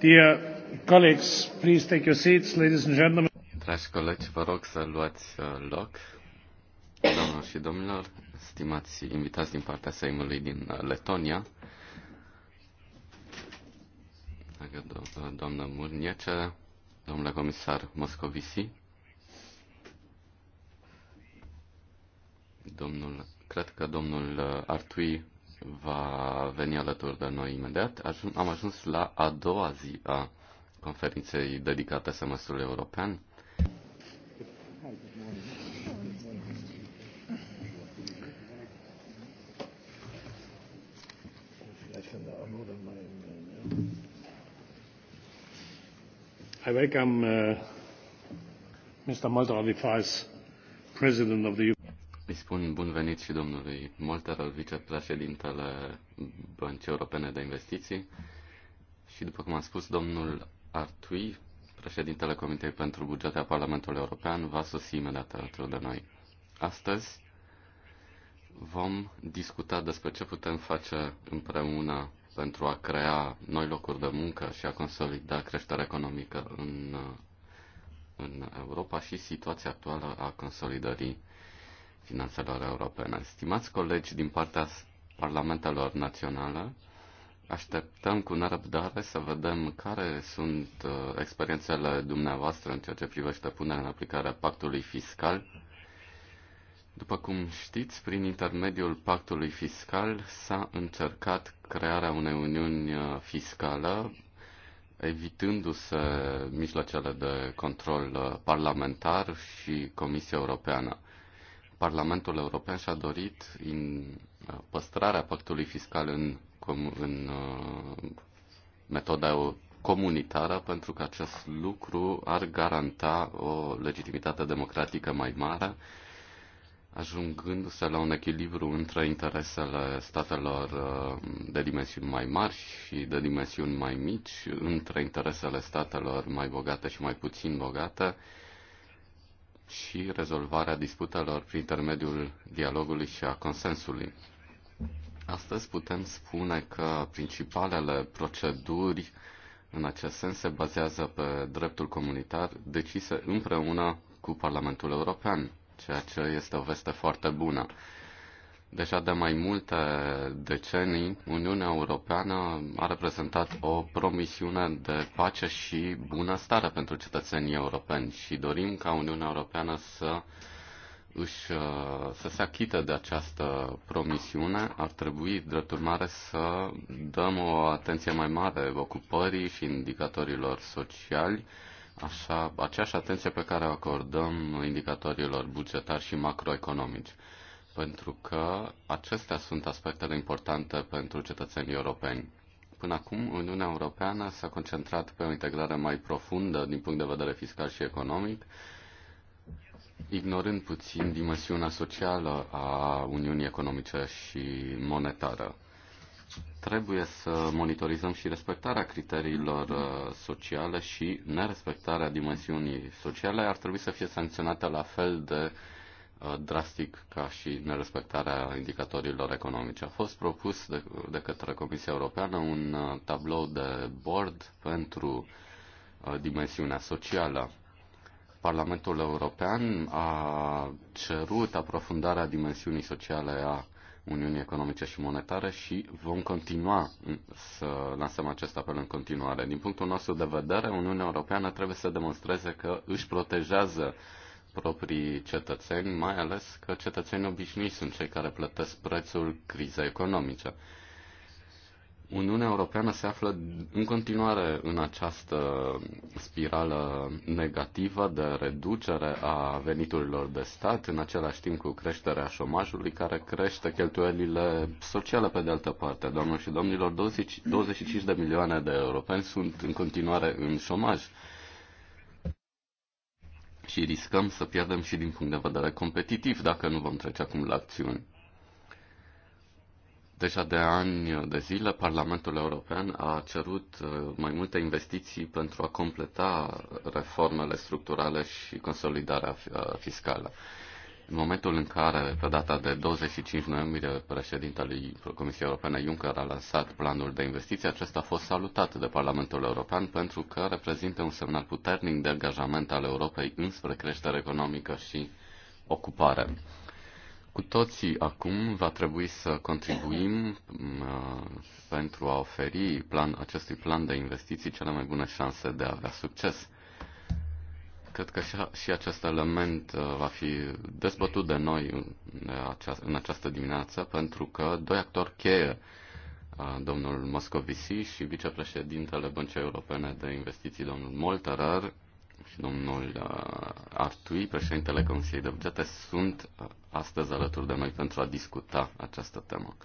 Dragi colegi, vă rog să luați uh, loc. Doamnelor și domnilor, stimați invitați din partea Seimului din uh, Letonia, dragă do- uh, doamnă Murniece, domnule comisar Moscovici, domnul, cred că domnul Artui va veni alături de noi imediat. Am ajuns la a doua zi a conferinței dedicate semestrului european. I welcome uh, Mr. Mulder, the President of the îi spun bun venit și domnului Molterer, vicepreședintele Băncii Europene de Investiții. Și după cum am spus, domnul Artui, președintele Comitei pentru Bugete a Parlamentului European, va sosi imediat alături de noi. Astăzi vom discuta despre ce putem face împreună pentru a crea noi locuri de muncă și a consolida creșterea economică în, în Europa și situația actuală a consolidării finanțelor europene. Stimați colegi din partea parlamentelor naționale, așteptăm cu nerăbdare să vedem care sunt uh, experiențele dumneavoastră în ceea ce privește punerea în aplicare a pactului fiscal. După cum știți, prin intermediul pactului fiscal s-a încercat crearea unei uniuni uh, fiscale, evitându-se mijloacele de control uh, parlamentar și Comisia Europeană. Parlamentul European și-a dorit în uh, păstrarea pactului fiscal în, în uh, metoda comunitară pentru că acest lucru ar garanta o legitimitate democratică mai mare, ajungându-se la un echilibru între interesele statelor uh, de dimensiuni mai mari și de dimensiuni mai mici, între interesele statelor mai bogate și mai puțin bogate, și rezolvarea disputelor prin intermediul dialogului și a consensului. Astăzi putem spune că principalele proceduri în acest sens se bazează pe dreptul comunitar decise împreună cu Parlamentul European, ceea ce este o veste foarte bună. Deja de mai multe decenii, Uniunea Europeană a reprezentat o promisiune de pace și bunăstare pentru cetățenii europeni și dorim ca Uniunea Europeană să își, uh, să se achite de această promisiune, ar trebui, drept urmare, să dăm o atenție mai mare ocupării și indicatorilor sociali, așa, aceeași atenție pe care o acordăm indicatorilor bugetari și macroeconomici pentru că acestea sunt aspectele importante pentru cetățenii europeni. Până acum, Uniunea Europeană s-a concentrat pe o integrare mai profundă din punct de vedere fiscal și economic, ignorând puțin dimensiunea socială a Uniunii Economice și Monetară. Trebuie să monitorizăm și respectarea criteriilor uh, sociale și nerespectarea dimensiunii sociale ar trebui să fie sancționată la fel de uh, Uh, drastic ca și nerespectarea indicatorilor economice. A fost propus de, de către Comisia Europeană un uh, tablou de bord pentru uh, dimensiunea socială. Parlamentul European a cerut aprofundarea dimensiunii sociale a Uniunii Economice și Monetare și vom continua să lansăm acest apel în continuare. Din punctul nostru de vedere, Uniunea Europeană trebuie să demonstreze că își protejează uh, proprii cetățeni, mai ales că cetățenii obișnuiți sunt cei care plătesc prețul crizei economice. Uniunea Europeană se află în continuare în această spirală negativă de reducere a veniturilor de stat, în același timp cu creșterea șomajului, care crește cheltuielile sociale pe de altă parte. Doamnelor și domnilor, 20, 25 de milioane de europeni sunt în continuare în șomaj și riscăm să pierdem și din punct de vedere competitiv dacă nu vom trece acum la acțiuni. Deja de ani de zile, Parlamentul European a cerut uh, mai multe investiții pentru a completa reformele structurale și consolidarea uh, fiscală. În momentul în care, pe data de 25 noiembrie, președintele Comisiei Europene Juncker a lansat planul de investiții, acesta a fost salutat de Parlamentul European pentru că reprezintă un semnal puternic de angajament al Europei înspre creștere economică și ocupare. Cu toții acum va trebui să contribuim uh, pentru a oferi plan, acestui plan de investiții cele mai bune șanse de a avea succes Cred că și acest element uh, va fi dezbătut de noi în această dimineață, pentru că doi actori cheie, uh, domnul Moscovici și vicepreședintele Băncii Europene de Investiții, domnul Molterer, și domnul uh, Artui, președintele Consiliului de Bugete, sunt astăzi alături de noi pentru a discuta această temă.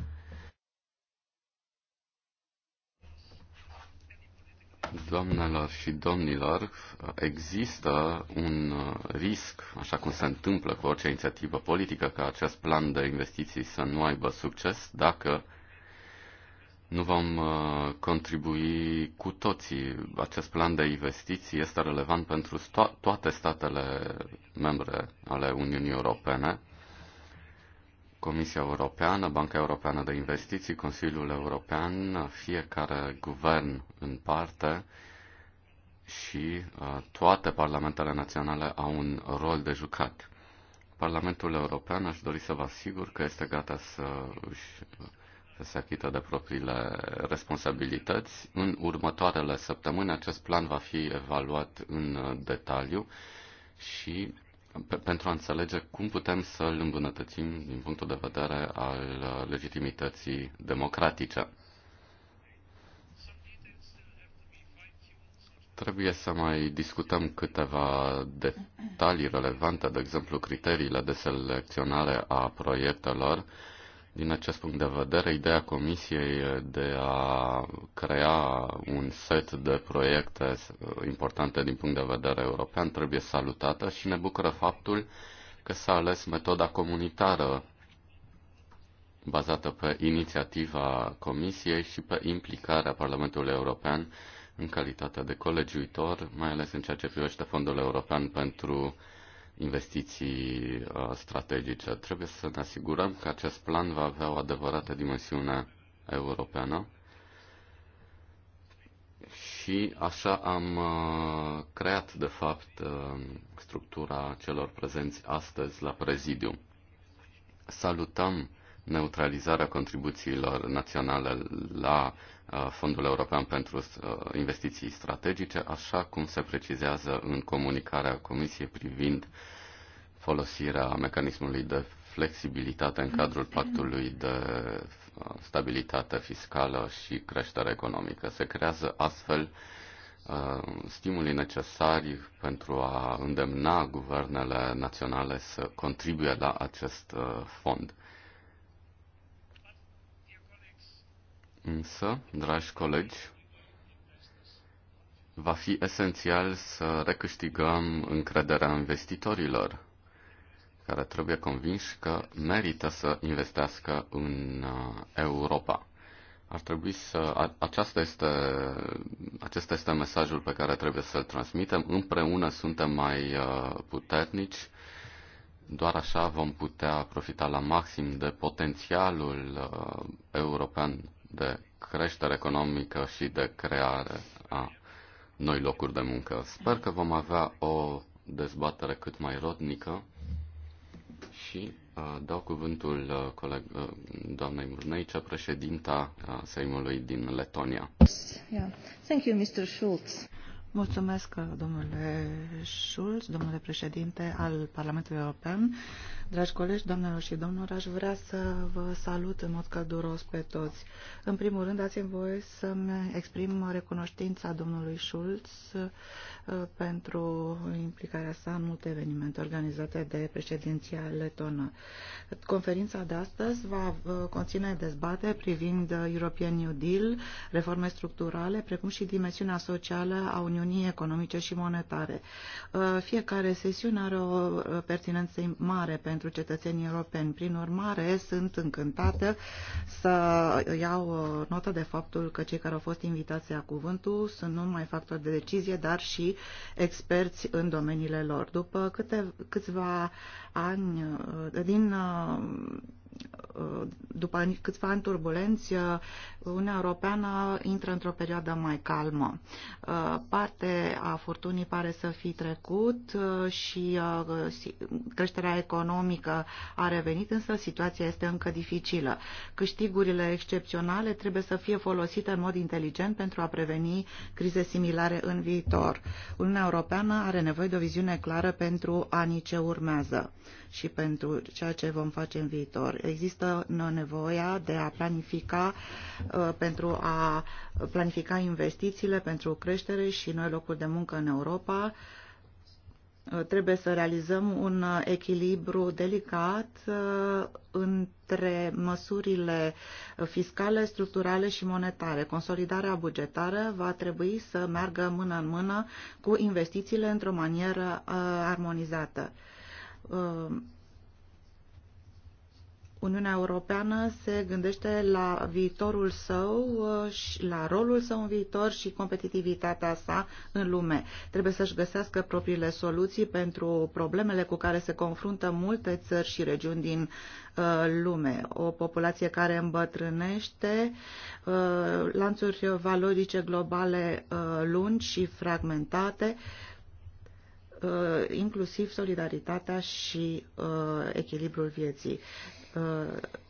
Doamnelor și domnilor, există un risc, așa cum se întâmplă cu orice inițiativă politică, ca acest plan de investiții să nu aibă succes dacă nu vom uh, contribui cu toții. Acest plan de investiții este relevant pentru toate statele membre ale Uniunii Europene Comisia Europeană, Banca Europeană de Investiții, Consiliul European, fiecare guvern în parte și uh, toate parlamentele naționale au un rol de jucat. Parlamentul European aș dori să vă asigur că este gata să își să se achită de propriile responsabilități. În următoarele săptămâni acest plan va fi evaluat în uh, detaliu și pe, pentru a înțelege cum putem să îl îmbunătățim din punctul de vedere al legitimității democratice. Trebuie să mai discutăm câteva detalii relevante, de exemplu criteriile de selecționare a proiectelor, din acest punct de vedere, ideea Comisiei de a crea un set de proiecte importante din punct de vedere european trebuie salutată și ne bucură faptul că s-a ales metoda comunitară bazată pe inițiativa Comisiei și pe implicarea Parlamentului European în calitate de colegiuitor, mai ales în ceea ce privește Fondul European pentru investiții uh, strategice. Trebuie să ne asigurăm că acest plan va avea o adevărată dimensiune europeană și așa am uh, creat, de fapt, uh, structura celor prezenți astăzi la prezidiu. Salutăm neutralizarea contribuțiilor naționale la Uh, Fondul European pentru uh, Investiții Strategice, așa cum se precizează în comunicarea Comisiei privind folosirea mecanismului de flexibilitate în cadrul pactului de uh, stabilitate fiscală și creștere economică. Se creează astfel stimulii necesari pentru a îndemna guvernele naționale să contribuie la acest fond. Însă, dragi colegi, va fi esențial să recâștigăm încrederea investitorilor, care trebuie convinși că merită să investească în uh, Europa. Ar trebui să. Aceasta este, acesta este mesajul pe care trebuie să-l transmitem. Împreună suntem mai uh, puternici. Doar așa vom putea profita la maxim de potențialul uh, european de creștere economică și de creare a noi locuri de muncă. Sper că vom avea o dezbatere cât mai rodnică și uh, dau cuvântul uh, coleg, uh, doamnei Murneice, președinta uh, Seimului din Letonia. Yeah. Thank you, Mr. Schulz. Mulțumesc, domnule Schulz, domnule președinte al Parlamentului European. Uh, Dragi colegi, doamnelor și domnilor, aș vrea să vă salut în mod călduros pe toți. În primul rând, dați-mi voie să-mi exprim recunoștința domnului Schulz uh, pentru implicarea sa în multe evenimente organizate de președinția letonă. Conferința de astăzi va uh, conține dezbate privind European New Deal, reforme structurale, precum și dimensiunea socială a Uniunii Economice și Monetare. Uh, fiecare sesiune are o pertinență mare pentru pentru cetățenii europeni. Prin urmare, sunt încântată să iau uh, notă de faptul că cei care au fost invitați la cuvântul sunt nu numai factori de decizie, dar și experți în domeniile lor. După câte, câțiva ani uh, din uh, Uh, după câțiva ani turbulenți, uh, Uniunea Europeană intră într-o perioadă mai calmă. Uh, parte a furtunii pare să fi trecut și creșterea economică a revenit, însă situația este încă dificilă. Câștigurile excepționale trebuie să fie folosite în mod inteligent pentru a preveni crize similare în viitor. Uniunea Europeană are nevoie de o viziune clară pentru anii ce urmează și pentru ceea ce vom face în viitor există nevoia de a planifica uh, pentru a planifica investițiile pentru creștere și noi locuri de muncă în Europa. Uh, trebuie să realizăm un echilibru delicat uh, între măsurile fiscale, structurale și monetare. Consolidarea bugetară va trebui să meargă mână în mână cu investițiile într-o manieră armonizată Uniunea Europeană se gândește la viitorul său, uh, la rolul său în viitor și competitivitatea sa în lume. Trebuie să-și găsească propriile soluții pentru problemele cu care se confruntă multe țări și regiuni din uh, lume. O populație care îmbătrânește, uh, lanțuri valorice globale lungi și fragmentate, inclusiv solidaritatea și echilibrul vieții. Uh,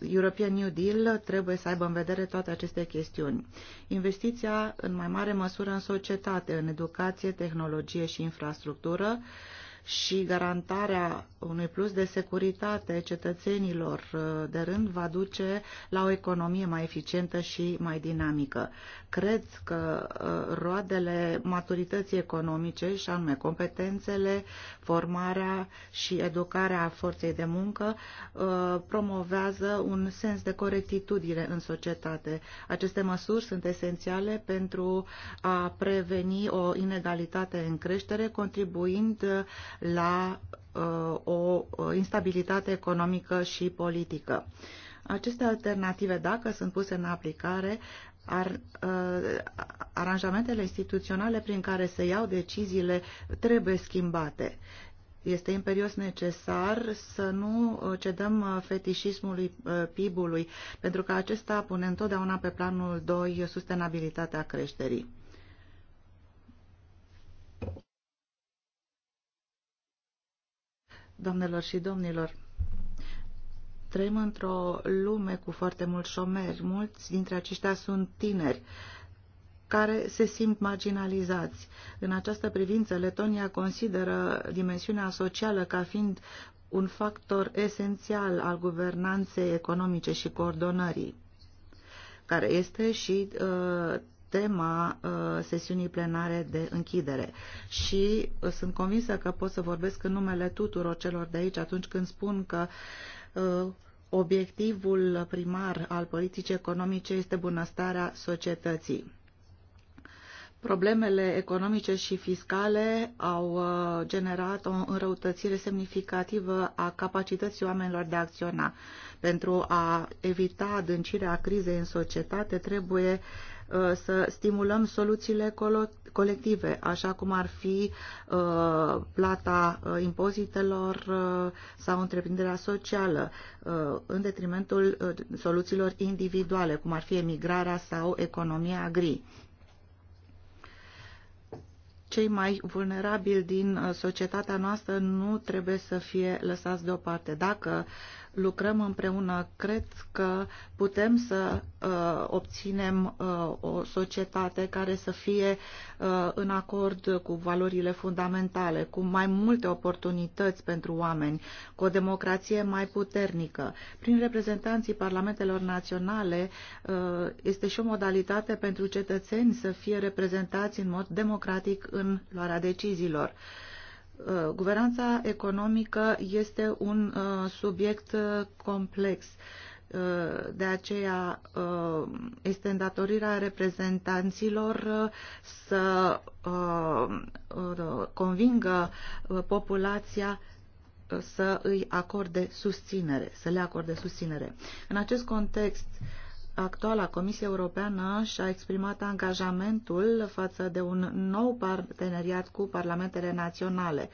European New Deal trebuie să aibă în vedere toate aceste chestiuni. Investiția în mai mare măsură în societate, în educație, tehnologie și infrastructură, uh, și garantarea unui plus de securitate cetățenilor uh, de rând va duce la o economie mai eficientă și mai dinamică. Cred că uh, roadele maturității economice, și anume competențele, formarea și educarea forței de muncă, uh, promovează un sens de corectitudine în societate. Aceste măsuri sunt esențiale pentru a preveni o inegalitate în creștere, contribuind la uh, o uh, instabilitate economică și politică. Aceste alternative, dacă sunt puse în aplicare, ar, uh, aranjamentele instituționale prin care se iau deciziile trebuie schimbate. Este imperios necesar să nu uh, cedăm fetișismului PIB-ului, pentru că acesta pune întotdeauna pe planul 2 sustenabilitatea creșterii. Doamnelor și domnilor, trăim într-o lume cu foarte mulți șomeri. Mulți dintre aceștia sunt tineri care se simt marginalizați. În această privință, Letonia consideră dimensiunea socială ca fiind un factor esențial al guvernanței economice și coordonării, care este și uh, tema uh, sesiunii plenare de închidere. Și uh, sunt convinsă că pot să vorbesc în numele tuturor celor de aici atunci când spun că uh, obiectivul primar al politicii economice este bunăstarea societății problemele economice și fiscale au generat o înrăutățire semnificativă a capacității oamenilor de a acționa. Pentru a evita adâncirea crizei în societate, trebuie Uh, să stimulăm soluțiile colective, așa cum ar fi uh, plata uh, impozitelor sau întreprinderea socială, în detrimentul soluțiilor individuale, cum ar fi emigrarea sau economia gri cei mai vulnerabili din societatea noastră nu trebuie să fie lăsați deoparte. Dacă lucrăm împreună, cred că putem să uh, obținem uh, o societate care să fie uh, în acord cu valorile fundamentale, cu mai multe oportunități pentru oameni, cu o democrație mai puternică. Prin reprezentanții parlamentelor naționale uh, este și o modalitate pentru cetățeni să fie reprezentați în mod democratic în luarea deciziilor. Uh, Uh, guvernanța economică este un uh, subiect uh, complex. De aceea este îndatorirea reprezentanților să convingă populația să îi acorde susținere, să le acorde susținere. În acest context, uh, actuala Comisie Europeană și-a exprimat angajamentul față de un nou parteneriat cu parlamentele naționale.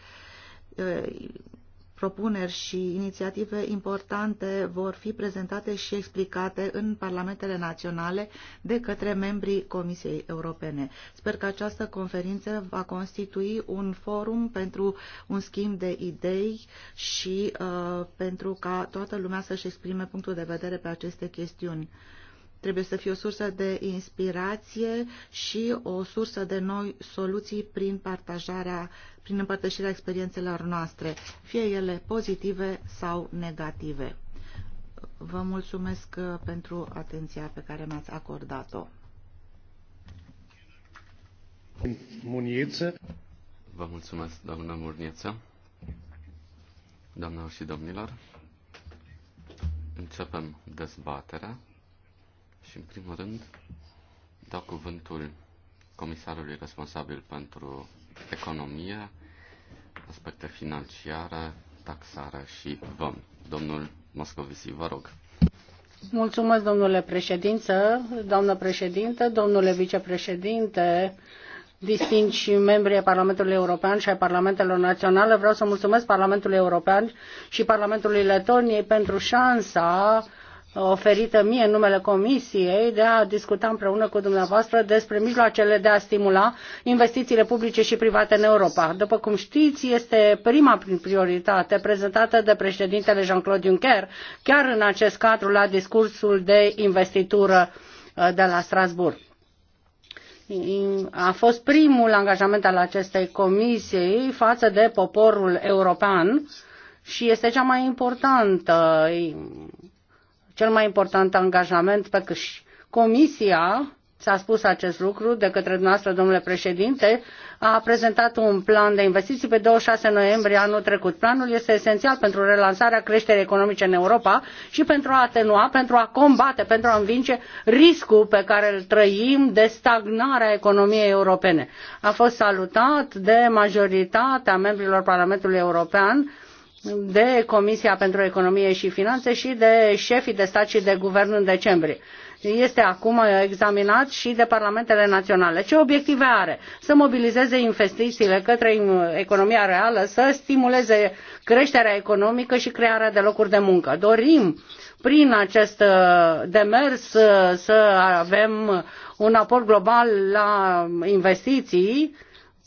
Propuneri și inițiative importante vor fi prezentate și explicate în parlamentele naționale de către membrii Comisiei Europene. Sper că această conferință va constitui un forum pentru un schimb de idei și uh, pentru ca toată lumea să-și exprime punctul de vedere pe aceste chestiuni. Trebuie să fie o sursă de inspirație și o sursă de noi soluții prin partajarea, prin împărtășirea experiențelor noastre, fie ele pozitive sau negative. Vă mulțumesc uh, pentru atenția pe care mi-ați acordat-o. Munieță. Vă mulțumesc, doamna Murnieță. Doamnelor și domnilor, începem dezbaterea. Și în primul rând, dau cuvântul comisarului responsabil pentru economie, aspecte financiare, taxare și VAM. Domnul Moscovici, vă rog. Mulțumesc, domnule președinte, doamnă președinte, domnule vicepreședinte, distinși membri ai Parlamentului European și ai Parlamentelor Naționale. Vreau să mulțumesc Parlamentului European și Parlamentului Letoniei pentru șansa oferită mie în numele Comisiei de a discuta împreună cu dumneavoastră despre mijloacele de a stimula investițiile publice și private în Europa. După cum știți, este prima prioritate prezentată de președintele Jean-Claude Juncker, chiar în acest cadru la discursul de investitură uh, de la Strasbourg. A fost primul angajament al acestei comisii față de poporul european și este cea mai importantă cel mai important angajament pe câș. Comisia s-a spus acest lucru de către dumneavoastră, domnule președinte, a prezentat un plan de investiții pe 26 noiembrie anul trecut. Planul este esențial pentru relansarea creșterii economice în Europa și pentru a atenua, pentru a combate, pentru a învinge riscul pe care îl trăim de stagnarea economiei europene. A fost salutat de majoritatea membrilor Parlamentului European de Comisia pentru Economie și Finanțe și de șefii de stat și de guvern în decembrie. Este acum examinat și de parlamentele naționale. Ce obiective are? Să mobilizeze investițiile către economia reală, să stimuleze creșterea economică și crearea de locuri de muncă. Dorim prin acest uh, demers uh, să avem un aport global la investiții,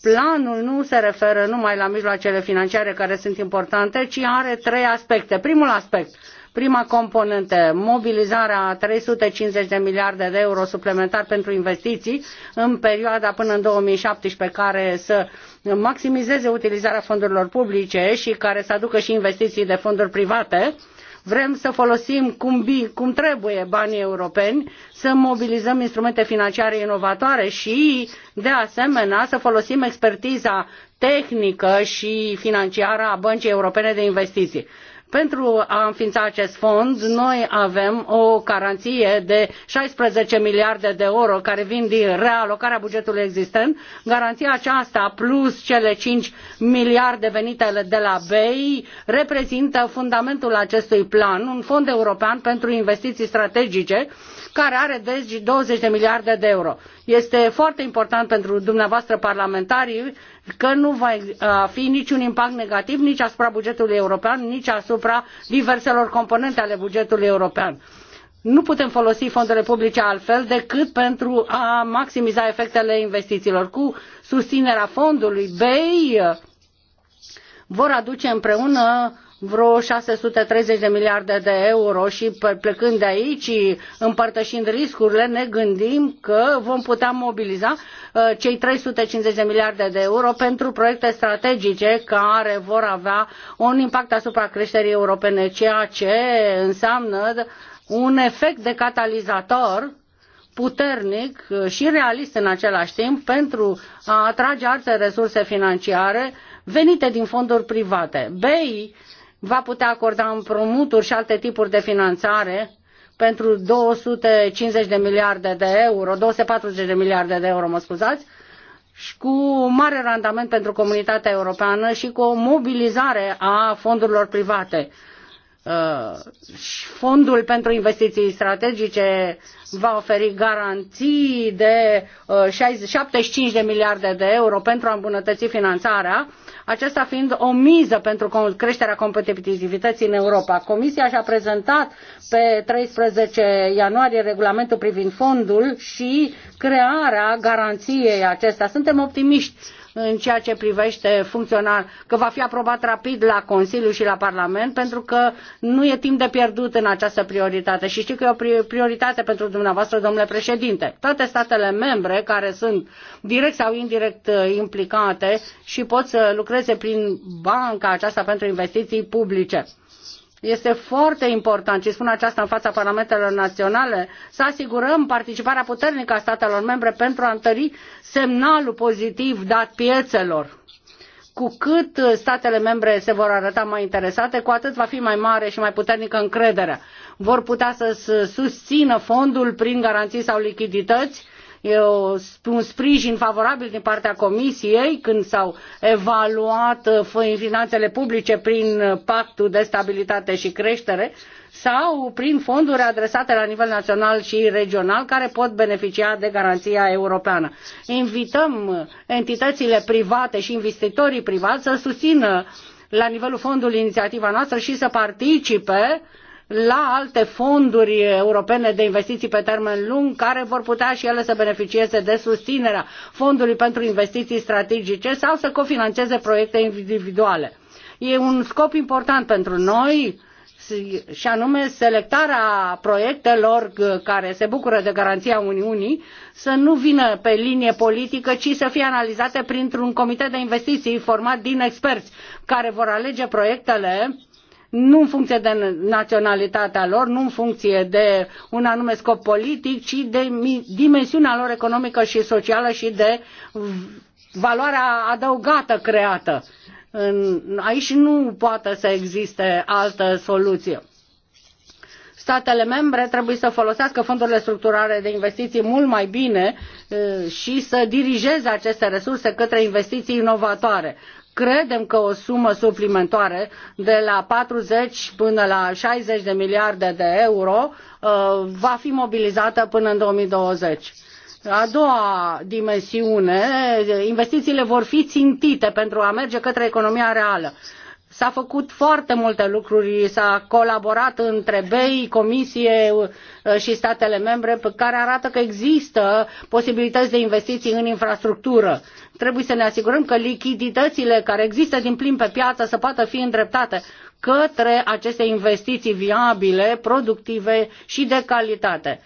planul nu se referă numai la mijloacele financiare care sunt importante, ci are trei aspecte. Primul aspect, prima componentă, mobilizarea a 350 de miliarde de euro suplimentar pentru investiții în perioada până în 2017, care să maximizeze utilizarea fondurilor publice și care să aducă și investiții de fonduri private. Vrem să folosim cum, cum trebuie banii europeni, să mobilizăm instrumente financiare inovatoare și, de asemenea, să folosim expertiza tehnică și financiară a Băncii Europene de Investiții. Pentru a înființa acest fond, noi avem o garanție de 16 miliarde de euro care vin din realocarea bugetului existent. Garanția aceasta plus cele 5 miliarde venite de la BEI reprezintă fundamentul acestui plan, un fond european pentru investiții strategice care are deci 20 de miliarde de euro. Este foarte important pentru dumneavoastră parlamentarii că nu va fi niciun impact negativ nici asupra bugetului european, nici asupra diverselor componente ale bugetului european nu putem folosi fondurile publice altfel decât pentru a maximiza efectele investițiilor. Cu susținerea fondului BEI vor aduce împreună vreo 630 de miliarde de euro și plecând de aici, împărtășind riscurile, ne gândim că vom putea mobiliza uh, cei 350 de miliarde de euro pentru proiecte strategice care vor avea un impact asupra creșterii europene, ceea ce înseamnă un efect de catalizator puternic uh, și realist în același timp pentru a atrage alte resurse financiare venite din fonduri private. BEI va putea acorda împrumuturi și alte tipuri de finanțare pentru 250 de miliarde de euro, 240 de miliarde de euro, mă scuzați, și cu un mare randament pentru comunitatea europeană și cu o mobilizare a fondurilor private. Uh, fondul pentru investiții strategice va oferi garanții de 75 uh, de miliarde de euro pentru a îmbunătăți finanțarea, acesta fiind o miză pentru creșterea competitivității în Europa. Comisia și-a prezentat pe 13 ianuarie regulamentul privind fondul și crearea garanției acesta. Suntem optimiști în ceea ce privește funcțional, că va fi aprobat rapid la Consiliu și la Parlament, pentru că nu e timp de pierdut în această prioritate. Și știu că e o prioritate pentru dumneavoastră, domnule președinte. Toate statele membre care sunt direct sau indirect uh, implicate și pot să lucreze prin banca aceasta pentru investiții publice este foarte important, și spun aceasta în fața parlamentelor naționale, să asigurăm participarea puternică a statelor membre pentru a întări semnalul pozitiv dat piețelor cu cât statele membre se vor arăta mai interesate, cu atât va fi mai mare și mai puternică încrederea. Vor putea să susțină fondul prin garanții sau lichidități e o, un sprijin favorabil din partea Comisiei când s-au evaluat uh, finanțele publice prin uh, pactul de stabilitate și creștere sau prin fonduri adresate la nivel național și regional care pot beneficia de garanția europeană. Invităm uh, entitățile private și investitorii privați să susțină la nivelul fondului inițiativa noastră și să participe uh, la alte fonduri europene de investiții pe termen lung, care vor putea și ele să beneficieze de susținerea fondului pentru investiții strategice sau să cofinanțeze proiecte individuale. E un scop important pentru noi și anume selectarea proiectelor care se bucură de garanția Uniunii să nu vină pe linie politică, ci să fie analizate printr-un comitet de investiții format din experți care vor alege proiectele nu în funcție de naționalitatea lor, nu în funcție de un anume scop politic, ci de dimensiunea lor economică și socială și de valoarea adăugată creată. Aici nu poate să existe altă soluție statele membre trebuie să folosească fondurile structurale de investiții mult mai bine și să dirigeze aceste resurse către investiții inovatoare credem că o sumă suplimentară de la 40 până la 60 de miliarde de euro uh, va fi mobilizată până în 2020. A doua dimensiune, investițiile vor fi țintite pentru a merge către economia reală. S-a făcut foarte multe lucruri, s-a colaborat între BEI, Comisie uh, și statele membre, care arată că există posibilități de investiții în infrastructură. Trebuie să ne asigurăm că lichiditățile care există din plin pe piață să poată fi îndreptate către aceste investiții viabile, productive și de calitate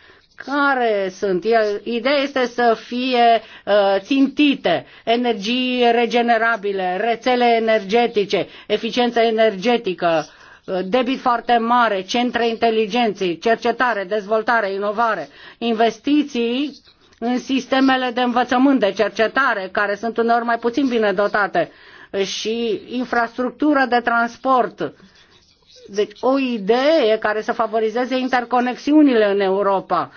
care sunt. Ideea este să fie uh, țintite, energii regenerabile, rețele energetice, eficiență energetică, uh, debit foarte mare, centre inteligenței, cercetare, dezvoltare, inovare, investiții în sistemele de învățământ, de cercetare, care sunt uneori mai puțin bine dotate, și infrastructură de transport, uh, deci o idee care să favorizeze interconexiunile în Europa,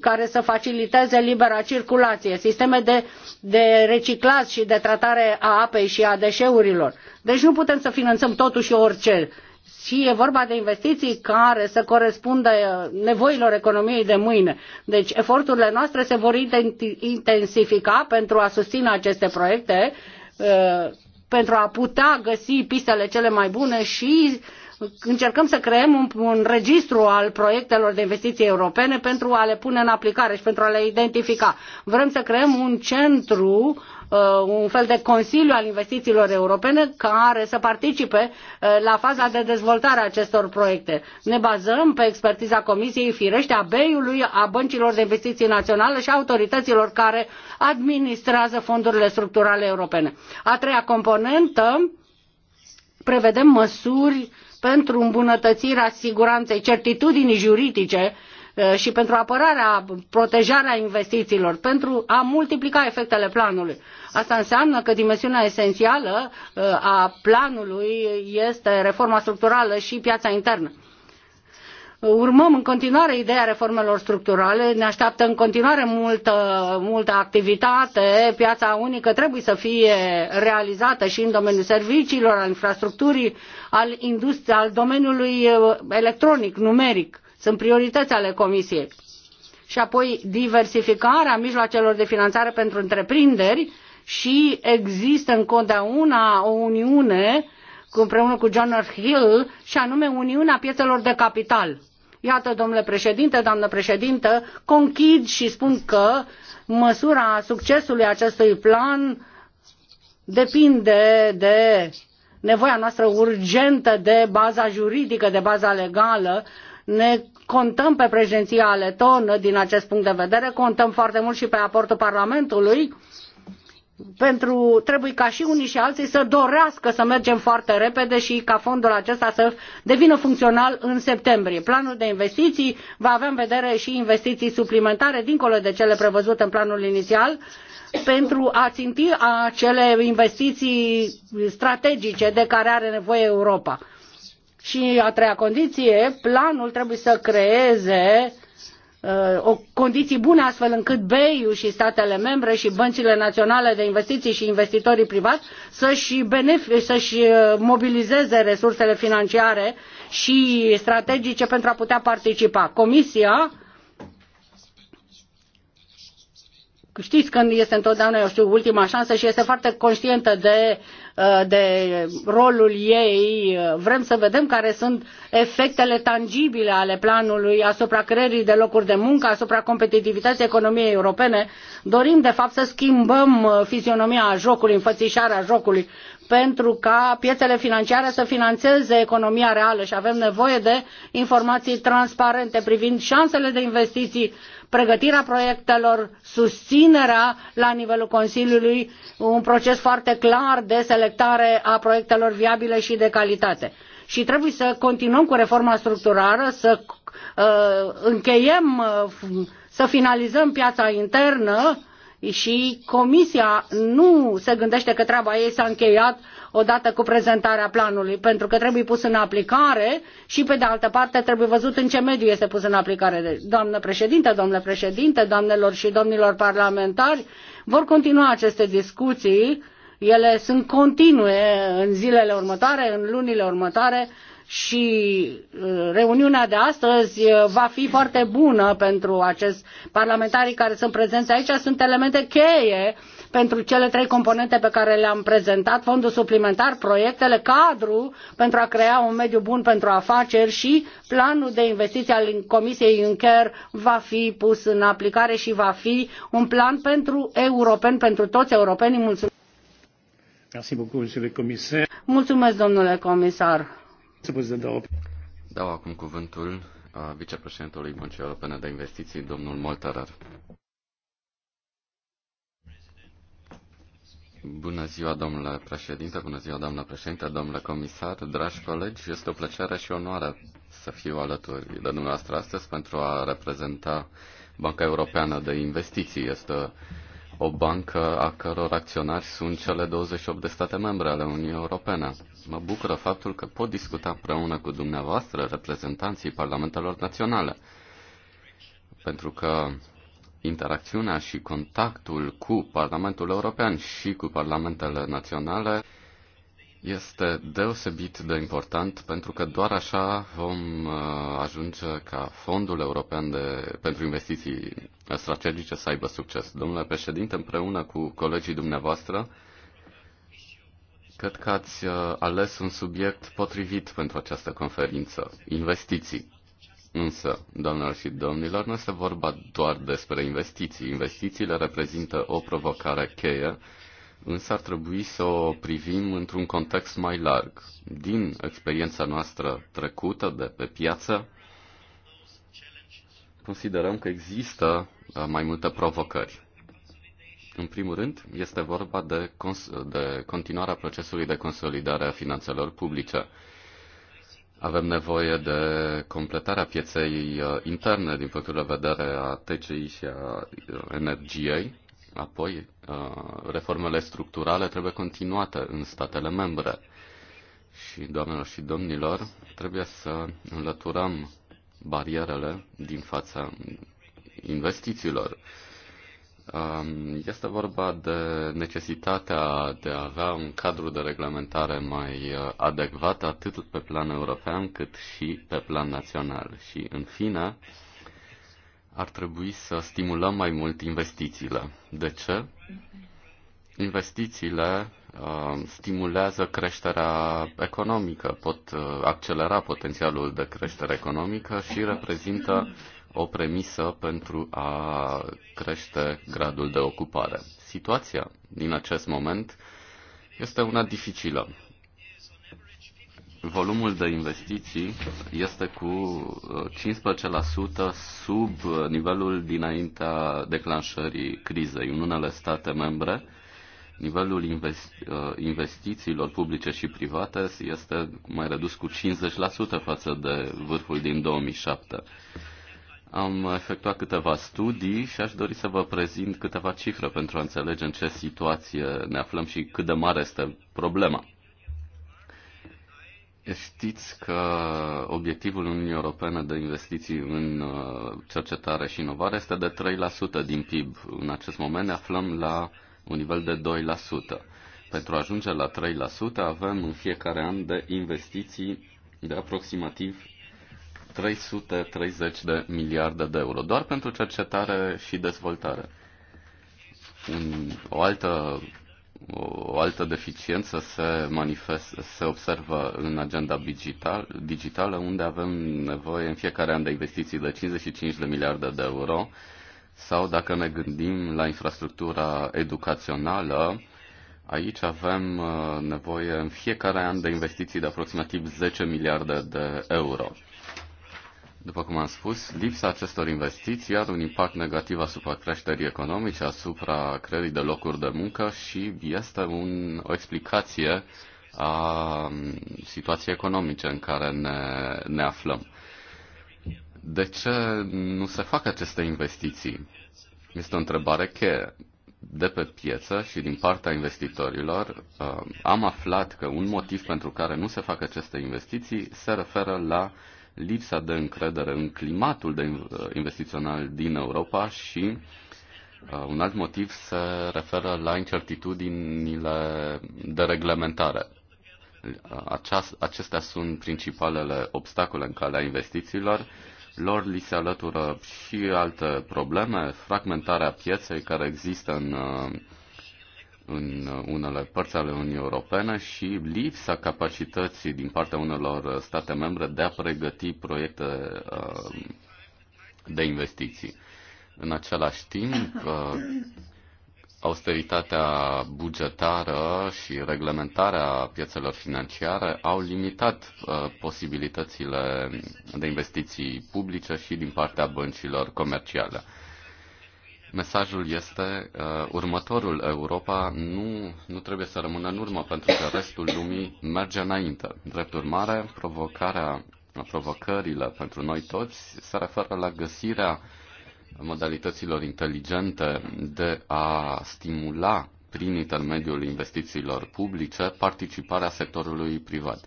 care să faciliteze libera circulație, sisteme de, de reciclaj și de tratare a apei și a deșeurilor. Deci nu putem să finanțăm totuși orice. Și e vorba de investiții care să corespundă nevoilor economiei de mâine. Deci eforturile noastre se vor intensifica pentru a susține aceste proiecte, uh, pentru a putea găsi pistele cele mai bune și încercăm să creăm un, un registru al proiectelor de investiții europene pentru a le pune în aplicare și pentru a le identifica. Vrem să creăm un centru uh, un fel de consiliu al investițiilor europene care să participe uh, la faza de dezvoltare a acestor proiecte. Ne bazăm pe expertiza Comisiei Firește, a BEI-ului, a băncilor de investiții naționale și a autorităților care administrează fondurile structurale europene. A treia componentă prevedem măsuri uh, pentru îmbunătățirea siguranței, certitudinii juridice și pentru apărarea, protejarea investițiilor, pentru a multiplica efectele planului. Asta înseamnă că dimensiunea esențială a planului este reforma structurală și piața internă urmăm în continuare ideea reformelor structurale, ne așteaptă în continuare multă, multă activitate, piața unică trebuie să fie realizată și în domeniul serviciilor, al infrastructurii, al, industriei, al domeniului uh, electronic, numeric. Sunt priorități ale Comisiei. Și apoi diversificarea mijloacelor de finanțare pentru întreprinderi și există întotdeauna o uniune împreună cu John Hill și anume Uniunea Piețelor de Capital Iată, domnule președinte, doamnă președintă, conchid și spun că măsura succesului acestui plan depinde de nevoia noastră urgentă de baza juridică, de baza legală. Ne contăm pe președinția letonă din acest punct de vedere, contăm foarte mult și pe aportul Parlamentului pentru, trebuie ca și unii și alții să dorească să mergem foarte repede și ca fondul acesta să devină funcțional în septembrie. Planul de investiții va avea în vedere și investiții suplimentare dincolo de cele prevăzute în planul inițial pentru a ținti acele investiții strategice de care are nevoie Europa. Și a treia condiție, planul trebuie să creeze uh, Uh, o condiții bune astfel încât BEI-ul și statele membre și băncile naționale de investiții și investitorii privați să-și, să-și uh, mobilizeze resursele financiare și strategice pentru a putea participa. Comisia știți că este întotdeauna, eu știu, ultima șansă și este foarte conștientă de, uh, de rolul ei. Uh, vrem să vedem care sunt efectele tangibile ale planului asupra creării de locuri de muncă, asupra competitivității economiei europene. Dorim, de fapt, să schimbăm uh, fizionomia jocului, înfățișarea jocului, pentru ca piețele financiare să financeze economia reală și avem nevoie de informații transparente privind șansele de investiții pregătirea proiectelor, susținerea la nivelul Consiliului, un proces foarte clar de selectare a proiectelor viabile și de calitate. Și trebuie să continuăm cu reforma structurală, să uh, încheiem, uh, să finalizăm piața internă și Comisia nu se gândește că treaba ei s-a încheiat odată cu prezentarea planului, pentru că trebuie pus în aplicare și, pe de altă parte, trebuie văzut în ce mediu este pus în aplicare. Deci, doamnă președinte, domnule președinte, doamnelor și domnilor parlamentari, vor continua aceste discuții. Ele sunt continue în zilele următoare, în lunile următoare și uh, reuniunea de astăzi uh, va fi foarte bună pentru acest parlamentarii care sunt prezenți aici. Sunt elemente cheie uh, pentru cele trei componente pe care le-am prezentat, fondul suplimentar, proiectele, cadru pentru a crea un mediu bun pentru afaceri și planul de investiții al Comisiei Juncker va fi pus în aplicare și va fi un plan pentru europeni, pentru toți europenii. Mulțumesc! Mulțumesc, domnule comisar. Dau acum cuvântul uh, vicepreședintelui Băncii Europene de Investiții, domnul Molterer. Bună ziua, domnule președinte, bună ziua, doamnă președinte, domnule comisar, dragi colegi, este o plăcere și onoare să fiu alături de dumneavoastră astăzi pentru a reprezenta Banca Europeană de Investiții. Este o bancă a căror acționari sunt cele 28 de state membre ale Uniunii Europene. Mă bucură faptul că pot discuta împreună cu dumneavoastră reprezentanții parlamentelor naționale, pentru că interacțiunea și contactul cu Parlamentul European și cu parlamentele naționale este deosebit de important pentru că doar așa vom uh, ajunge ca Fondul European de, pentru Investiții Strategice să aibă succes. Domnule președinte, împreună cu colegii dumneavoastră, cred că ați uh, ales un subiect potrivit pentru această conferință, investiții. Însă, doamnelor și domnilor, nu este vorba doar despre investiții. Investițiile reprezintă o provocare cheie, însă ar trebui să o privim într-un context mai larg. Din experiența noastră trecută de pe piață, considerăm că există uh, mai multe provocări. În primul rând, este vorba de, cons- de continuarea procesului de consolidare a finanțelor publice. Avem nevoie de completarea pieței uh, interne din punctul de vedere a TCI și a uh, energiei. Apoi, uh, reformele structurale trebuie continuate în statele membre. Și, doamnelor și domnilor, trebuie să înlăturăm barierele din fața investițiilor Um, este vorba de necesitatea de a avea un cadru de reglementare mai uh, adecvat atât pe plan european cât și pe plan național. Și, în fine, ar trebui să stimulăm mai mult investițiile. De ce? Investițiile uh, stimulează creșterea economică, pot uh, accelera potențialul de creștere economică și reprezintă o premisă pentru a crește gradul de ocupare. Situația din acest moment este una dificilă. Volumul de investiții este cu 15% uh, sub nivelul dinaintea declanșării crizei. În unele state membre, nivelul investi- uh, investițiilor publice și private este mai redus cu 50% față de vârful din 2007. Am efectuat câteva studii și aș dori să vă prezint câteva cifre pentru a înțelege în ce situație ne aflăm și cât de mare este problema. Știți că obiectivul Uniunii Europene de investiții în uh, cercetare și inovare este de 3% din PIB. În acest moment ne aflăm la un nivel de 2%. Pentru a ajunge la 3% avem în fiecare an de investiții de aproximativ 330 de miliarde de euro, doar pentru cercetare și dezvoltare. Un, o altă o altă deficiență se, manifest, se observă în agenda digital, digitală, unde avem nevoie în fiecare an de investiții de 55 de miliarde de euro, sau dacă ne gândim la infrastructura educațională, aici avem uh, nevoie în fiecare an de investiții de aproximativ 10 miliarde de euro după cum am spus, lipsa acestor investiții are un impact negativ asupra creșterii economice, asupra creării de locuri de muncă și este un, o explicație a um, situației economice în care ne, ne aflăm. De ce nu se fac aceste investiții? Este o întrebare cheie. De pe piață și din partea investitorilor um, am aflat că un motiv pentru care nu se fac aceste investiții se referă la lipsa de încredere în climatul de investițional din Europa și uh, un alt motiv se referă la incertitudinile de reglementare. Acestea sunt principalele obstacole în calea investițiilor. Lor li se alătură și alte probleme, fragmentarea pieței care există în uh, în unele părți ale Uniunii Europene și lipsa capacității din partea unelor state membre de a pregăti proiecte uh, de investiții. În același timp, uh, austeritatea bugetară și reglementarea piețelor financiare au limitat uh, posibilitățile de investiții publice și din partea băncilor comerciale. Mesajul este uh, următorul. Europa nu, nu trebuie să rămână în urmă, pentru că restul lumii merge înainte. Drept urmare, provocarea, provocările pentru noi toți se referă la găsirea modalităților inteligente de a stimula prin intermediul investițiilor publice participarea sectorului privat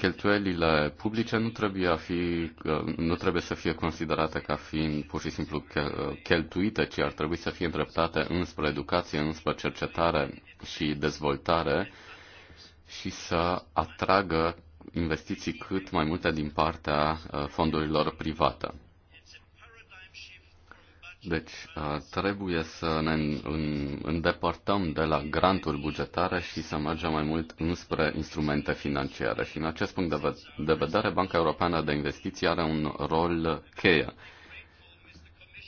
cheltuielile publice nu trebuie, a fi, nu trebuie să fie considerate ca fiind pur și simplu cheltuite, ci ar trebui să fie îndreptate înspre educație, înspre cercetare și dezvoltare și să atragă investiții cât mai multe din partea uh, fondurilor private. Deci uh, trebuie să ne îndepărtăm de la granturi bugetare și să mergem mai mult înspre instrumente financiare. Și în acest punct de vedere, Banca Europeană de Investiții are un rol cheie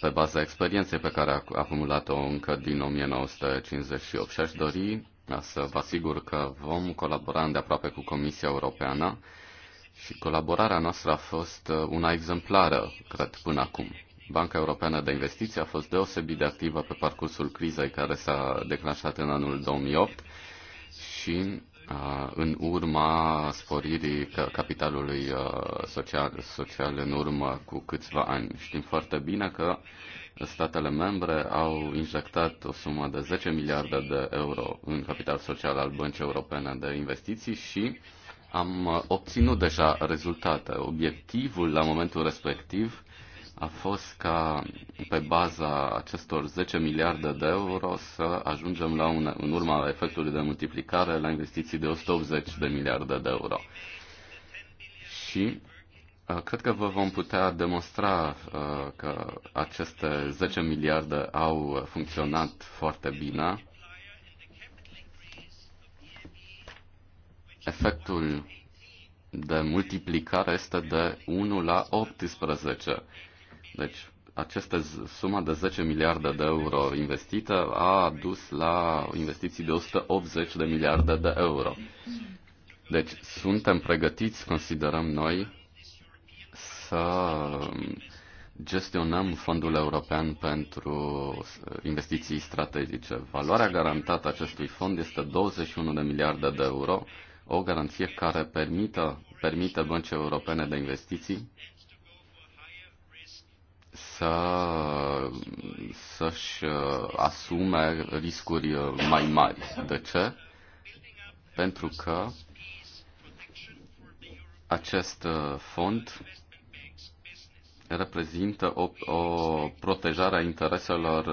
pe baza experienței pe care a acumulat-o încă din 1958. Și aș dori uh, să vă asigur că vom colabora îndeaproape cu Comisia Europeană și colaborarea noastră a fost uh, una exemplară, cred, până acum. Banca Europeană de Investiții a fost deosebit de activă pe parcursul crizei care s-a declanșat în anul 2008 și în urma sporirii capitalului social, social în urmă cu câțiva ani. Știm foarte bine că statele membre au injectat o sumă de 10 miliarde de euro în capital social al Băncii Europene de Investiții și am obținut deja rezultate. Obiectivul la momentul respectiv a fost ca pe baza acestor 10 miliarde de euro să ajungem la un, în urma efectului de multiplicare la investiții de 180 de miliarde de euro. Și uh, Cred că vă vom putea demonstra uh, că aceste 10 miliarde au funcționat foarte bine. Efectul de multiplicare este de 1 la 18. Deci, această suma de 10 miliarde de euro investită a dus la investiții de 180 de miliarde de euro. Deci, suntem pregătiți, considerăm noi, să gestionăm fondul european pentru investiții strategice. Valoarea garantată acestui fond este 21 de miliarde de euro, o garanție care permită, permite băncii europene de investiții să, să-și uh, asume riscuri uh, mai mari. De ce? Pentru că acest uh, fond reprezintă o, o protejare a intereselor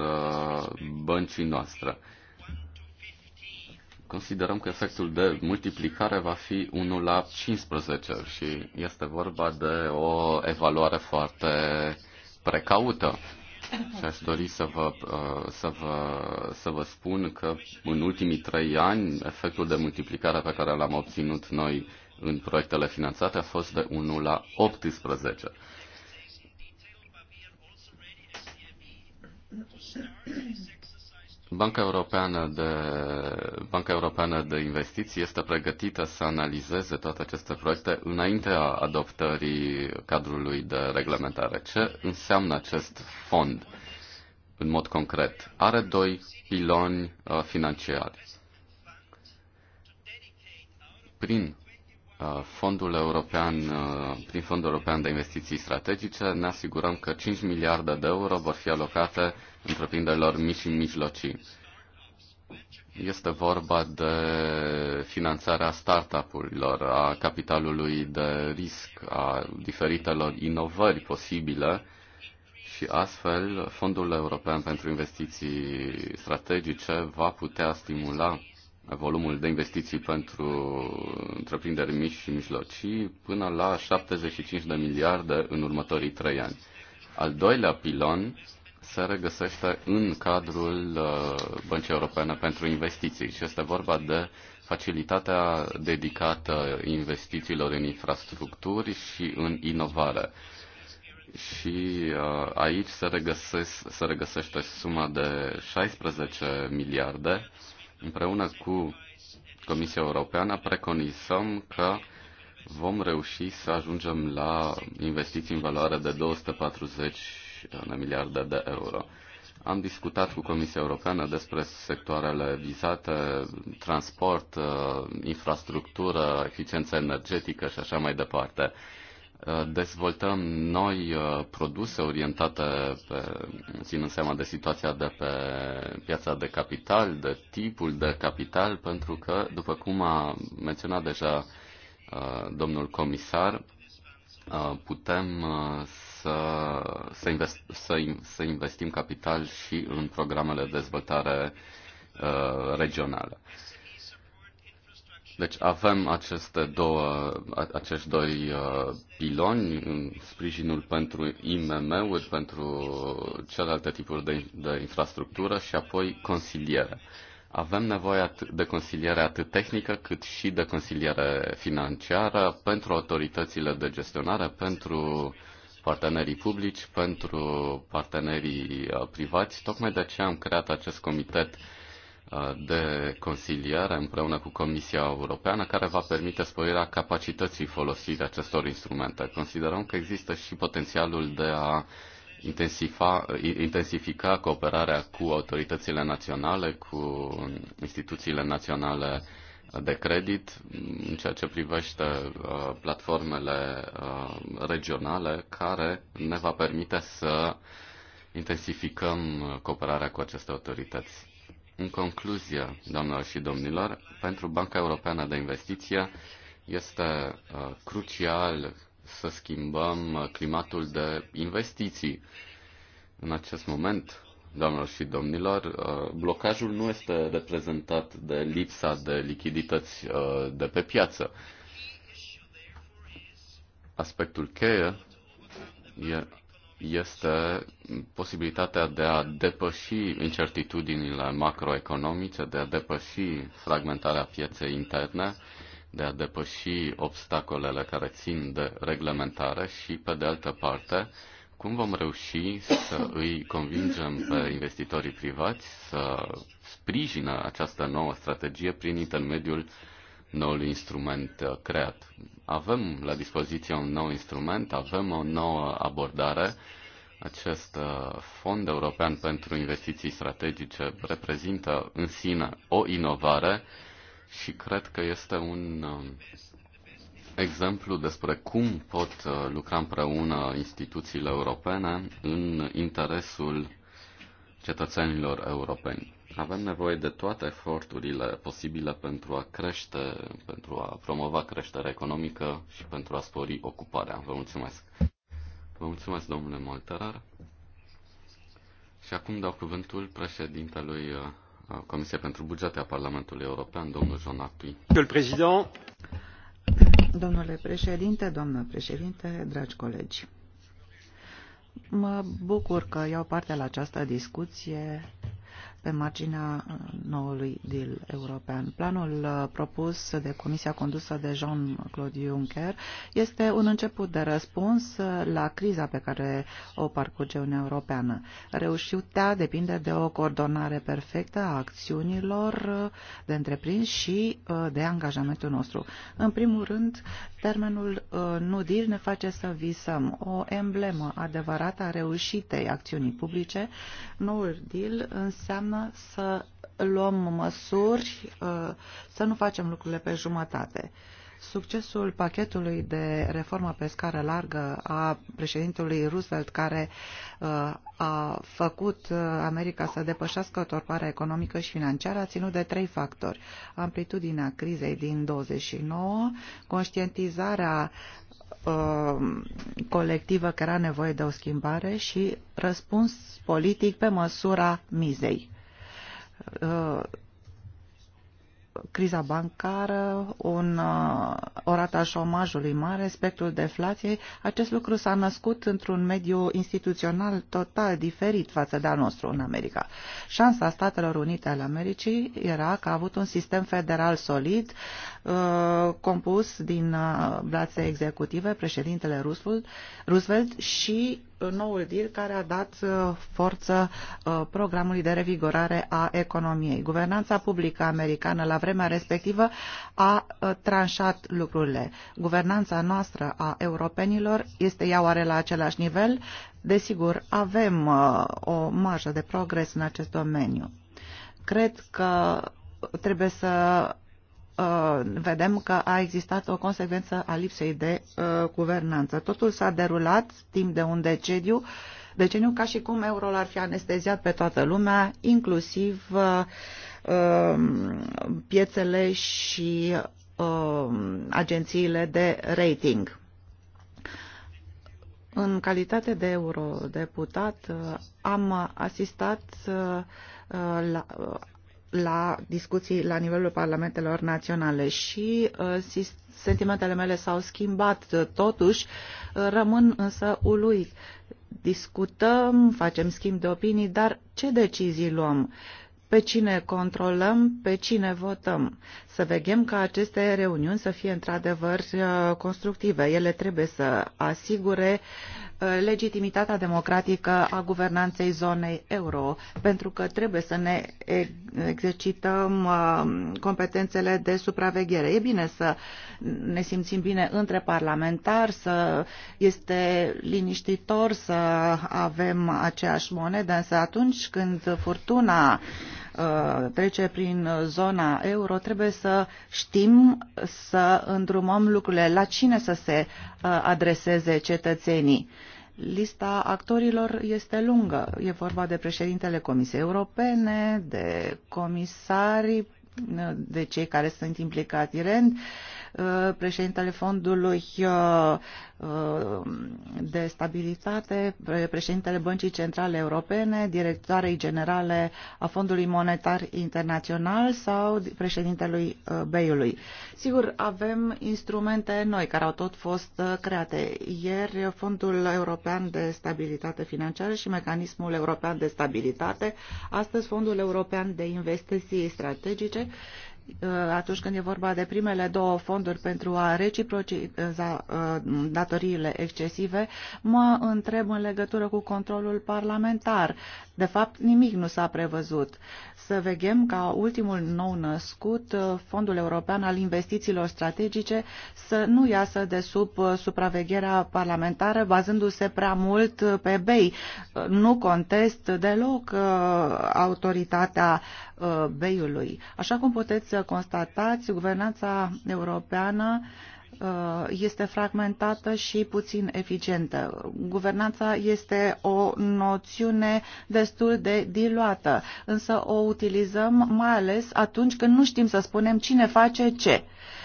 băncii noastre. Considerăm că efectul de multiplicare va fi 1 la 15 și este vorba de o evaluare foarte precaută. Și aș dori să vă, uh, să, vă, să vă spun că în ultimii trei ani efectul de multiplicare pe care l-am obținut noi în proiectele finanțate a fost de 1 la 18. Banca Europeană de, Banca Europeană de Investiții este pregătită să analizeze toate aceste proiecte înaintea adoptării cadrului de reglementare. Ce înseamnă acest fond în mod concret? Are doi piloni uh, financiari. Prin Uh, fondul European, uh, prin Fondul European de Investiții Strategice, ne asigurăm că 5 miliarde de euro vor fi alocate întreprinderilor mici și mijlocii. Este vorba de finanțarea startup-urilor, a capitalului de risc, a diferitelor inovări posibile și astfel Fondul European pentru Investiții Strategice va putea stimula volumul de investiții pentru întreprinderi mici și mijlocii până la 75 de miliarde în următorii trei ani. Al doilea pilon se regăsește în cadrul uh, Băncii Europene pentru Investiții și este vorba de facilitatea dedicată investițiilor în infrastructuri și în inovare. Și uh, aici se, regăsesc, se regăsește suma de 16 miliarde împreună cu Comisia Europeană preconizăm că vom reuși să ajungem la investiții în valoare de 240 de miliarde de euro. Am discutat cu Comisia Europeană despre sectoarele vizate, transport, infrastructură, eficiență energetică și așa mai departe. Uh, dezvoltăm noi uh, produse orientate pe, ținând seama de situația de pe piața de capital, de tipul de capital, pentru că, după cum a menționat deja uh, domnul comisar, putem să, să, invest, să, să investim capital și în programele de dezvoltare regională. Deci avem aceste două, acești doi uh, piloni, sprijinul pentru IMM-uri, pentru celelalte tipuri de, de infrastructură și apoi consiliere. Avem nevoie de consiliere atât tehnică cât și de consiliere financiară pentru autoritățile de gestionare, pentru partenerii publici, pentru partenerii uh, privați. Tocmai de aceea am creat acest comitet uh, de consiliere împreună cu Comisia Europeană care va permite sporirea capacității folosirii acestor instrumente. Considerăm că există și potențialul de a intensifica cooperarea cu autoritățile naționale, cu instituțiile naționale de credit, în ceea ce privește uh, platformele uh, regionale, care ne va permite să intensificăm cooperarea cu aceste autorități. În concluzie, doamnelor și domnilor, pentru Banca Europeană de Investiție este uh, crucial să schimbăm uh, climatul de investiții. În acest moment, doamnelor și domnilor, uh, blocajul nu este reprezentat de lipsa de lichidități uh, de pe piață. Aspectul cheie e este posibilitatea de a depăși incertitudinile macroeconomice, de a depăși fragmentarea pieței interne, de a depăși obstacolele care țin de reglementare și, pe de altă parte, cum vom reuși să îi convingem pe investitorii privați să sprijină această nouă strategie prin intermediul noul instrument uh, creat. Avem la dispoziție un nou instrument, avem o nouă abordare. Acest uh, fond european pentru investiții strategice reprezintă în sine o inovare și cred că este un um, exemplu despre cum pot uh, lucra împreună instituțiile europene în interesul cetățenilor europeni. Avem nevoie de toate eforturile posibile pentru a crește, pentru a promova creșterea economică și pentru a spori ocuparea. Vă mulțumesc. Vă mulțumesc, domnule Molterar. Și acum dau cuvântul președintelui uh, Comisia pentru Bugete a Parlamentului European, domnul Jean Artui. Domnule președinte, domnule președinte, dragi colegi. Mă bucur că iau parte la această discuție pe marginea uh, noului deal european. Planul uh, propus de Comisia condusă de Jean-Claude Juncker este un început de răspuns uh, la criza pe care o parcurge Uniunea Europeană. Reușitea depinde de o coordonare perfectă a acțiunilor de întreprins și de angajamentul nostru. În primul rând, termenul nu deal ne face să visăm o emblemă adevărată a reușitei acțiunii publice. Noul deal înseamnă înseamnă să luăm măsuri, uh, să nu facem lucrurile pe jumătate. Succesul pachetului de reformă pe scară largă a președintelui Roosevelt, care uh, a făcut uh, America să depășească torparea economică și financiară, a ținut de trei factori. Amplitudinea crizei din 29, conștientizarea colectivă că era nevoie de o schimbare și răspuns politic pe măsura mizei. Uh, criza bancară, un, uh, o rată a șomajului mare, spectrul deflației, acest lucru s-a născut într-un mediu instituțional total diferit față de al nostru în America. Șansa Statelor Unite ale Americii era că a avut un sistem federal solid, uh, compus din uh, blațe executive, președintele Roosevelt, Roosevelt și noul deal care a dat uh, forță uh, programului de revigorare a economiei. Guvernanța publică americană la vremea respectivă a uh, tranșat lucrurile. Guvernanța noastră a europenilor este ea oare la același nivel? Desigur, avem o marjă de progres în acest domeniu. Cred că trebuie să Uh, vedem că a existat o consecvență a lipsei de uh, guvernanță. Totul s-a derulat timp de un decediu, deceniu ca și cum euro ar fi anesteziat pe toată lumea, inclusiv uh, um, piețele și um, agențiile de rating. În calitate de eurodeputat am asistat la la discuții la nivelul parlamentelor naționale și uh, sentimentele mele s-au schimbat uh, totuși, uh, rămân însă uluit. Discutăm, facem schimb de opinii, dar ce decizii luăm? Pe cine controlăm, pe cine votăm? Să vegem ca aceste reuniuni să fie într-adevăr uh, constructive. Ele trebuie să asigure uh, legitimitatea democratică a guvernanței zonei euro, pentru că trebuie să ne exercităm uh, competențele de supraveghere. E bine să ne simțim bine între parlamentari, să este liniștitor să avem aceeași monedă, însă atunci când furtuna uh, Uh, trece prin uh, zona euro, trebuie să știm să îndrumăm lucrurile, la cine să se uh, adreseze cetățenii. Lista actorilor este lungă. E vorba de președintele Comisiei Europene, de comisari, de cei care sunt implicați direct, Uh, președintele Fondului uh, uh, de Stabilitate, președintele Băncii Centrale Europene, directoarei generale a Fondului Monetar Internațional sau președintelui Beiului. Sigur, avem instrumente noi care au tot fost create. Ieri Fondul European de Stabilitate Financiară și Mecanismul European de Stabilitate, astăzi Fondul European de Investiții Strategice Uh, atunci când e vorba de primele două fonduri pentru a reciprociza uh, datoriile excesive, mă întreb în legătură cu controlul parlamentar. De fapt, nimic nu s-a prevăzut. Să vegem ca ultimul nou născut, uh, Fondul European al Investițiilor Strategice, să nu iasă de sub supravegherea parlamentară, bazându-se prea mult pe BEI. Nu contest deloc autoritatea uh, Uh, Beiului. Așa cum puteți uh, constatați, guvernanța europeană uh, este fragmentată și puțin eficientă. Guvernanța este o noțiune destul de diluată, însă o utilizăm mai ales atunci când nu știm să spunem cine face ce. Uh,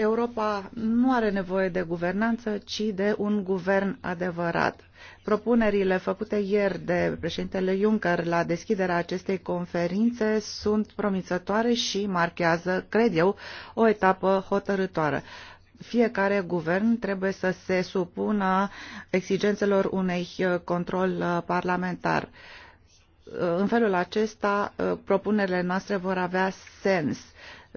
Europa nu are nevoie de guvernanță, ci de un guvern adevărat. Propunerile făcute ieri de președintele Juncker la deschiderea acestei conferințe sunt promițătoare și marchează, cred eu, o etapă hotărătoare. Fiecare guvern trebuie să se supună exigențelor unei uh, control uh, parlamentar uh, în felul acesta propunerile noastre vor avea sens.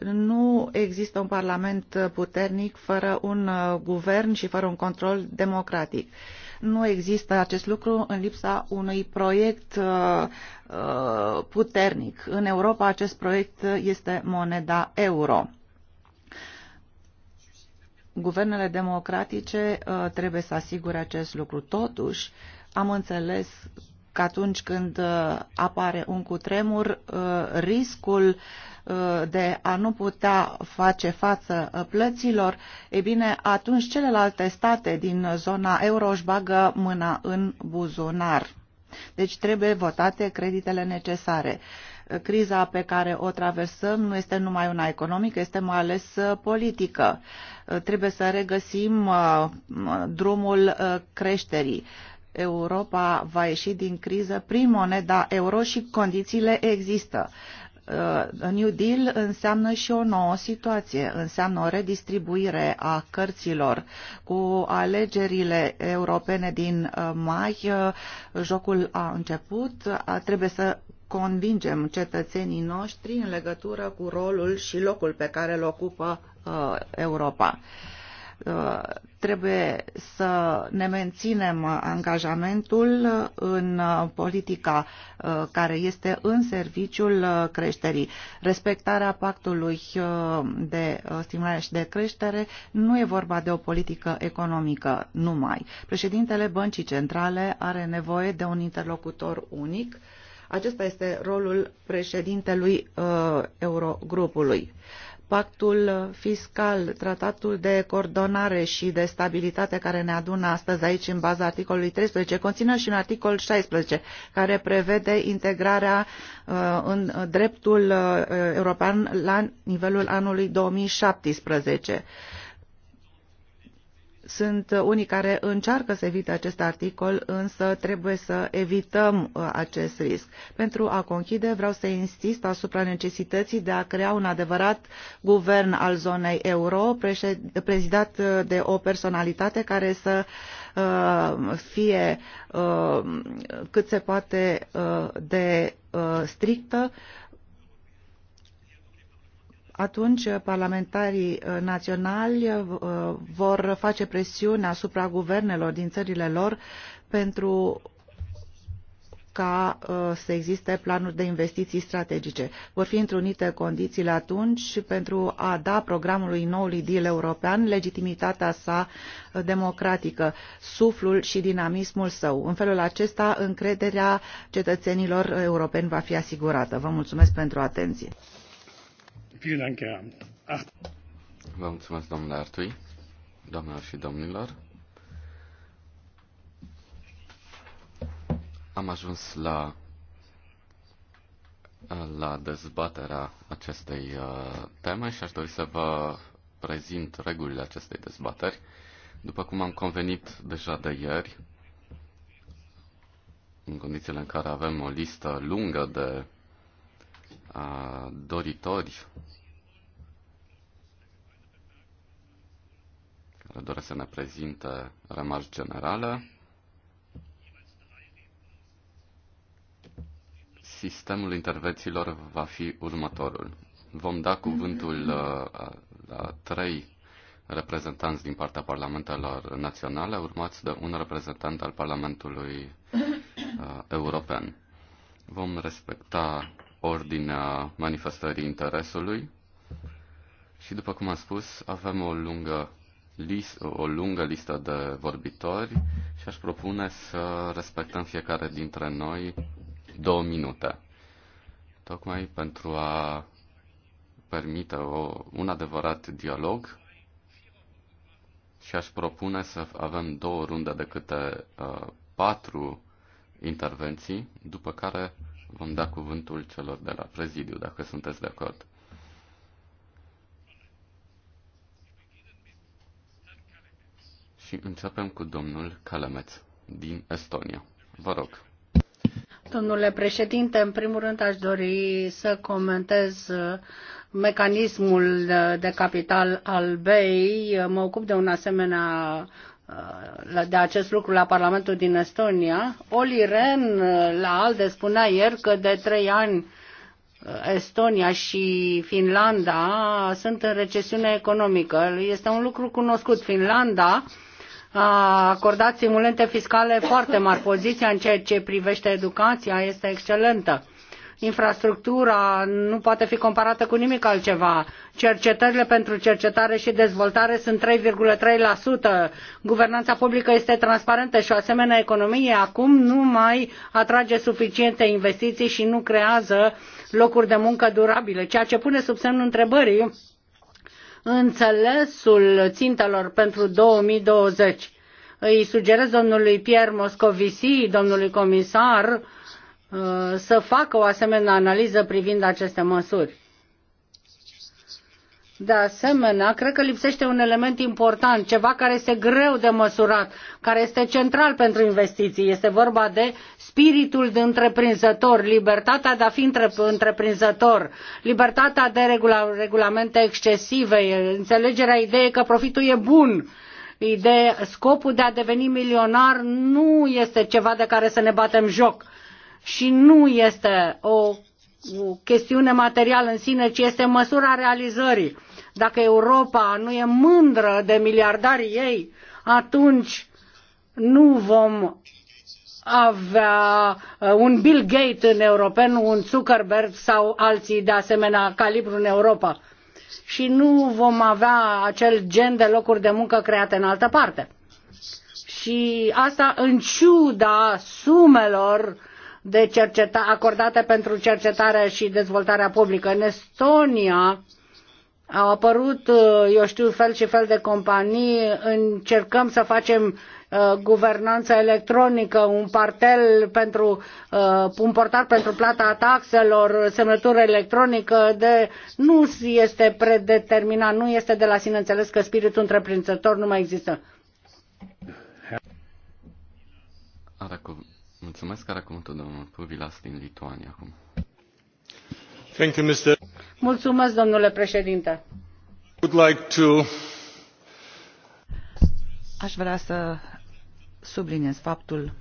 Nu există un parlament puternic fără un uh, guvern și fără un control democratic. Nu există acest lucru în lipsa unui proiect uh, uh, puternic. În Europa acest proiect este moneda euro guvernele democratice trebuie să asigure acest lucru. Totuși, am înțeles că atunci când uh, apare un cutremur, uh, riscul uh, de a nu putea face față plăților, e bine, atunci celelalte state din zona euro își bagă mâna în buzunar. Deci trebuie votate creditele necesare. Criza pe care o traversăm nu este numai una economică, este mai ales politică. Trebuie să regăsim drumul creșterii Europa va ieși din criză prin moneda euro și condițiile există. Uh, New Deal înseamnă și o nouă situație, înseamnă o redistribuire a cărților. Cu alegerile europene din uh, mai, uh, jocul a început, trebuie să convingem cetățenii noștri în legătură cu rolul și locul pe care îl ocupă Europa trebuie să ne menținem angajamentul în politica uh, care este în serviciul uh, creșterii. Respectarea pactului uh, de stimulare și de creștere nu e vorba de o politică economică numai. Președintele Băncii Centrale are nevoie de un interlocutor unic. Acesta este rolul președintelui uh, Eurogrupului. Uh, pactul fiscal, tratatul de coordonare și de stabilitate care ne adună astăzi aici în baza articolului 13 conține și un articol 16 care prevede integrarea uh, în dreptul uh, european la nivelul anului 2017. Sunt unii care încearcă să evite acest articol, însă trebuie să evităm uh, acest risc. Pentru a conchide, vreau să insist asupra necesității de a crea un adevărat guvern al zonei euro, prezidat uh, de o personalitate care să uh, fie cât se poate de strictă, atunci parlamentarii uh, naționali uh, vor face presiune asupra guvernelor din țările lor pentru ca uh, să existe planuri de investiții strategice. Vor fi întrunite condițiile atunci pentru a da programului noului deal european legitimitatea sa democratică, suflul și dinamismul său. În felul acesta, încrederea cetățenilor europeni va fi asigurată. Vă mulțumesc pentru atenție. Vă mulțumesc, domnule Artui, doamnelor și domnilor. Am ajuns la, la dezbaterea acestei uh, teme și aș dori să vă prezint regulile acestei dezbateri. După cum am convenit deja de ieri, în condițiile în care avem o listă lungă de doritori care doresc să ne prezintă rămas generală Sistemul intervențiilor va fi următorul. Vom da cuvântul uh, la trei reprezentanți din partea parlamentelor naționale, urmați de un reprezentant al Parlamentului uh, European. Vom respecta ordinea manifestării interesului și, după cum am spus, avem o lungă, list, o lungă listă de vorbitori și aș propune să respectăm fiecare dintre noi două minute, tocmai pentru a permite o, un adevărat dialog și aș propune să avem două runde de câte uh, patru intervenții, după care vom da cuvântul celor de la prezidiu, dacă sunteți de acord. Și începem cu domnul Kalameț din Estonia. Vă rog. Domnule președinte, în primul rând aș dori să comentez uh, mecanismul uh, de capital al BEI. Mă ocup de un asemenea de acest lucru la Parlamentul din Estonia. Oli Ren uh, la ALDE spunea ieri că de trei ani uh, Estonia și Finlanda sunt în recesiune economică. Este un lucru cunoscut. Finlanda a acordat stimulente fiscale foarte mari. Poziția în ceea ce privește educația este excelentă infrastructura nu poate fi comparată cu nimic altceva. Cercetările pentru cercetare și dezvoltare sunt 3,3%. Guvernanța publică este transparentă și o asemenea economie acum nu mai atrage suficiente investiții și nu creează locuri de muncă durabile, ceea ce pune sub semnul întrebării înțelesul țintelor pentru 2020. Îi sugerez domnului Pierre Moscovici, domnului comisar, uh, Uh, să facă o asemenea analiză privind aceste măsuri. De asemenea, cred că lipsește un element important, ceva care este greu de măsurat, care este central pentru investiții. Este vorba de spiritul de întreprinzător, libertatea de a fi întreprinzător, libertatea de regula, regulamente excesive, înțelegerea ideii că profitul e bun, ideea scopul de a deveni milionar nu este ceva de care să ne batem joc și nu este o chestiune materială în sine, ci este măsura realizării. Dacă Europa nu e mândră de miliardarii ei, atunci nu vom avea uh, un Bill Gates în european, un Zuckerberg sau alții de asemenea calibru în Europa. Și nu vom avea acel gen de locuri de muncă create în altă parte. Și asta în ciuda sumelor de cerceta, acordate pentru cercetare și dezvoltarea publică. În Estonia au apărut, uh, eu știu, fel și fel de companii, încercăm să facem uh, guvernanță electronică, un partel pentru, uh, un portal pentru plata taxelor, semnătură electronică, de, nu este predeterminat, nu este de la sine înțeles că spiritul întreprinzător nu mai există. Mulțumesc, care cuvântul domnul Puvilas din Lituania acum. Thank you, Mr. Mulțumesc, domnule președinte. Would like to... Aș vrea să subliniez faptul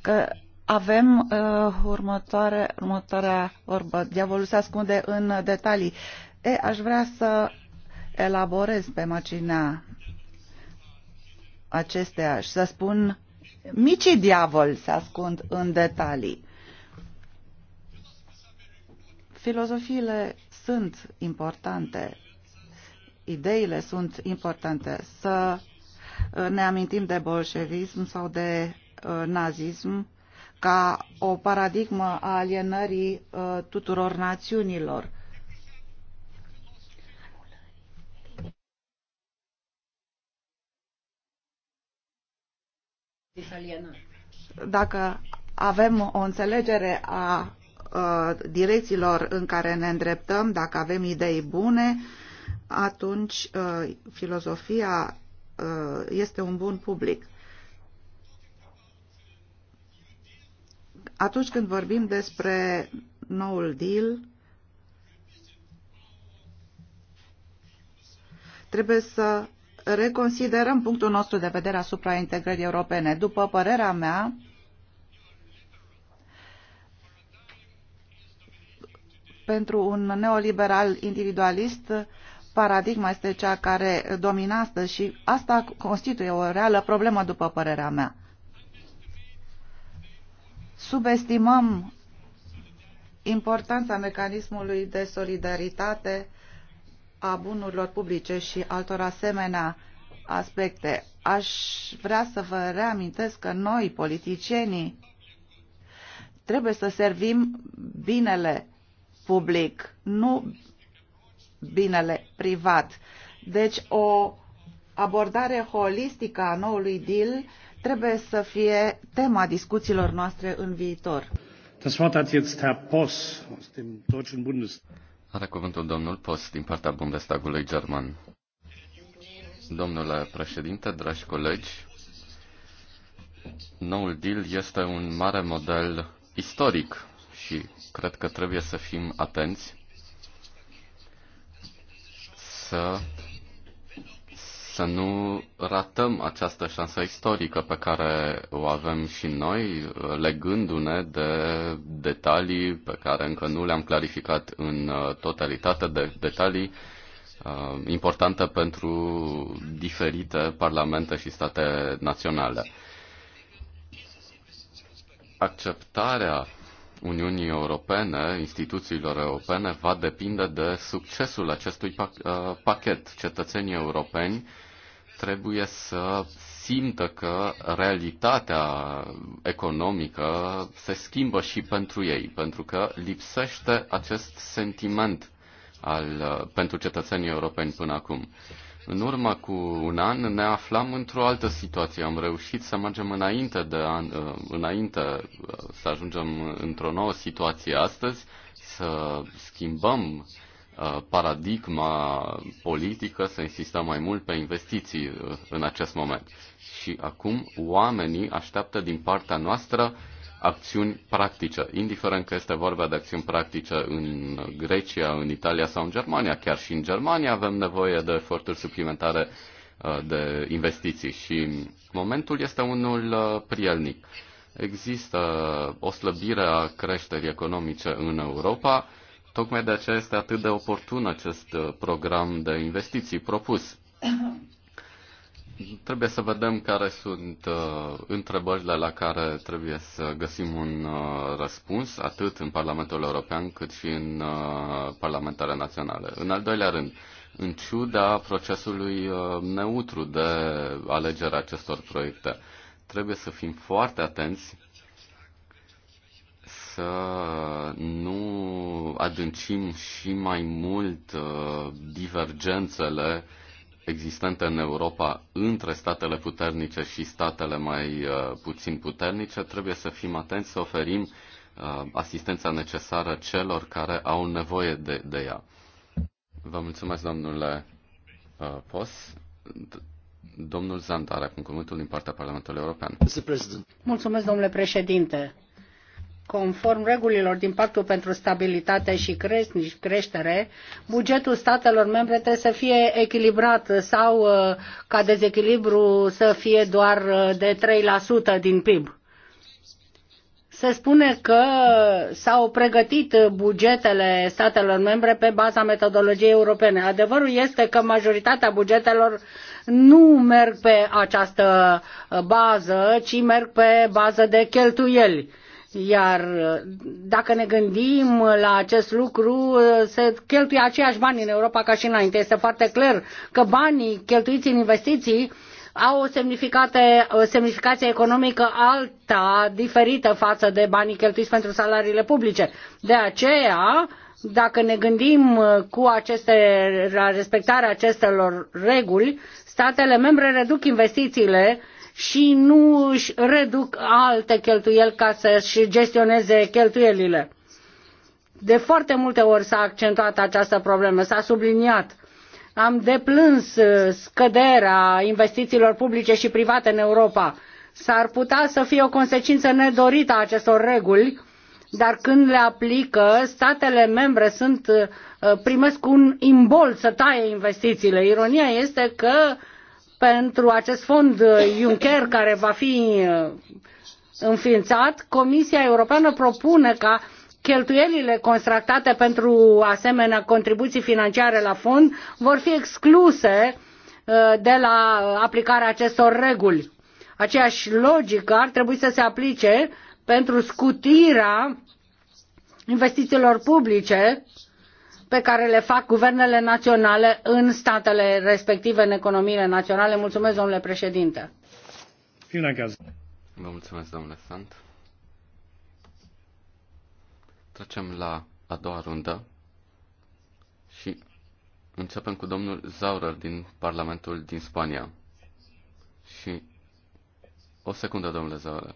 că avem uh, următoare, următoarea vorbă. Diavolul se ascunde în detalii. E, aș vrea să elaborez pe marginea acesteia și să spun micii diavol se ascund în detalii. Filozofiile sunt importante, ideile sunt importante. Să uh, ne amintim de bolșevism sau de uh, nazism ca o paradigmă a alienării uh, tuturor națiunilor Dacă avem o înțelegere a direcțiilor în care ne îndreptăm, dacă avem idei bune, atunci filozofia este un bun public. Atunci când vorbim despre noul deal, trebuie să reconsiderăm punctul nostru de vedere asupra integrării europene. După părerea mea, pentru un neoliberal individualist, paradigma este cea care domina astăzi și asta constituie o reală problemă, după părerea mea. Subestimăm importanța mecanismului de solidaritate a bunurilor publice și altor asemenea aspecte. Aș vrea să vă reamintesc că noi, politicienii, trebuie să servim binele public, nu binele privat. Deci o abordare holistică a noului deal trebuie să fie tema discuțiilor noastre în viitor. Das Wort hat jetzt Herr Boss aus dem Deutschen Bundestag. Are cuvântul domnul Post din partea Bundestagului German. Domnule președinte, dragi colegi, noul deal este un mare model istoric și cred că trebuie să fim atenți să să nu ratăm această șansă istorică pe care o avem și noi, legându-ne de detalii pe care încă nu le-am clarificat în uh, totalitate, de detalii uh, importante pentru diferite parlamente și state naționale. Acceptarea Uniunii Europene, instituțiilor europene, va depinde de succesul acestui uh, pachet. Cetățenii europeni trebuie să simtă că realitatea economică se schimbă și pentru ei, pentru că lipsește acest sentiment al, uh, pentru cetățenii europeni până acum. În urmă cu un an ne aflam într-o altă situație. Am reușit să mergem înainte, de an, uh, înainte uh, să ajungem într-o nouă situație astăzi, să schimbăm uh, paradigma politică, să insistăm mai mult pe investiții în acest moment. Și acum oamenii așteaptă din partea noastră uh, acțiuni practice, indiferent că este vorba de acțiuni practice în Grecia, în Italia sau în Germania. Chiar și în Germania avem nevoie de eforturi suplimentare uh, de investiții și momentul este unul uh, prielnic. Există uh, o slăbire a creșterii economice în Europa, tocmai de aceea este atât de oportun acest program de investiții propus. Trebuie să vedem care sunt uh, întrebările la care trebuie să găsim un uh, răspuns, atât în Parlamentul European cât și în uh, Parlamentele Naționale. În al doilea rând, în ciuda procesului uh, neutru de alegere acestor proiecte, trebuie să fim foarte atenți să nu adâncim și mai mult uh, divergențele uh, existente în Europa între statele puternice și statele mai uh, puțin puternice, trebuie să fim atenți să oferim uh, asistența necesară celor care au nevoie de, de ea. Vă mulțumesc, domnule uh, Pos. Domnul Zandar, acum cuvântul din partea Parlamentului European. Mulțumesc, domnule președinte. Conform regulilor din Pactul pentru Stabilitate și Creștere, bugetul statelor membre trebuie să fie echilibrat sau uh, ca dezechilibru să fie doar uh, de 3% din PIB se spune că s-au pregătit bugetele statelor membre pe baza metodologiei europene. Adevărul este că majoritatea bugetelor nu merg pe această uh, bază, ci merg pe bază de cheltuieli. Iar uh, dacă ne gândim la acest lucru, uh, se cheltuie aceiași bani în Europa ca și înainte. Este foarte clar că banii cheltuiți în investiții au o, o semnificație economică alta, diferită față de banii cheltuiți pentru salariile publice. De aceea, dacă ne gândim uh, cu aceste, la respectarea acestor reguli, statele membre reduc investițiile și nu își reduc alte cheltuieli ca să-și gestioneze cheltuielile. De foarte multe ori s-a accentuat această problemă, s-a subliniat. Am deplâns uh, scăderea investițiilor publice și private în Europa. S-ar putea să fie o consecință nedorită a acestor reguli, dar când le aplică, statele membre sunt, uh, primesc un imbol să taie investițiile. Ironia este că pentru acest fond uh, Juncker care va fi uh, înființat, Comisia Europeană propune ca cheltuielile contractate pentru asemenea contribuții financiare la fond vor fi excluse uh, de la aplicarea acestor reguli. Aceeași logică ar trebui să se aplice pentru scutirea investițiilor publice uh, pe care le fac guvernele naționale în statele respective, în economiile naționale. Mulțumesc, domnule președinte. Vă mulțumesc, domnule Sant. Trecem la a doua rundă și începem cu domnul Zaurer din Parlamentul din Spania. Și o secundă, domnule Zaurer.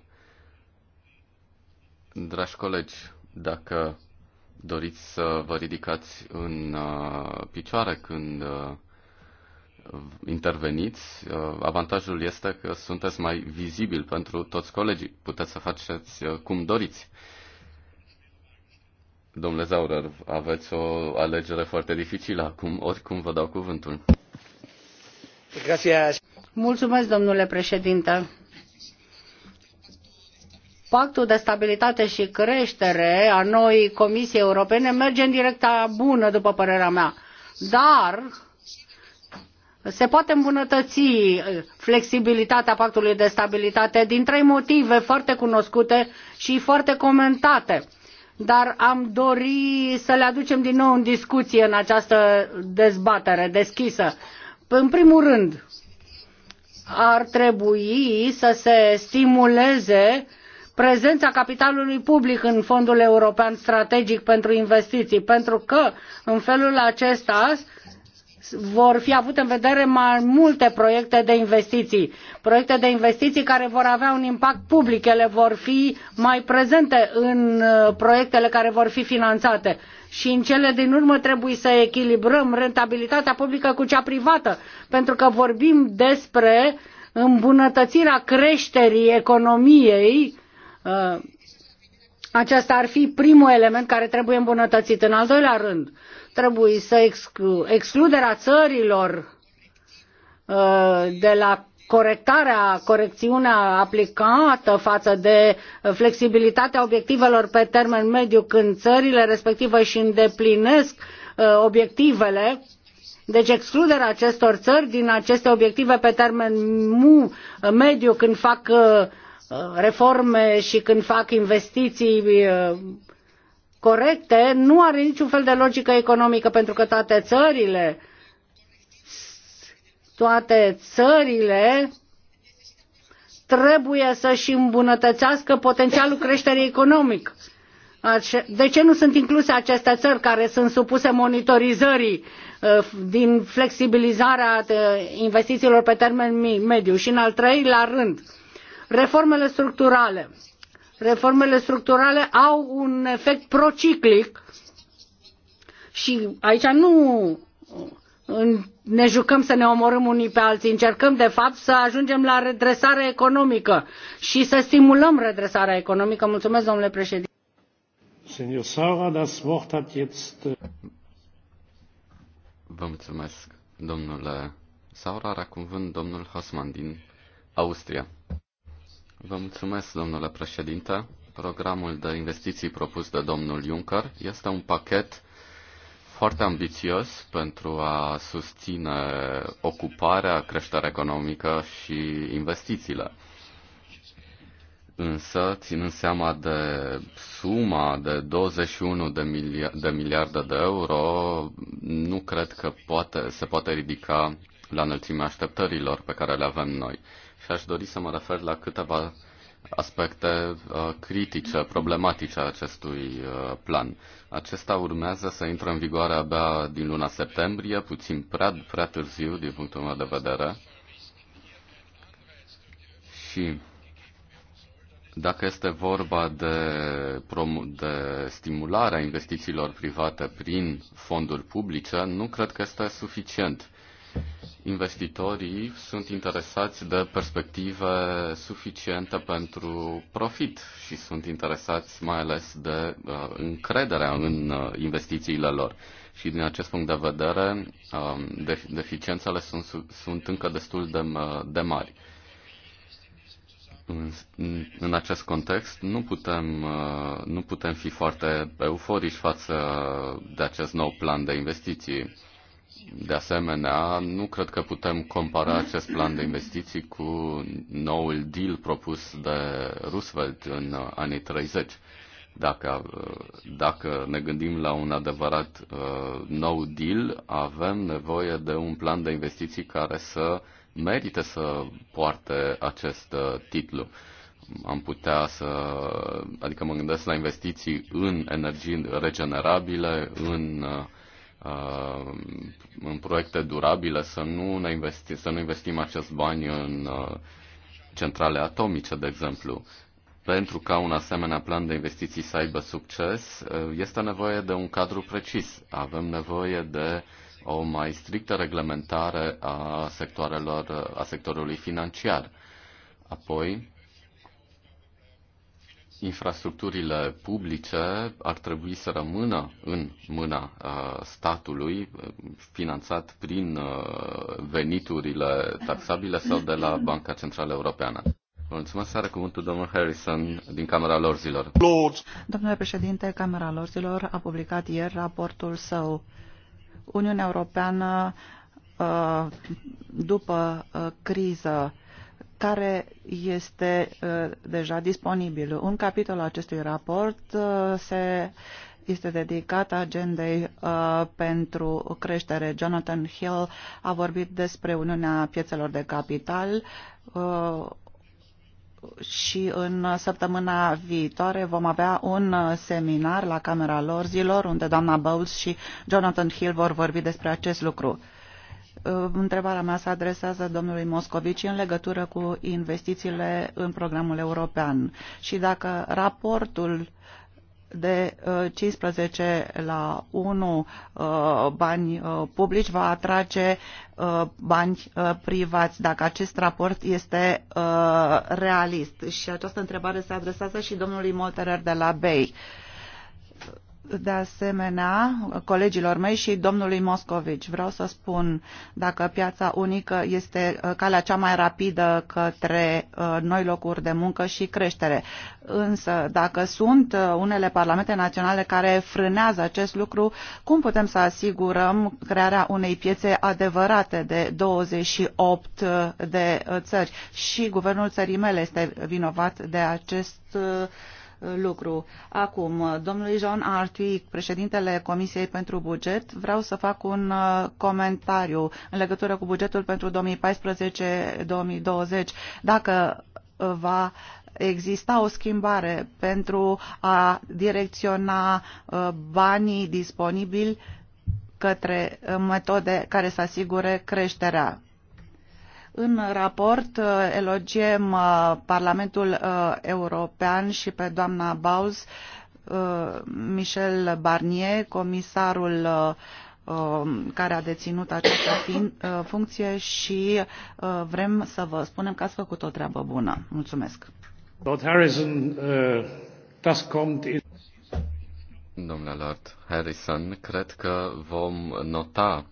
Dragi colegi, dacă doriți să vă ridicați în uh, picioare când uh, interveniți. Uh, avantajul este că sunteți mai vizibil pentru toți colegii. Puteți să faceți cum doriți. Domnule Zaurer, aveți o alegere foarte dificilă acum, oricum vă dau cuvântul. Mulțumesc, domnule președinte. Pactul de stabilitate și creștere a noii Comisii Europene merge în direcția bună, după părerea mea. Dar se poate îmbunătăți flexibilitatea pactului de stabilitate din trei motive foarte cunoscute și foarte comentate dar am dori să le aducem din nou în discuție în această dezbatere deschisă. În primul rând, ar trebui să se stimuleze prezența capitalului public în Fondul European Strategic pentru Investiții, pentru că în felul acesta vor fi avute în vedere mai multe proiecte de investiții, proiecte de investiții care vor avea un impact public, ele vor fi mai prezente în uh, proiectele care vor fi finanțate și în cele din urmă trebuie să echilibrăm rentabilitatea publică cu cea privată, pentru că vorbim despre îmbunătățirea creșterii economiei Uh, acesta ar fi primul element care trebuie îmbunătățit. În al doilea rând, trebuie să exclu, excluderea țărilor uh, de la corectarea, corecțiunea aplicată față de flexibilitatea obiectivelor pe termen mediu când țările respective își îndeplinesc uh, obiectivele, deci excluderea acestor țări din aceste obiective pe termen mediu când fac Uh, reforme și când fac investiții uh, corecte, nu are niciun fel de logică economică pentru că toate țările toate țările trebuie să-și îmbunătățească potențialul creșterii economic. De ce nu sunt incluse aceste țări care sunt supuse monitorizării uh, din flexibilizarea investițiilor pe termen mediu? Și în al treilea rând, Reformele structurale. Reformele structurale au un efect prociclic și aici nu ne jucăm să ne omorâm unii pe alții, încercăm de fapt să ajungem la redresare economică și să stimulăm redresarea economică. Mulțumesc, domnule președinte. Senior Sara, das Wort hat jetzt... Äh, Vă mulțumesc, domnule Saura, acum vând domnul Hosman din Austria. Vă mulțumesc, domnule președinte. Programul de investiții propus de domnul Juncker este un pachet foarte ambițios pentru a susține ocuparea, creșterea economică și investițiile. Însă, ținând seama de suma de 21 de, miliard, de miliarde de euro, nu cred că poate, se poate ridica la înălțimea așteptărilor pe care le avem noi și aș dori să mă refer la câteva aspecte uh, critice, problematice a acestui uh, plan. Acesta urmează să intre în vigoare abia din luna septembrie, puțin prea, prea târziu din punctul meu de vedere. Și dacă este vorba de, de stimularea investițiilor private prin fonduri publice, nu cred că este suficient investitorii sunt interesați de perspective suficiente pentru profit și sunt interesați mai ales de uh, încrederea în uh, investițiile lor. Și din acest punct de vedere, uh, deficiențele sunt, sunt încă destul de, uh, de mari. În, în acest context, nu putem, uh, nu putem fi foarte euforici față de acest nou plan de investiții de asemenea, nu cred că putem compara acest plan de investiții cu noul deal propus de Roosevelt în anii 30. Dacă, dacă ne gândim la un adevărat uh, nou deal, avem nevoie de un plan de investiții care să merite să poarte acest uh, titlu am putea să, adică mă gândesc la investiții în energii regenerabile, în uh, Uh, în proiecte durabile, să nu, ne investi, să nu investim acest bani în uh, centrale atomice, de exemplu. Pentru ca un asemenea plan de investiții să aibă succes, uh, este nevoie de un cadru precis. Avem nevoie de o mai strictă reglementare a, sectoarelor, a sectorului financiar. Apoi, infrastructurile publice ar trebui să rămână în mâna uh, statului, uh, finanțat prin uh, veniturile taxabile sau de la Banca Centrală Europeană. Vă mulțumesc, are cuvântul domnul Harrison din Camera Lorzilor. Lord. Domnule președinte, Camera Lorzilor a publicat ieri raportul său. Uniunea Europeană după criză care este uh, deja disponibil. Un capitol al acestui raport uh, se este dedicat agendei uh, pentru creștere. Jonathan Hill a vorbit despre Uniunea Piețelor de Capital uh, și în săptămâna viitoare vom avea un uh, seminar la Camera Lorzilor, unde doamna Bowles și Jonathan Hill vor vorbi despre acest lucru. Uh, Uh, întrebarea mea se adresează domnului Moscovici în legătură cu investițiile în programul european și dacă raportul de 15 uh, la 1 uh, bani publici va atrage bani privați, dacă acest raport este realist. Și această întrebare se adresează și domnului Molterer de la BEI de asemenea colegilor mei și domnului Moscovici. Vreau să spun dacă piața unică este uh, calea cea mai rapidă către uh, noi locuri de muncă și creștere. Însă, dacă sunt uh, unele parlamente naționale care frânează acest lucru, cum putem să asigurăm crearea unei piețe adevărate de 28 de țări? Și guvernul țării mele este vinovat de acest lucru. Acum, domnului Jean Artui, președintele Comisiei pentru Buget, vreau să fac un uh, comentariu în legătură cu bugetul pentru 2014-2020. Dacă uh, va exista o schimbare pentru a direcționa uh, banii disponibili către metode care să asigure creșterea în raport uh, elogiem uh, Parlamentul uh, European și pe doamna Bauz, Michel Barnier, comisarul um, care a deținut această funcție și vrem să vă spunem că ați făcut o treabă bună. Mulțumesc. Lord Harrison, Domnule Lord Harrison, cred că vom nota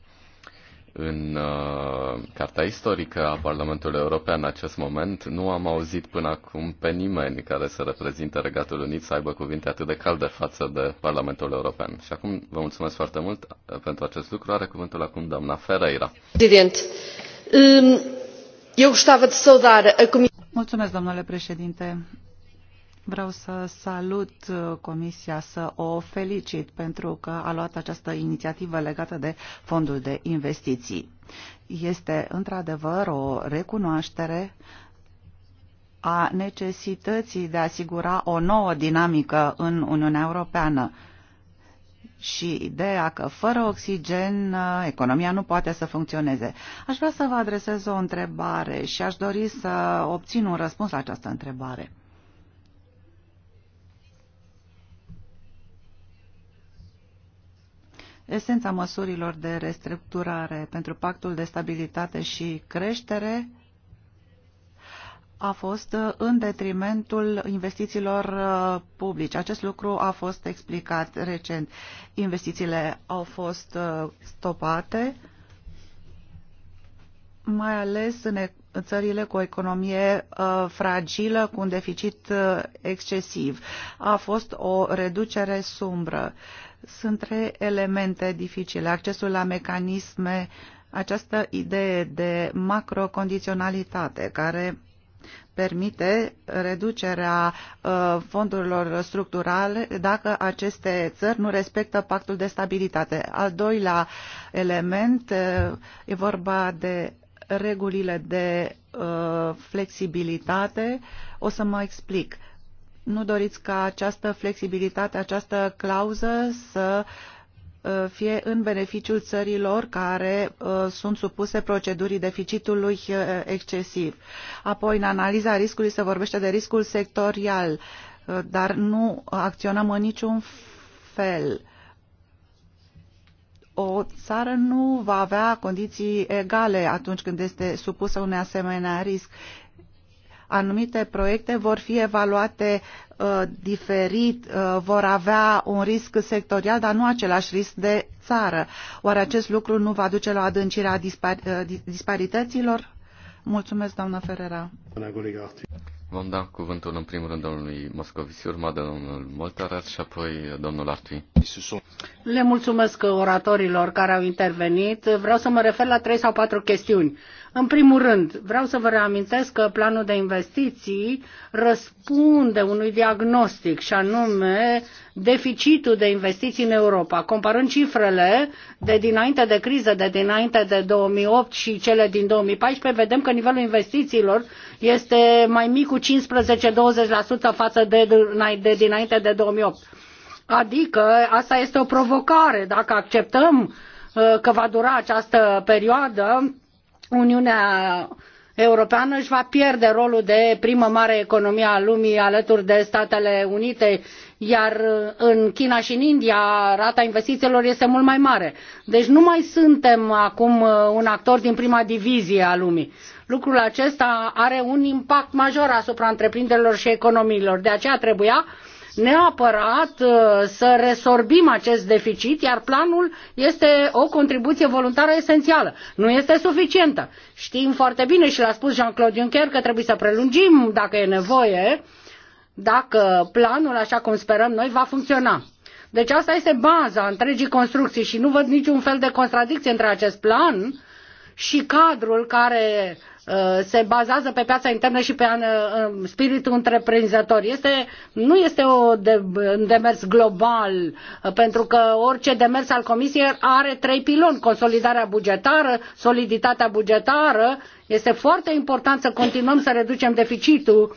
în uh, Carta Istorică a Parlamentului European în acest moment. Nu am auzit până acum pe nimeni care să reprezinte Regatul Unit să aibă cuvinte atât de calde față de Parlamentul European. Și acum vă mulțumesc foarte mult uh, pentru acest lucru. Are cuvântul acum doamna Ferreira. President, um, eu gostava de saudar a Mulțumesc, domnule președinte. Vreau să salut uh, Comisia, să o felicit pentru că a luat această inițiativă legată de fondul de investiții. Este într-adevăr o recunoaștere a necesității de a asigura o nouă dinamică în Uniunea Europeană și ideea că fără oxigen uh, economia nu poate să funcționeze. Aș vrea să vă adresez o întrebare și aș dori să obțin un răspuns la această întrebare. Esența măsurilor de restructurare pentru pactul de stabilitate și creștere a fost în detrimentul investițiilor uh, publice. Acest lucru a fost explicat recent. Investițiile au fost uh, stopate, mai ales în țările cu o economie uh, fragilă, cu un deficit excesiv. A fost o reducere sumbră. Sunt trei elemente dificile. Accesul la mecanisme, această idee de macrocondiționalitate care permite reducerea uh, fondurilor structurale dacă aceste țări nu respectă pactul de stabilitate. Al doilea element uh, e vorba de regulile de uh, flexibilitate. O să mă explic. Nu doriți ca această flexibilitate, această clauză să uh, fie în beneficiul țărilor care uh, sunt supuse procedurii deficitului uh, excesiv. Apoi, în analiza riscului se vorbește de riscul sectorial, dar nu acționăm în niciun fel o țară nu va avea condiții egale atunci când este supusă unei asemenea risc anumite proiecte vor fi evaluate uh, diferit, uh, vor avea un risc sectorial, dar nu același risc de țară. Oare acest lucru nu va duce la adâncirea dispar uh, disparităților? Mulțumesc, doamnă Ferrera. Vom da cuvântul în primul rând domnului Moscovici, Urma de domnul Moltarat și apoi domnul Artui. Le mulțumesc oratorilor care au intervenit. Vreau să mă refer la trei sau patru chestiuni în primul rând, vreau să vă reamintesc că planul de investiții răspunde unui diagnostic și anume deficitul de investiții în Europa. Comparând cifrele de dinainte de criză, de dinainte de 2008 și cele din 2014, vedem că nivelul investițiilor este mai mic cu 15-20% față de, de dinainte de 2008. Adică asta este o provocare. Dacă acceptăm uh, că va dura această perioadă, Uniunea Europeană își va pierde rolul de primă mare economie a lumii alături de Statele Unite, iar în China și în India rata investițiilor este mult mai mare. Deci nu mai suntem acum uh, un actor din prima divizie a lumii. Lucrul acesta are un impact major asupra întreprinderilor și economiilor. De aceea trebuia neapărat uh, să resorbim acest deficit, iar planul este o contribuție voluntară esențială. Nu este suficientă. Știm foarte bine și l-a spus Jean-Claude Juncker că trebuie să prelungim dacă e nevoie, dacă planul, așa cum sperăm noi, va funcționa. Deci asta este baza întregii construcții și nu văd niciun fel de contradicție între acest plan și cadrul care Uh, se bazează pe piața internă și pe uh, um, spiritul întreprinzător. Este, nu este o de, un demers global, uh, pentru că orice demers al Comisiei are trei piloni. Consolidarea bugetară, soliditatea bugetară. Este foarte important să continuăm să reducem deficitul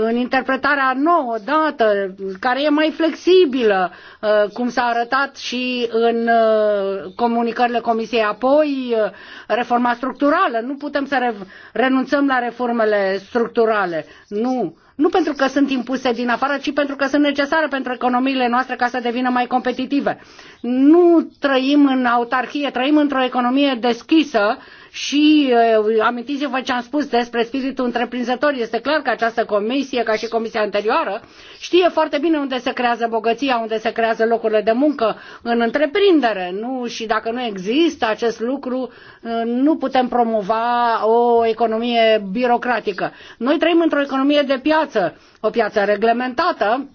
în interpretarea nouă dată, care e mai flexibilă, uh, cum s-a arătat și în uh, comunicările Comisiei. Apoi, uh, reforma structurală. Nu putem să renunțăm la reformele structurale. Nu. Nu pentru că sunt impuse din afară, ci pentru că sunt necesare pentru economiile noastre ca să devină mai competitive. Nu trăim în autarhie, trăim într-o economie deschisă uh, și uh, amintiți-vă ce am spus despre spiritul întreprinzător. Este clar că această comisie, ca și comisia anterioară, știe foarte bine unde se creează bogăția, unde se creează locurile de muncă în întreprindere. Nu? Și dacă nu există acest lucru, uh, nu putem promova o economie birocratică. Noi trăim într-o economie de piață, o piață reglementată,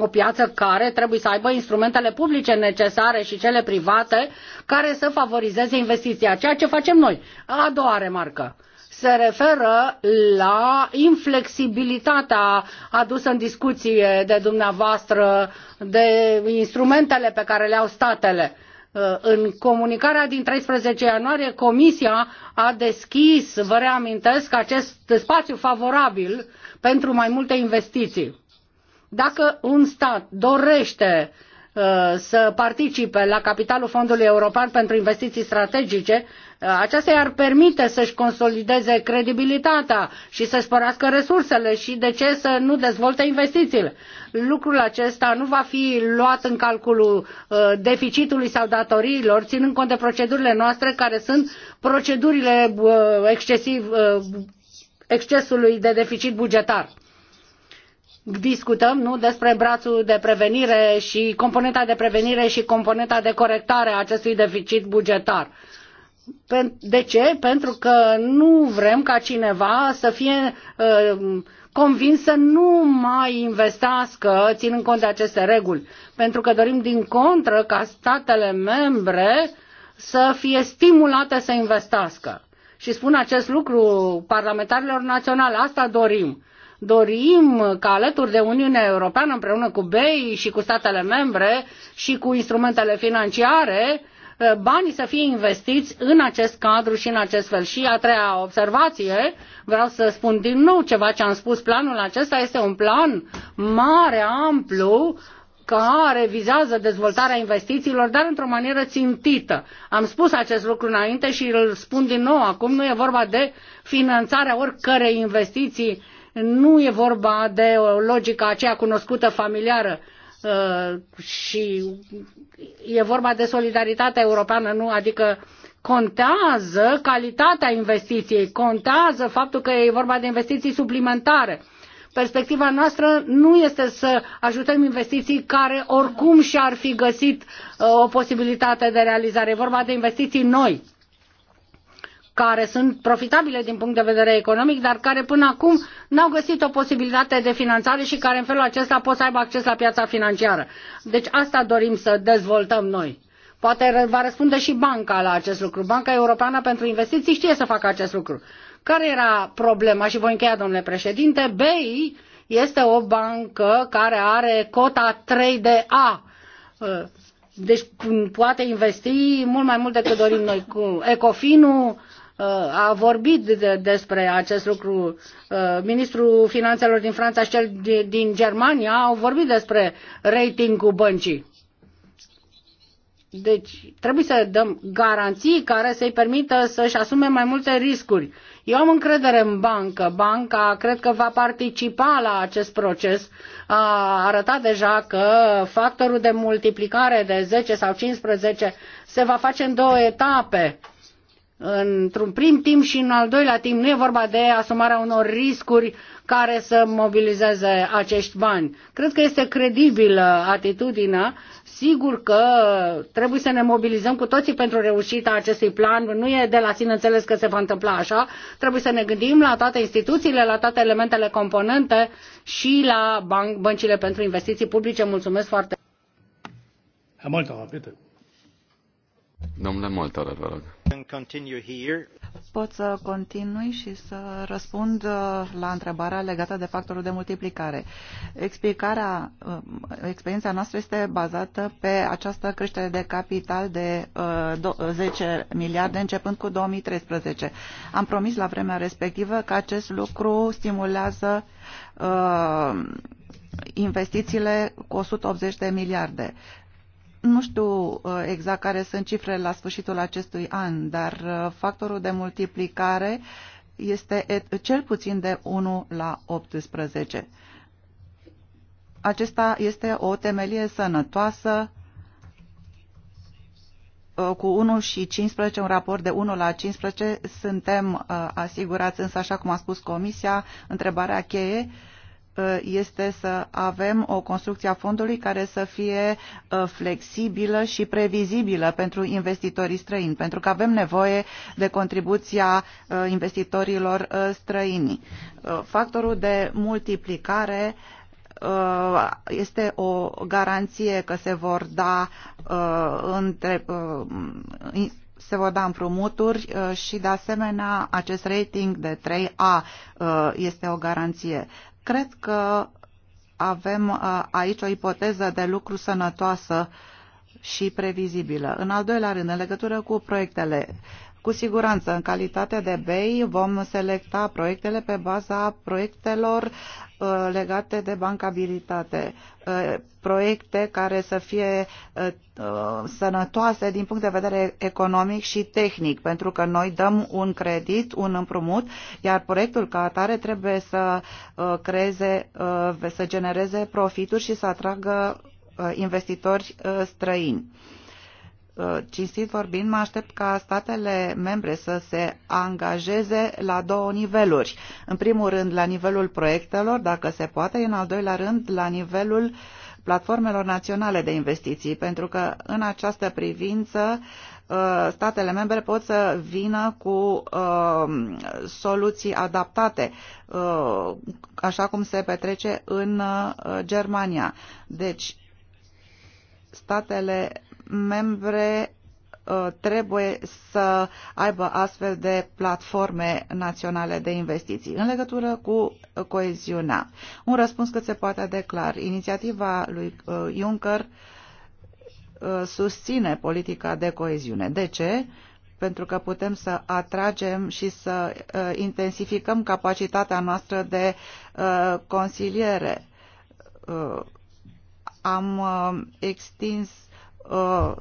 o piață care trebuie să aibă instrumentele publice necesare și cele private care să favorizeze investiția, ceea ce facem noi. A doua remarcă se referă la inflexibilitatea adusă în discuție de dumneavoastră de instrumentele pe care le au statele. Uh, în comunicarea din 13 ianuarie, Comisia a deschis, vă reamintesc, acest spațiu favorabil pentru mai multe investiții dacă un stat dorește uh, să participe la capitalul Fondului European pentru Investiții Strategice, uh, aceasta i-ar permite să-și consolideze credibilitatea și să-și sporească resursele și de ce să nu dezvolte investițiile. Lucrul acesta nu va fi luat în calculul uh, deficitului sau datoriilor, ținând cont de procedurile noastre, care sunt procedurile excesiv, excesului de deficit bugetar discutăm nu despre brațul de prevenire și componenta de prevenire și componenta de corectare a acestui deficit bugetar. De ce? Pentru că nu vrem ca cineva să fie uh, convins să nu mai investească ținând cont de aceste reguli. Pentru că dorim din contră ca statele membre să fie stimulate să investească. Și spun acest lucru parlamentarilor naționale, asta dorim dorim ca alături de Uniunea Europeană, împreună cu BEI și cu statele membre și cu instrumentele financiare, eh, banii să fie investiți în acest cadru și în acest fel. Și a treia observație, vreau să spun din nou ceva ce am spus, planul acesta este un plan mare, amplu, care vizează dezvoltarea investițiilor, dar într-o manieră țintită. Am spus acest lucru înainte și îl spun din nou acum, nu e vorba de finanțarea oricărei investiții nu e vorba de o logică aceea cunoscută familiară uh, și e vorba de solidaritatea europeană, nu? Adică contează calitatea investiției, contează faptul că e vorba de investiții suplimentare. Perspectiva noastră nu este să ajutăm investiții care oricum și-ar fi găsit uh, o posibilitate de realizare. E vorba de investiții noi care sunt profitabile din punct de vedere economic, dar care până acum n-au găsit o posibilitate de finanțare și care în felul acesta pot să aibă acces la piața financiară. Deci asta dorim să dezvoltăm noi. Poate va răspunde și banca la acest lucru. Banca Europeană pentru Investiții știe să facă acest lucru. Care era problema? Și voi încheia, domnule președinte, BEI este o bancă care are cota 3 de A. Uh, deci mm, poate investi mult mai mult decât dorim noi cu Ecofinul a vorbit de, despre acest lucru. Uh, ministrul Finanțelor din Franța și cel din Germania au vorbit despre ratingul băncii. Deci trebuie să dăm garanții care să-i permită să-și asume mai multe riscuri. Eu am încredere în bancă. Banca cred că va participa la acest proces. A arătat deja că factorul de multiplicare de 10 sau 15 se va face în două etape într-un prim timp și în al doilea timp nu e vorba de asumarea unor riscuri care să mobilizeze acești bani. Cred că este credibilă atitudinea. Sigur că trebuie să ne mobilizăm cu toții pentru reușita acestui plan. Nu e de la sine înțeles că se va întâmpla așa. Trebuie să ne gândim la toate instituțiile, la toate elementele componente și la ban- băncile pentru investiții publice. Mulțumesc foarte mult! Domnule Moltare, vă rog. Pot să continui și să răspund uh, la întrebarea legată de factorul de multiplicare. Explicarea, uh, experiența noastră este bazată pe această creștere de capital de 10 uh, miliarde începând cu 2013. Am promis la vremea respectivă că acest lucru stimulează investițiile cu 180 de miliarde nu știu uh, exact care sunt cifrele la sfârșitul acestui an, dar uh, factorul de multiplicare este cel puțin de 1 la 18. Acesta este o temelie sănătoasă uh, cu 1 și 15, un raport de 1 la 15, suntem asigurați, însă, așa cum a spus Comisia, întrebarea cheie, uh, Uh, este să avem o construcție a fondului care să fie uh, flexibilă și previzibilă pentru investitorii străini, pentru că avem nevoie de contribuția uh, investitorilor străini. Factorul de multiplicare este o garanție că se vor da între se vor da împrumuturi și, de asemenea, acest rating de 3A este o garanție. Cred că avem uh, aici o ipoteză de lucru sănătoasă și previzibilă. În al doilea rând, în legătură cu proiectele, cu siguranță, în calitate de BEI, vom selecta proiectele pe baza proiectelor Uh, legate de bancabilitate, uh, proiecte care să fie uh, sănătoase din punct de vedere economic și tehnic, pentru că noi dăm un credit, un împrumut, iar proiectul ca atare trebuie să creeze, să genereze profituri și să atragă investitori străini Uh, cinstit vorbind, mă aștept ca statele membre să se angajeze la două niveluri. În primul rând, la nivelul proiectelor, dacă se poate, în al doilea rând, la nivelul platformelor naționale de investiții, pentru că în această privință uh, statele membre pot să vină cu uh, soluții adaptate, așa cum se petrece în Germania. Deci, statele membre uh, trebuie să aibă astfel de platforme naționale de investiții în legătură cu coeziunea. Un răspuns cât se poate declar. Inițiativa lui uh, Juncker uh, susține politica de coeziune. De ce? Pentru că putem să atragem și să intensificăm capacitatea noastră de consiliere. Am extins uh,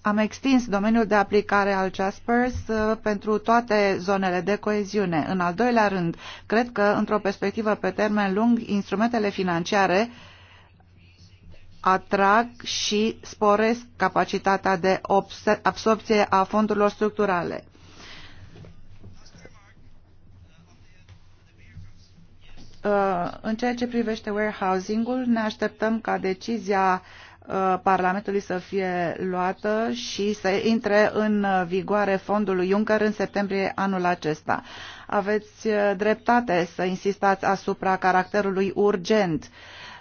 am extins domeniul de aplicare al Jaspers uh, pentru toate zonele de coeziune. În al doilea rând, cred că, într-o perspectivă pe termen lung, instrumentele financiare atrag și sporesc capacitatea de absorpție a fondurilor structurale. În ceea ce privește warehousing-ul, ne așteptăm ca decizia uh, Parlamentului să fie luată și să intre în vigoare fondul Juncker în septembrie anul acesta. Aveți uh, dreptate să insistați asupra caracterului urgent uh,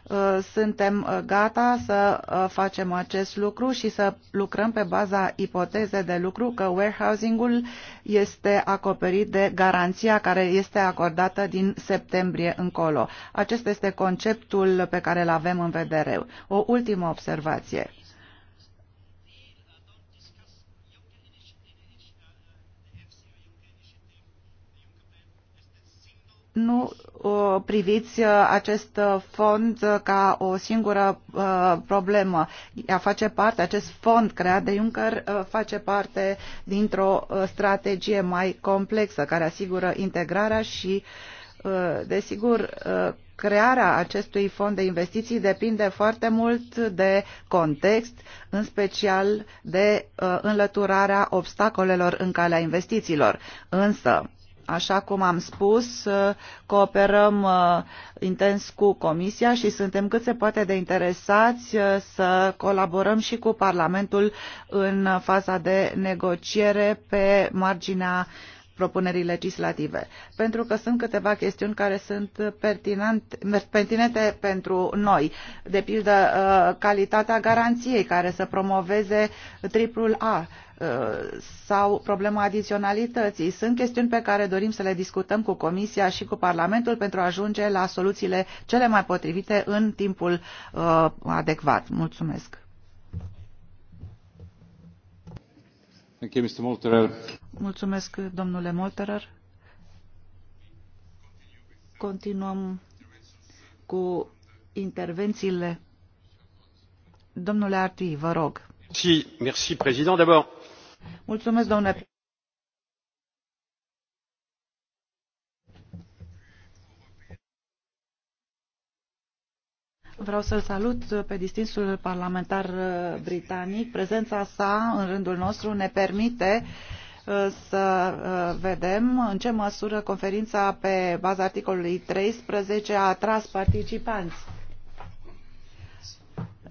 Uh, suntem uh, gata să uh, facem acest lucru și să lucrăm pe baza ipoteze de lucru că warehousing-ul este acoperit de garanția care este acordată din septembrie încolo. Acesta este conceptul pe care îl avem în vedere. O ultimă observație. nu priviți uh, acest uh, fond uh, ca o singură problemă. Ea face parte, acest fond creat de Juncker face parte dintr-o strategie mai complexă care asigură integrarea și, desigur, crearea acestui fond de investiții depinde foarte mult de context, în special de înlăturarea obstacolelor în calea investițiilor. Însă, Așa cum am spus, uh, cooperăm uh, intens cu Comisia și suntem cât se poate de interesați uh, să colaborăm și cu Parlamentul în faza de negociere pe marginea uh, propunerii legislative, pentru că sunt câteva chestiuni care sunt pertinente pentru noi, de pildă uh, calitatea garanției care să promoveze triplul A uh, sau problema adiționalității. Sunt chestiuni pe care dorim să le discutăm cu Comisia și cu Parlamentul pentru a ajunge la soluțiile cele mai potrivite în timpul uh, adecvat. Mulțumesc. Thank you, Mr. Mulțumesc, domnule Molterer. Continuăm cu intervențiile. Domnule Arti, vă rog. Si, merci, président. D'abord. Mulțumesc, domnule Vreau să-l salut pe distinsul parlamentar uh, britanic. Prezența sa în rândul nostru ne permite uh, să uh, vedem în ce măsură conferința pe baza articolului 13 a atras participanți.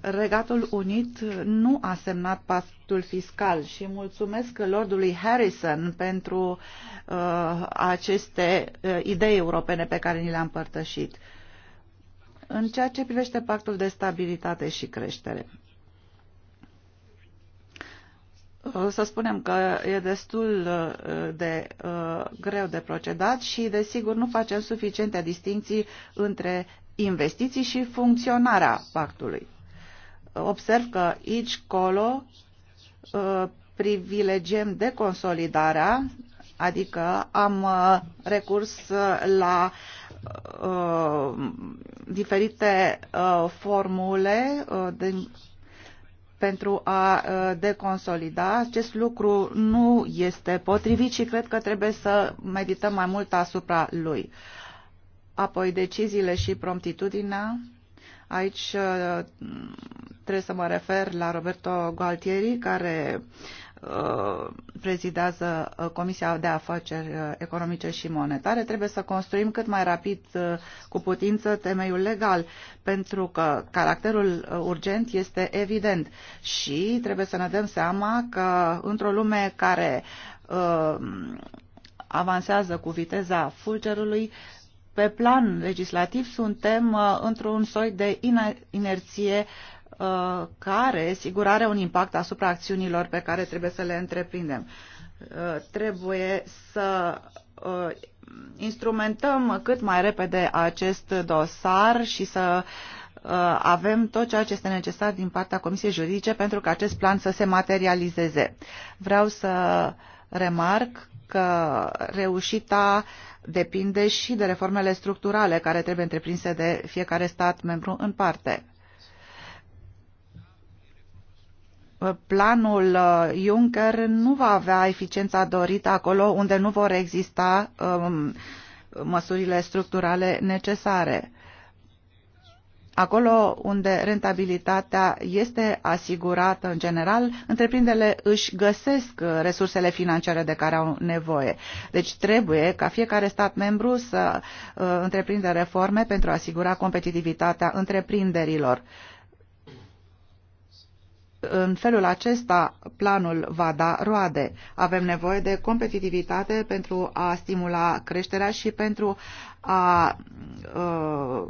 Regatul Unit nu a semnat pactul fiscal și mulțumesc Lordului Harrison pentru uh, aceste uh, idei europene pe care ni le-a împărtășit. În ceea ce privește pactul de stabilitate și creștere, să spunem că e destul uh, de uh, greu de procedat și, desigur, nu facem suficiente distinții între investiții și funcționarea pactului. Observ că aici, colo, uh, privilegiem deconsolidarea, adică am recurs la diferite formule din pentru a deconsolida. Acest lucru nu este potrivit și cred că trebuie să medităm mai mult asupra lui. Apoi deciziile și promptitudinea. Aici trebuie să mă refer la Roberto Gualtieri, care Uh, prezidează uh, Comisia de Afaceri uh, Economice și Monetare, trebuie să construim cât mai rapid cu putință temeiul legal, pentru că caracterul urgent este evident și trebuie să ne dăm seama că într-o lume care avansează cu viteza fulgerului, pe plan legislativ suntem într-un soi de inerție uh, Uh, care, sigur, are un impact asupra acțiunilor pe care trebuie să le întreprindem. Uh, trebuie să uh, instrumentăm cât mai repede acest dosar și să avem tot ceea ce este necesar din partea Comisiei Juridice pentru că acest plan să se materializeze. Vreau să remarc că reușita depinde și de reformele structurale care trebuie întreprinse de fiecare stat membru în parte Ă, planul ă, Juncker nu va avea eficiența dorită acolo unde nu vor exista um, măsurile structurale necesare. Acolo unde rentabilitatea este asigurată în general, întreprinderile își găsesc resursele financiare de care au nevoie. Deci trebuie ca fiecare stat membru să uh, întreprinde reforme pentru a asigura competitivitatea întreprinderilor. Uh, în felul acesta, planul va da roade. Avem nevoie de competitivitate pentru a stimula creșterea și pentru a uh,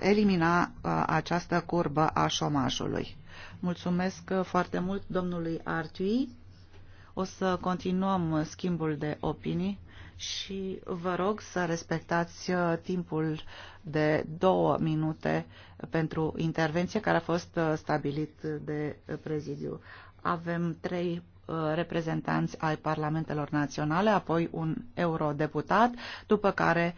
elimina uh, această curbă a șomajului. Mulțumesc uh, foarte mult domnului Artui. O să continuăm schimbul de opinii și vă rog să respectați uh, timpul de două minute pentru intervenție care a fost uh, stabilit de prezidiu. Avem trei uh, reprezentanți ai parlamentelor naționale, apoi un eurodeputat, după care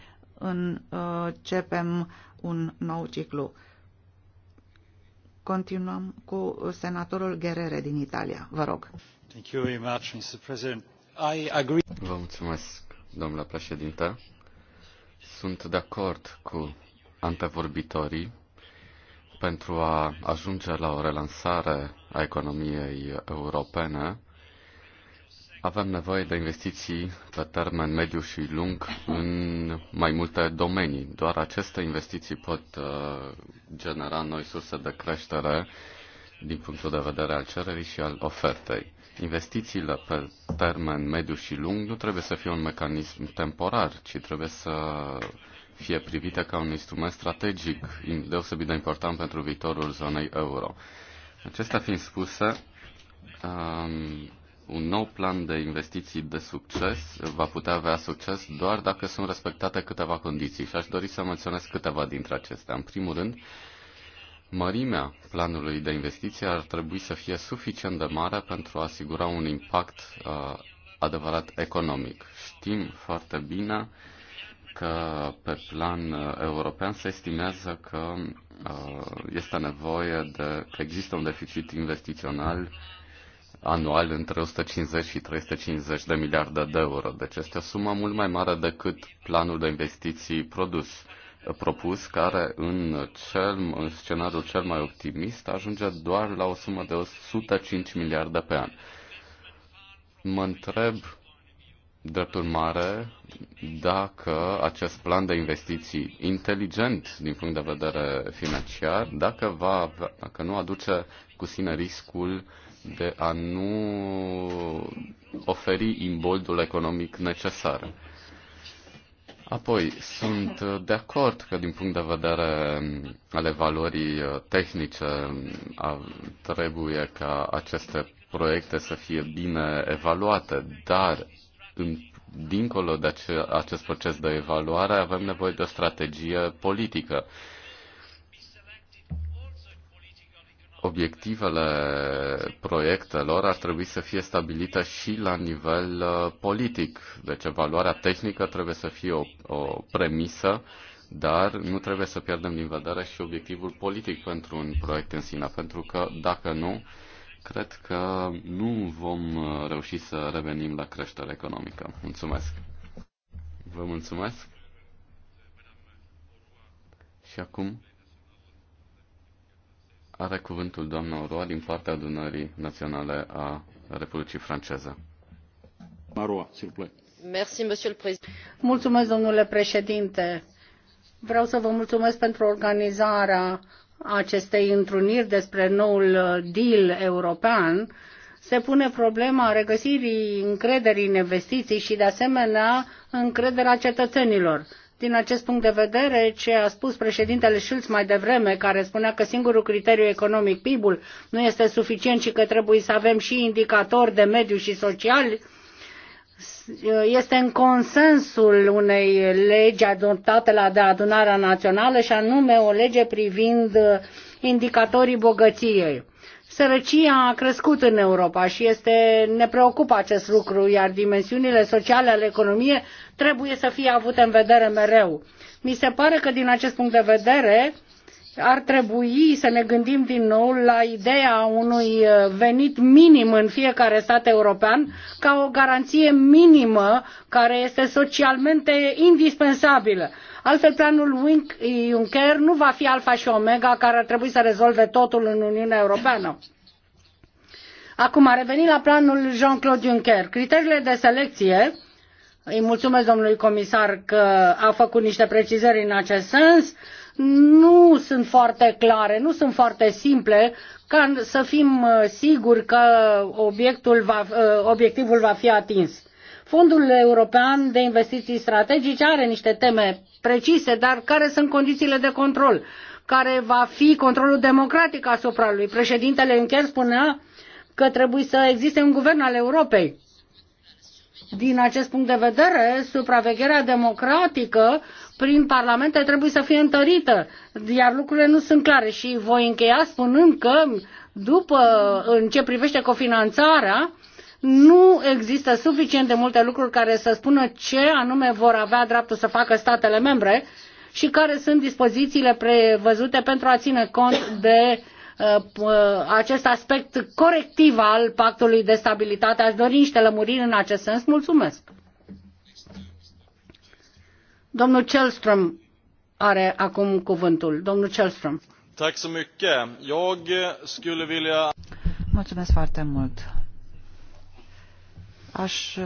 începem un nou ciclu. Continuăm cu senatorul Gherere din Italia. Vă rog. Thank you very much, Mr. President. I agree. Vă mulțumesc, domnule președinte. Sunt de acord cu antevorbitorii pentru a ajunge la o relansare a economiei europene. Avem nevoie de investiții pe termen mediu și lung în mai multe domenii. Doar aceste investiții pot uh, genera noi surse de creștere din punctul de vedere al cererii și al ofertei investițiile pe termen mediu și lung nu trebuie să fie un mecanism temporar, ci trebuie să fie privite ca un instrument strategic deosebit de important pentru viitorul zonei euro. Acestea fiind spuse, um, un nou plan de investiții de succes va putea avea succes doar dacă sunt respectate câteva condiții și aș dori să menționez câteva dintre acestea. În primul rând, uh, mărimea planului de investiție ar trebui să fie suficient de mare pentru a asigura un impact uh, adevărat economic. Știm foarte bine că pe plan uh, european se estimează că uh, este nevoie de că există un deficit investițional anual între 150 și 350 de miliarde de euro. Deci este o sumă mult mai mare decât planul de investiții produs. Uh, propus, care în, cel, în scenariul cel mai optimist ajunge doar la o sumă de 105 miliarde pe an. Mă întreb, drept urmare, dacă acest plan de investiții inteligent din punct de vedere financiar, dacă, va, dacă nu aduce cu sine riscul de a nu oferi imboldul economic necesar. Apoi, sunt uh, de acord că din punct de vedere mm, al evaluării uh, tehnice mm, trebuie ca aceste proiecte să fie bine evaluate, dar în, dincolo de ace- acest proces de evaluare avem nevoie de o strategie politică obiectivele proiectelor ar trebui să fie stabilite și la nivel uh, politic. Deci evaluarea tehnică trebuie să fie o, o premisă, dar nu trebuie să pierdem din vedere și obiectivul politic pentru un proiect în sine, pentru că dacă nu, cred că nu vom uh, reuși să revenim la creștere economică. Mulțumesc! Vă mulțumesc! Și acum are cuvântul doamna Oroa din partea adunării naționale a Republicii Franceze. Maroa, s'il vous Mulțumesc, domnule președinte. Vreau să vă mulțumesc pentru organizarea acestei întruniri despre noul deal european. Se pune problema regăsirii încrederii în investiții și, de asemenea, încrederea cetățenilor din acest punct de vedere, ce a spus președintele Schulz mai devreme, care spunea că singurul criteriu economic, PIB-ul, nu este suficient și că trebuie să avem și indicatori de mediu și social, este în consensul unei legi adoptate la de adunarea națională și anume o lege privind indicatorii bogăției. Sărăcia a crescut în Europa și este, ne preocupă acest lucru, iar dimensiunile sociale ale economiei trebuie să fie avute în vedere mereu. Mi se pare că din acest punct de vedere ar trebui să ne gândim din nou la ideea unui uh, venit minim în fiecare stat european ca o garanție minimă care este socialmente indispensabilă. Altfel, planul Juncker nu va fi alfa și omega care ar trebui să rezolve totul în Uniunea Europeană. Acum, a revenit la planul Jean-Claude Juncker. Criteriile de selecție îi mulțumesc domnului comisar că a făcut niște precizări în acest sens. Nu sunt foarte clare, nu sunt foarte simple, ca să fim uh, siguri că obiectul va, uh, obiectivul va fi atins. Fondul European de Investiții Strategice are niște teme precise, dar care sunt condițiile de control? Care va fi controlul democratic asupra lui? Președintele Juncker spunea că trebuie să existe un guvern al Europei. Din acest punct de vedere, supravegherea democratică prin parlamente trebuie să fie întărită, iar lucrurile nu sunt clare și voi încheia spunând că după, în ce privește cofinanțarea, nu există suficient de multe lucruri care să spună ce anume vor avea dreptul să facă statele membre și care sunt dispozițiile prevăzute pentru a ține cont de Uh, acest aspect corectiv al pactului de stabilitate. Aș dori niște lămuriri în acest sens. Mulțumesc. Domnul Chelstrom are acum cuvântul. Domnul Chelstrom. Mulțumesc foarte mult. Aș uh,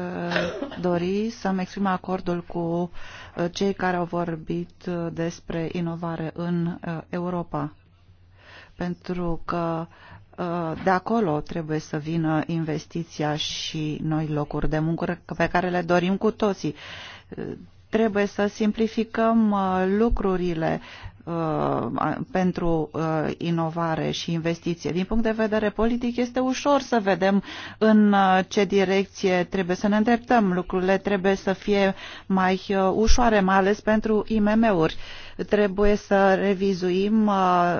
dori să-mi exprim acordul cu uh, cei care au vorbit despre inovare în Europa pentru că ă, de acolo trebuie să vină investiția și noi locuri de muncă pe care le dorim cu toții. Trebuie să simplificăm ă, lucrurile ă, pentru inovare și investiție. Din punct de vedere politic este ușor să vedem în ce direcție trebuie să ne îndreptăm. Lucrurile trebuie să fie mai ușoare, mai ales pentru IMM-uri Trebuie să revizuim uh,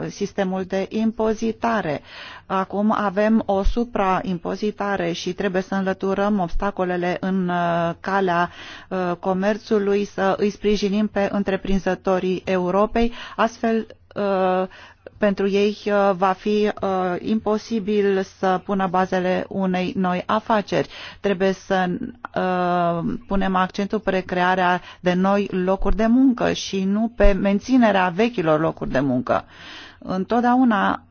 sistemul de impozitare. Acum avem o supraimpozitare și trebuie să înlăturăm obstacolele în uh, calea uh, comerțului, să îi sprijinim pe întreprinzătorii Europei, astfel pentru ei uh, va fi uh, imposibil să pună bazele unei noi afaceri. Trebuie să uh, punem accentul pe crearea de noi locuri de muncă și nu pe menținerea vechilor locuri de muncă. Întotdeauna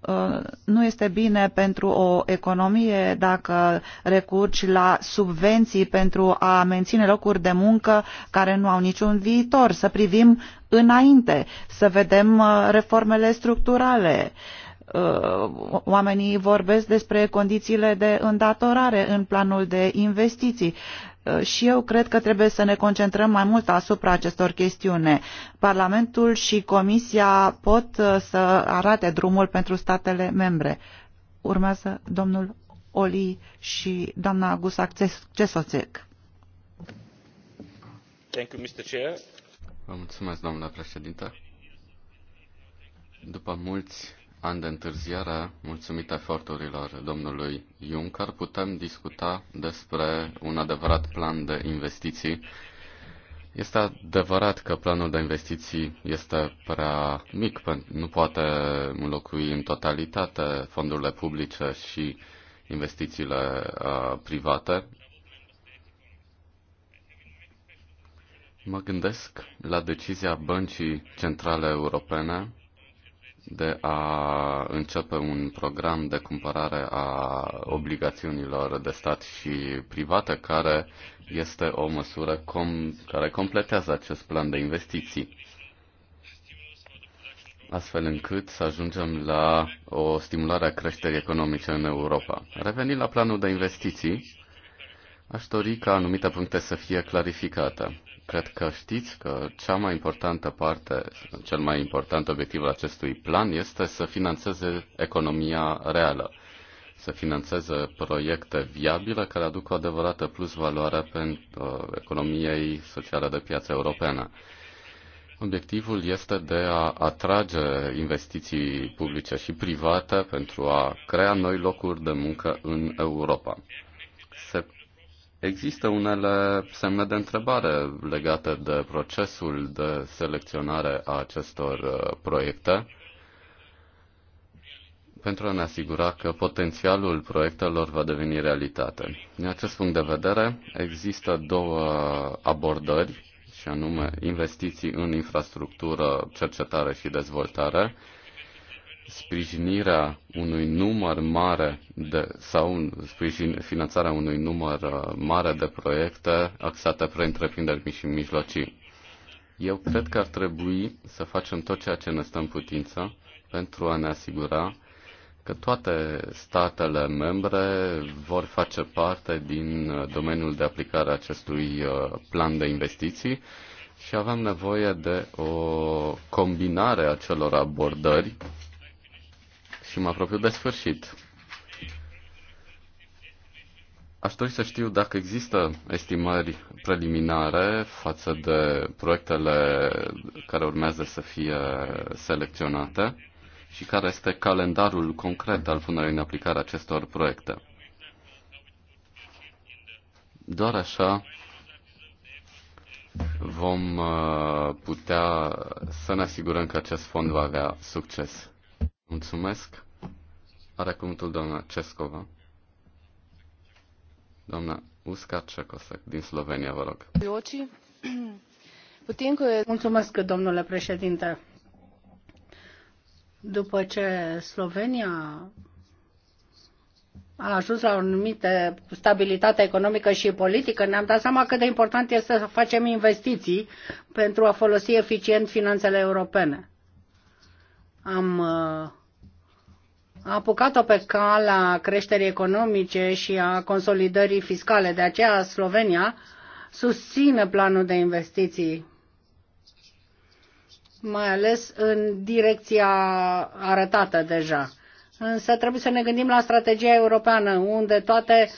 Uh, nu este bine pentru o economie dacă recurgi la subvenții pentru a menține locuri de muncă care nu au niciun viitor, să privim înainte, să vedem uh, reformele structurale. Uh, oamenii vorbesc despre condițiile de îndatorare în planul de investiții. Uh, și eu cred că trebuie să ne concentrăm mai mult asupra acestor chestiune. Parlamentul și Comisia pot uh, să arate drumul pentru statele membre. Urmează domnul Oli și doamna Gusac Cesoțec. Thank you, Mr. Chair. Vă mulțumesc, doamna președintă. După mulți an de întârziere, mulțumită eforturilor domnului Juncker, putem discuta despre un adevărat plan de investiții. Este adevărat că planul de investiții este prea mic, nu poate înlocui în totalitate fondurile publice și investițiile private. Mă gândesc la decizia Băncii Centrale Europene de a începe un program de cumpărare a obligațiunilor de stat și private, care este o măsură com- care completează acest plan de investiții, astfel încât să ajungem la o stimulare a creșterii economice în Europa. Revenind la planul de investiții, aș dori ca anumite puncte să fie clarificate. Cred că știți că cea mai importantă parte, cel mai important obiectiv al acestui plan este să financeze economia reală, să financeze proiecte viabile care aduc o adevărată plus valoare pentru uh, economiei sociale de piață europeană. Obiectivul este de a atrage investiții publice și private pentru a crea noi locuri de muncă în Europa. Se Există unele semne de întrebare legate de procesul de selecționare a acestor uh, proiecte pentru a ne asigura că potențialul proiectelor va deveni realitate. Din acest punct de vedere, există două abordări, și anume investiții în infrastructură, cercetare și dezvoltare, sprijinirea unui număr mare de, sau sprijin, finanțarea unui număr uh, mare de proiecte axate pe întreprinderi mici și mijlocii. Eu cred că ar trebui să facem tot ceea ce ne stă în putință pentru a ne asigura că toate statele membre vor face parte din uh, domeniul de aplicare a acestui uh, plan de investiții și avem nevoie de o combinare a celor abordări și mă apropiu de sfârșit. Aș dori să știu dacă există estimări preliminare față de proiectele care urmează să fie selecționate și care este calendarul concret al punerii în aplicare acestor proiecte. Doar așa vom uh, putea să ne asigurăm că acest fond va avea succes. Mulțumesc. Are cuvântul doamna Cescova. Doamna Usca Cecosec din Slovenia, vă rog. Mulțumesc, domnule președinte. După ce Slovenia a ajuns la o anumită stabilitate economică și politică, ne-am dat seama cât de important este să facem investiții pentru a folosi eficient finanțele europene. Am uh, a apucat-o pe calea creșterii economice și a consolidării fiscale. De aceea Slovenia susține planul de investiții, mai ales în direcția arătată deja. Însă trebuie să ne gândim la strategia europeană, unde toate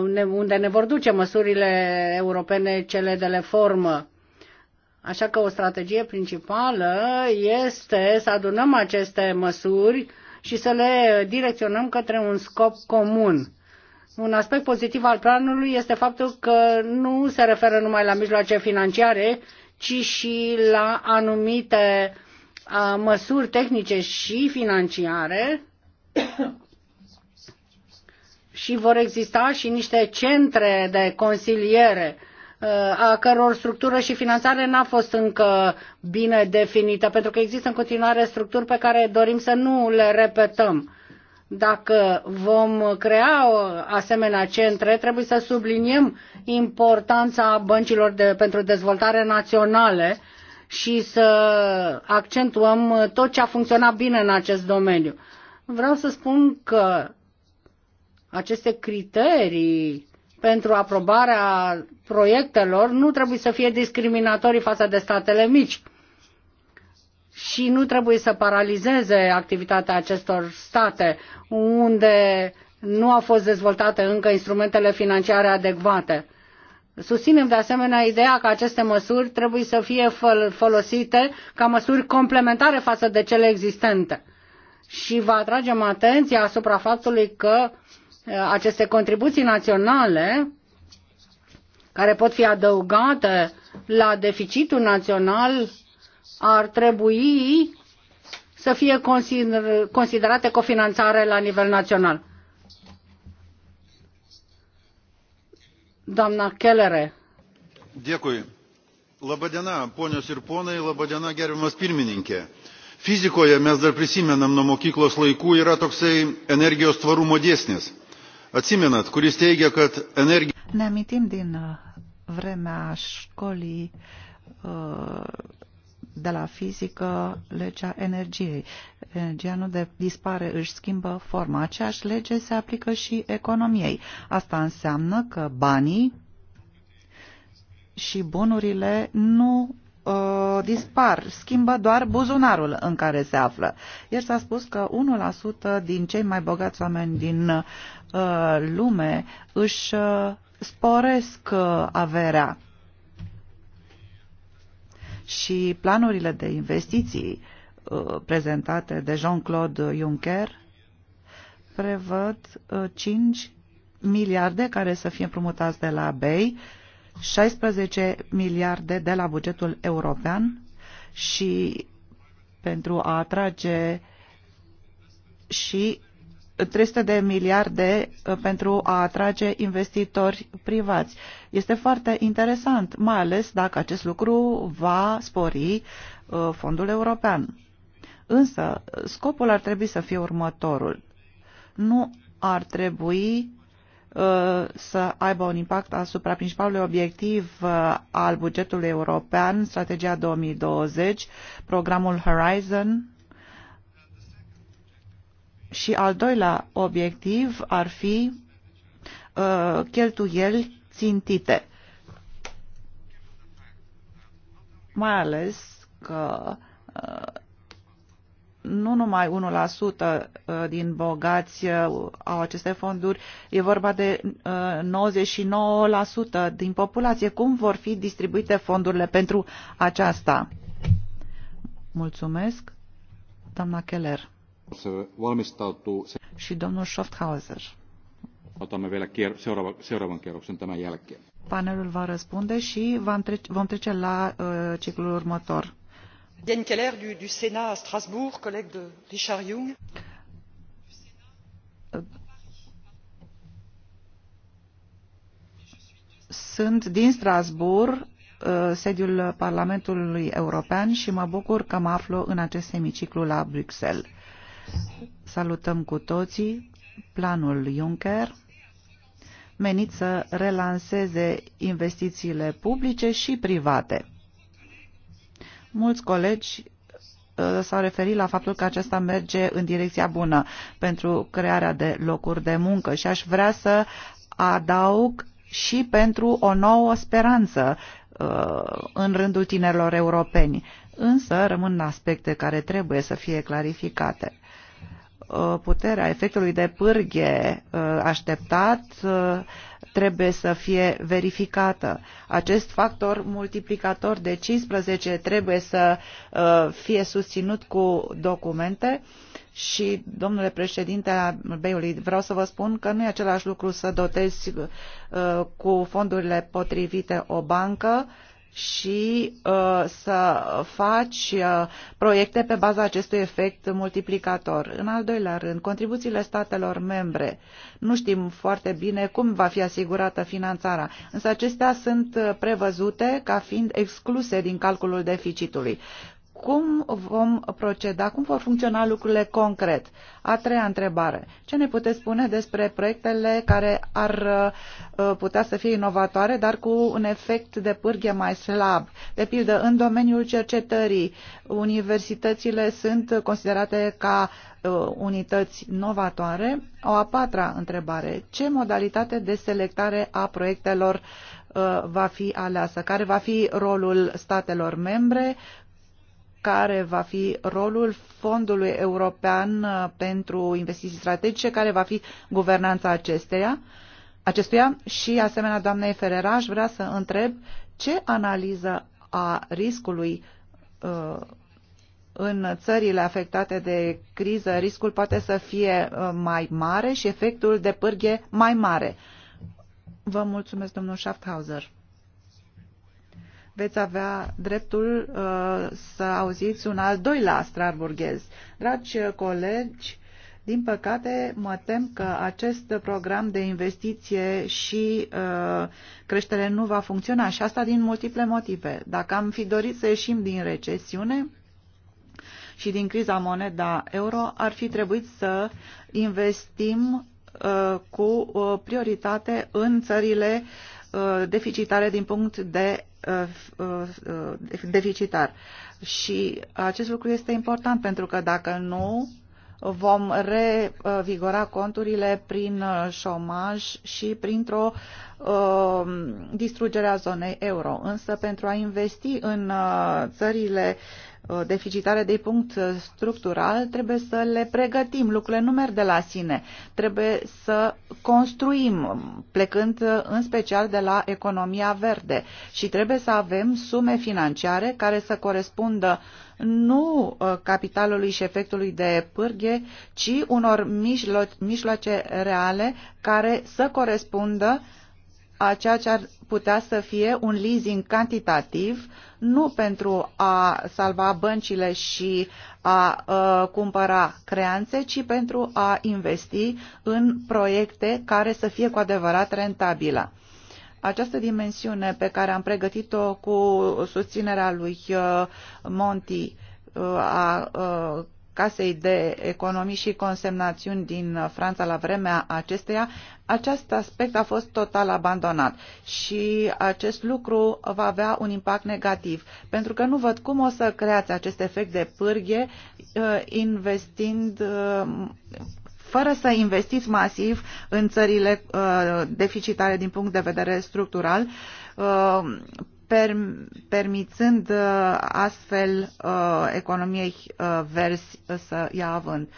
uh, unde ne vor duce măsurile europene cele de reformă. Așa că o strategie principală este să adunăm aceste măsuri și să le direcționăm către un scop comun. Un aspect pozitiv al planului este faptul că nu se referă numai la mijloace financiare, ci și la anumite măsuri tehnice și financiare și vor exista și niște centre de consiliere a căror structură și finanțare n-a fost încă bine definită, pentru că există în continuare structuri pe care dorim să nu le repetăm. Dacă vom crea asemenea centre, trebuie să subliniem importanța băncilor de, pentru dezvoltare naționale și să accentuăm tot ce a funcționat bine în acest domeniu. Vreau să spun că aceste criterii pentru aprobarea proiectelor nu trebuie să fie discriminatorii față de statele mici și nu trebuie să paralizeze activitatea acestor state unde nu au fost dezvoltate încă instrumentele financiare adecvate. Susținem de asemenea ideea că aceste măsuri trebuie să fie folosite ca măsuri complementare față de cele existente. Și vă atragem atenția asupra faptului că aceste contribuții naționale care pot fi adăugate la deficitul național ar trebui să fie considerate cofinanțare la nivel național. Doamna Kellere. Dėkui. Labadiena, ponios ir ponai, labadiena, gerbiamas pirmininkė. Fizikoje mes dar prisimenam nuo mokyklos laikų yra toksai energijos tvarumo dėsnis atsimenat, kuris teigia, kad energija. Ne din uh, vremea școlii uh, de la fizică legea energiei. Energia nu de, dispare, își schimbă forma. Aceeași lege se aplică și economiei. Asta înseamnă că banii și bunurile nu uh, dispar, schimbă doar buzunarul în care se află. Ieri s-a spus că 1% din cei mai bogați oameni din uh, Uh, lume își uh, sporesc uh, averea și planurile de investiții prezentate de Jean-Claude Juncker prevăd 5 miliarde care să fie împrumutați de la BEI, 16 miliarde de la bugetul european și pentru a atrage și 300 de miliarde uh, pentru a atrage investitori privați. Este foarte interesant, mai ales dacă acest lucru va spori uh, fondul european. Însă, scopul ar trebui să fie următorul. Nu ar trebui uh, să aibă un impact asupra principalului obiectiv al bugetului european, strategia 2020, programul Horizon, și al doilea obiectiv ar fi uh, cheltuieli țintite. Mai ales că uh, nu numai 1% uh, din bogați uh, au aceste fonduri, e vorba de 99% din populație. Cum vor fi distribuite fondurile pentru aceasta? Mulțumesc, doamna Keller. Și domnul Schofthauser. Otamme vielä seuraava, seuraavan kierroksen tämän jälkeen. Panelul va răspunde și vom trece, la uh, ciclul următor. Diane Keller du, du Sénat à Strasbourg, collègue de Richard Young. Sunt din Strasbourg, uh, sediul Parlamentului European și mă bucur că mă aflu în acest semiciclu la Bruxelles. Salutăm cu toții planul Juncker menit să relanseze investițiile publice și private. Mulți colegi uh, s-au referit la faptul că acesta merge în direcția bună pentru crearea de locuri de muncă și aș vrea să adaug și pentru o nouă speranță uh, în rândul tinerilor europeni. Însă rămân aspecte care trebuie să fie clarificate. Uh, puterea efectului de pârghie uh, așteptat uh, trebuie să fie verificată. Acest factor multiplicator de 15 trebuie să fie susținut cu documente și, domnule președinte al Beiului, vreau să vă spun că nu e același lucru să dotezi cu fondurile potrivite o bancă și uh, să faci uh, proiecte pe baza acestui efect multiplicator. În al doilea rând, contribuțiile statelor membre. Nu știm foarte bine cum va fi asigurată finanțarea, însă acestea sunt uh, prevăzute ca fiind excluse din calculul deficitului. Cum vom proceda? Cum vor funcționa lucrurile concret? A treia întrebare. Ce ne puteți spune despre proiectele care ar uh, putea să fie inovatoare, dar cu un efect de pârghie mai slab? De pildă, în domeniul cercetării, universitățile sunt considerate ca uh, unități novatoare. O a patra întrebare. Ce modalitate de selectare a proiectelor uh, va fi aleasă? Care va fi rolul statelor membre? care va fi rolul Fondului European uh, pentru Investiții Strategice, care va fi guvernanța acesteia, acestuia și, asemenea, doamnei Ferera, aș vrea să întreb ce analiză a riscului uh, în țările afectate de criză, riscul poate să fie uh, mai mare și efectul de pârghie mai mare. Vă mulțumesc, domnul Schaffhauser veți avea dreptul uh, să auziți un al doilea strasburghez. Dragi colegi, din păcate, mă tem că acest program de investiție și uh, creștere nu va funcționa și asta din multiple motive. Dacă am fi dorit să ieșim din recesiune, și din criza moneda euro, ar fi trebuit să investim uh, cu uh, prioritate în țările uh, deficitare din punct de Uh, uh, deficitar. Și acest lucru este important pentru că dacă nu, vom revigora conturile prin șomaj și printr-o uh, distrugere a zonei euro. Însă pentru a investi în țările Uh, deficitare de punct uh, structural, trebuie să le pregătim. Lucrurile nu merg de la sine. Trebuie să construim, plecând uh, în special de la economia verde. Și trebuie să avem sume financiare care să corespundă nu capitalului și efectului de pârghe, ci unor mijloace reale care să corespundă uh, a ceea ce ar putea să fie un leasing cantitativ, nu pentru a salva băncile și a uh, cumpăra creanțe, ci pentru a investi în proiecte care să fie cu adevărat rentabile. Această dimensiune pe care am pregătit-o cu susținerea lui ă, Monti ă, a Casei de Economii și Consemnațiuni din Franța la vremea acesteia, acest aspect a fost total abandonat și acest lucru va avea un impact negativ, pentru că nu văd cum o să creați acest efect de pârghie uh, investind uh, fără să investiți masiv în țările uh, deficitare din punct de vedere structural permițând uh, astfel uh, economiei uh, verzi să ia având.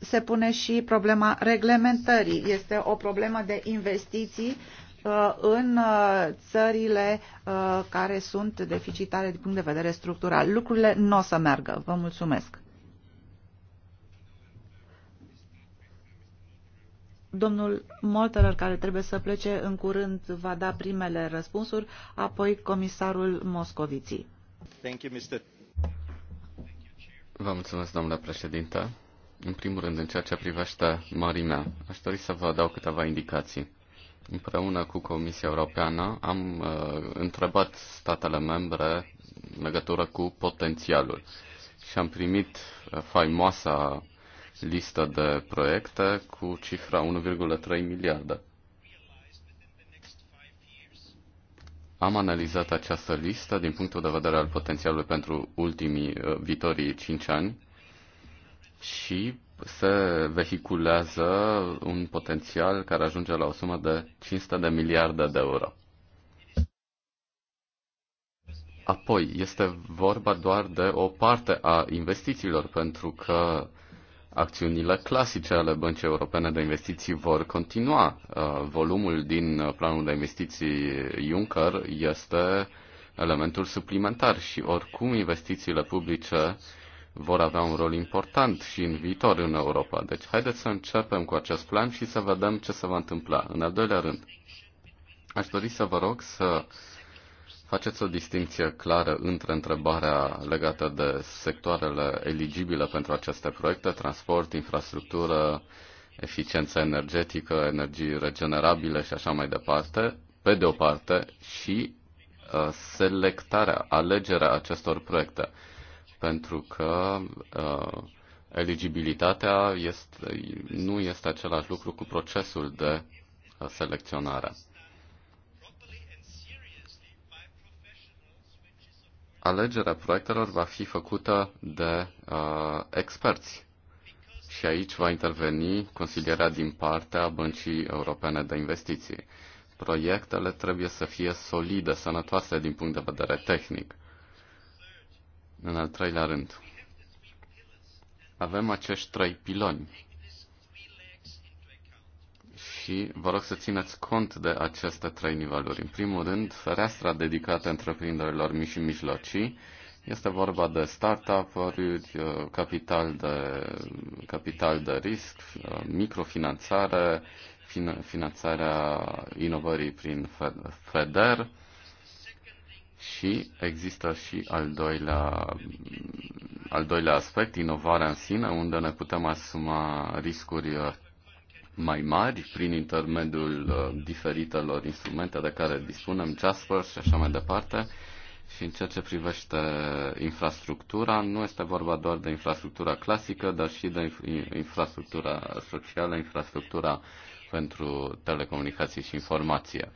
Se pune și problema reglementării. Este o problemă de investiții în țările care sunt deficitare din punct de vedere structural. Lucrurile nu o să meargă. Vă mulțumesc. Domnul Molterer, care trebuie să plece în curând, va da primele răspunsuri, apoi comisarul Moscovici. Thank you, Mr. Vă mulțumesc, doamna președintă. În primul rând, în ceea ce privește mărimea, aș dori să vă dau câteva indicații. Împreună cu Comisia Europeană am uh, întrebat statele membre în legătură cu potențialul și am primit uh, faimoasa listă de proiecte cu cifra 1,3 miliarde. Am analizat această listă din punctul de vedere al potențialului pentru ultimii uh, viitorii 5 ani și se vehiculează un potențial care ajunge la o sumă de 500 de miliarde de euro. Apoi, este vorba doar de o parte a investițiilor, pentru că acțiunile clasice ale Băncii Europene de Investiții vor continua. Uh, volumul din planul de investiții Juncker este elementul suplimentar și oricum investițiile publice vor avea un rol important și în viitor în Europa. Deci haideți să începem cu acest plan și să vedem ce se va întâmpla. În al doilea rând, aș dori să vă rog să faceți o distinție clară între întrebarea legată de sectoarele eligibile pentru aceste proiecte, transport, infrastructură, eficiență energetică, energii regenerabile și așa mai departe, pe de o parte, și uh, selectarea, alegerea acestor proiecte. Pentru că uh, eligibilitatea este, nu este același lucru cu procesul de uh, selecționare. alegerea proiectelor va fi făcută de uh, experți. Și aici va interveni consilierea din partea Băncii Europene de Investiții. Proiectele trebuie să fie solide, sănătoase din punct de vedere tehnic. În al treilea rând, avem acești trei piloni și vă rog să țineți cont de aceste trei niveluri. În primul rând, fereastra dedicată întreprinderilor mici și mijlocii. Este vorba de startup-uri, uh, capital de, capital de risc, uh, microfinanțare, finanțarea inovării prin FEDER și există și al doilea, al doilea aspect, inovarea în sine, unde ne putem asuma riscuri uh, mai mari prin intermediul uh, diferitelor instrumente de care dispunem, Jasper și așa mai departe. Și în ceea ce privește infrastructura, nu este vorba doar de infrastructura clasică, dar și de infrastructura socială, infrastructura pentru telecomunicații și informație.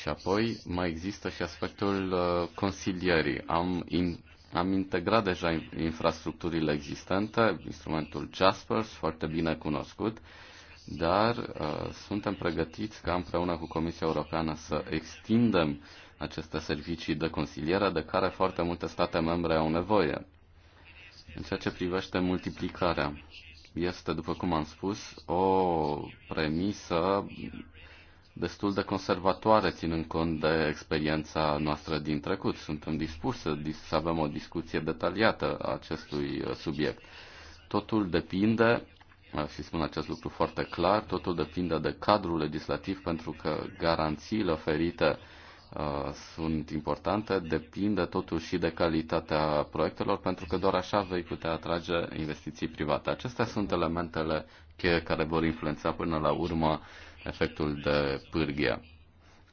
Și apoi mai există și aspectul uh, consilierii. Am, in, am integrat deja infrastructurile existente, instrumentul Jaspers, foarte bine cunoscut, dar uh, suntem pregătiți ca împreună cu Comisia Europeană să extindem aceste servicii de consiliere de care foarte multe state membre au nevoie. În ceea ce privește multiplicarea, este, după cum am spus, o premisă destul de conservatoare, ținând cont de experiența noastră din trecut. Suntem dispuși să, să avem o discuție detaliată a acestui subiect. Totul depinde și spun acest lucru foarte clar, totul depinde de cadrul legislativ pentru că garanțiile oferite uh, sunt importante, depinde totuși și de calitatea proiectelor, pentru că doar așa vei putea atrage investiții private. Acestea sunt elementele cheie care vor influența până la urmă efectul de pârghie.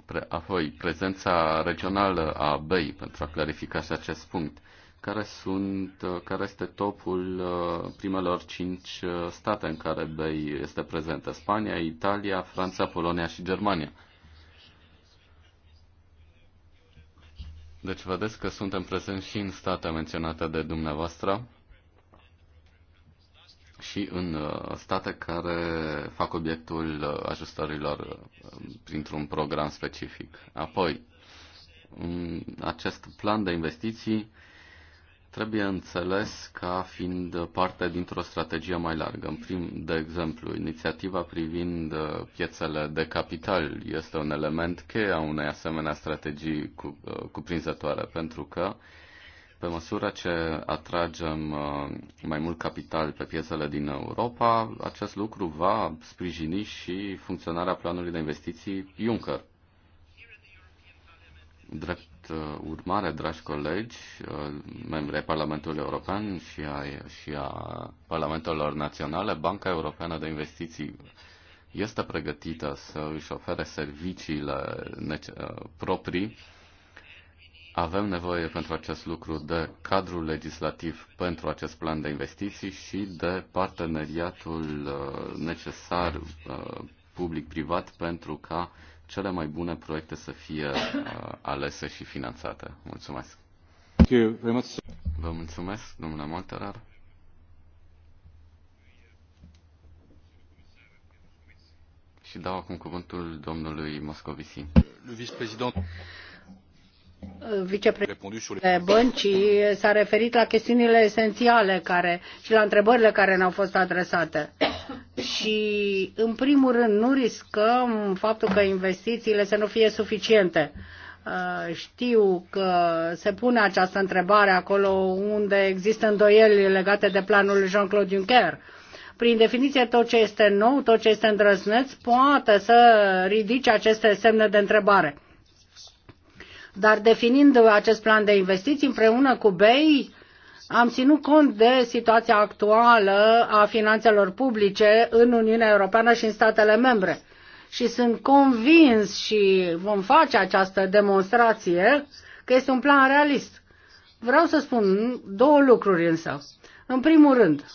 Pre- apoi, prezența regională a BEI, pentru a clarifica și acest punct care, sunt, uh, care este topul uh, primelor cinci uh, state în care BEI este prezentă. Spania, Italia, Franța, Polonia și Germania. Deci vedeți că suntem prezenți și în state menționate de dumneavoastră și în state care fac obiectul ajustărilor printr-un program specific. Apoi, acest plan de investiții trebuie înțeles ca fiind parte dintr-o strategie mai largă. În prim, de exemplu, inițiativa privind uh, piețele de capital este un element cheie a unei asemenea strategii cu, uh, cuprinzătoare, pentru că pe măsură ce atragem uh, mai mult capital pe piețele din Europa, acest lucru va sprijini și funcționarea planului de investiții Juncker. Drept Uh, urmare, dragi colegi, uh, membri ai Parlamentului European și a, și a Parlamentelor Naționale, Banca Europeană de Investiții este pregătită să își ofere serviciile uh, proprii. Avem nevoie pentru acest lucru de cadrul legislativ pentru acest plan de investiții și de parteneriatul necesar public-privat pentru ca cele mai bune proiecte să fie uh, alese și finanțate. Mulțumesc! Vă mulțumesc, domnule Molterar. Și dau acum cuvântul domnului Moscovici. Vicepreședintele băncii s-a referit la chestiunile esențiale care, și la întrebările care ne-au fost adresate și, în primul rând, nu riscăm faptul că investițiile să nu fie suficiente. Uh, știu că se pune această întrebare acolo unde există îndoieli legate de planul Jean-Claude Juncker. Prin definiție, tot ce este nou, tot ce este îndrăzneț, poate să ridice aceste semne de întrebare. Dar definind acest plan de investiții împreună cu BEI, am ținut cont de situația actuală a finanțelor publice în Uniunea Europeană și în statele membre. Și sunt convins și vom face această demonstrație că este un plan realist. Vreau să spun două lucruri însă. În primul rând,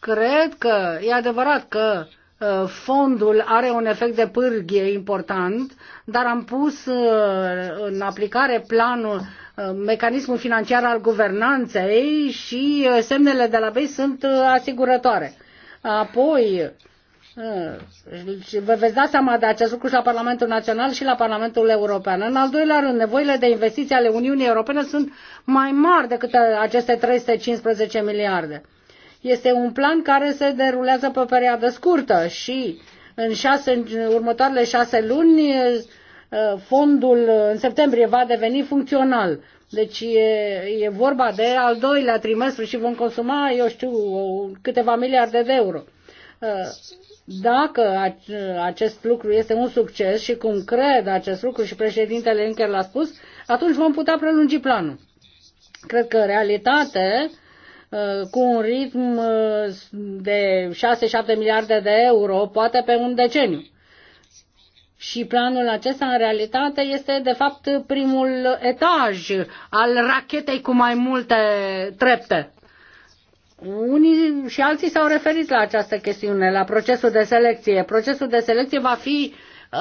cred că e adevărat că ă, fondul are un efect de pârghie important, dar am pus ă, în aplicare planul Uh, mecanismul financiar al guvernanței și uh, semnele de la BEI sunt uh, asigurătoare. Apoi, vă veți da seama de acest lucru și la Parlamentul Național și la Parlamentul European. În al doilea rând, nevoile de investiții ale Uniunii Europene sunt mai mari decât aceste 315 miliarde. Este un plan care se derulează pe perioadă scurtă și în, șase, în următoarele șase luni Uh, fondul uh, în septembrie va deveni funcțional. Deci e, e vorba de al doilea trimestru și vom consuma, eu știu, câteva miliarde de euro. Uh, dacă acest lucru este un succes și cum cred acest lucru și președintele Juncker l-a spus, atunci vom putea prelungi planul. Cred că realitate cu un ritm de 6-7 miliarde de euro, poate pe un deceniu și planul acesta, în realitate, este, de fapt, primul etaj al rachetei cu mai multe trepte. Unii și alții s-au referit la această chestiune, la procesul de selecție. Procesul de selecție va fi uh,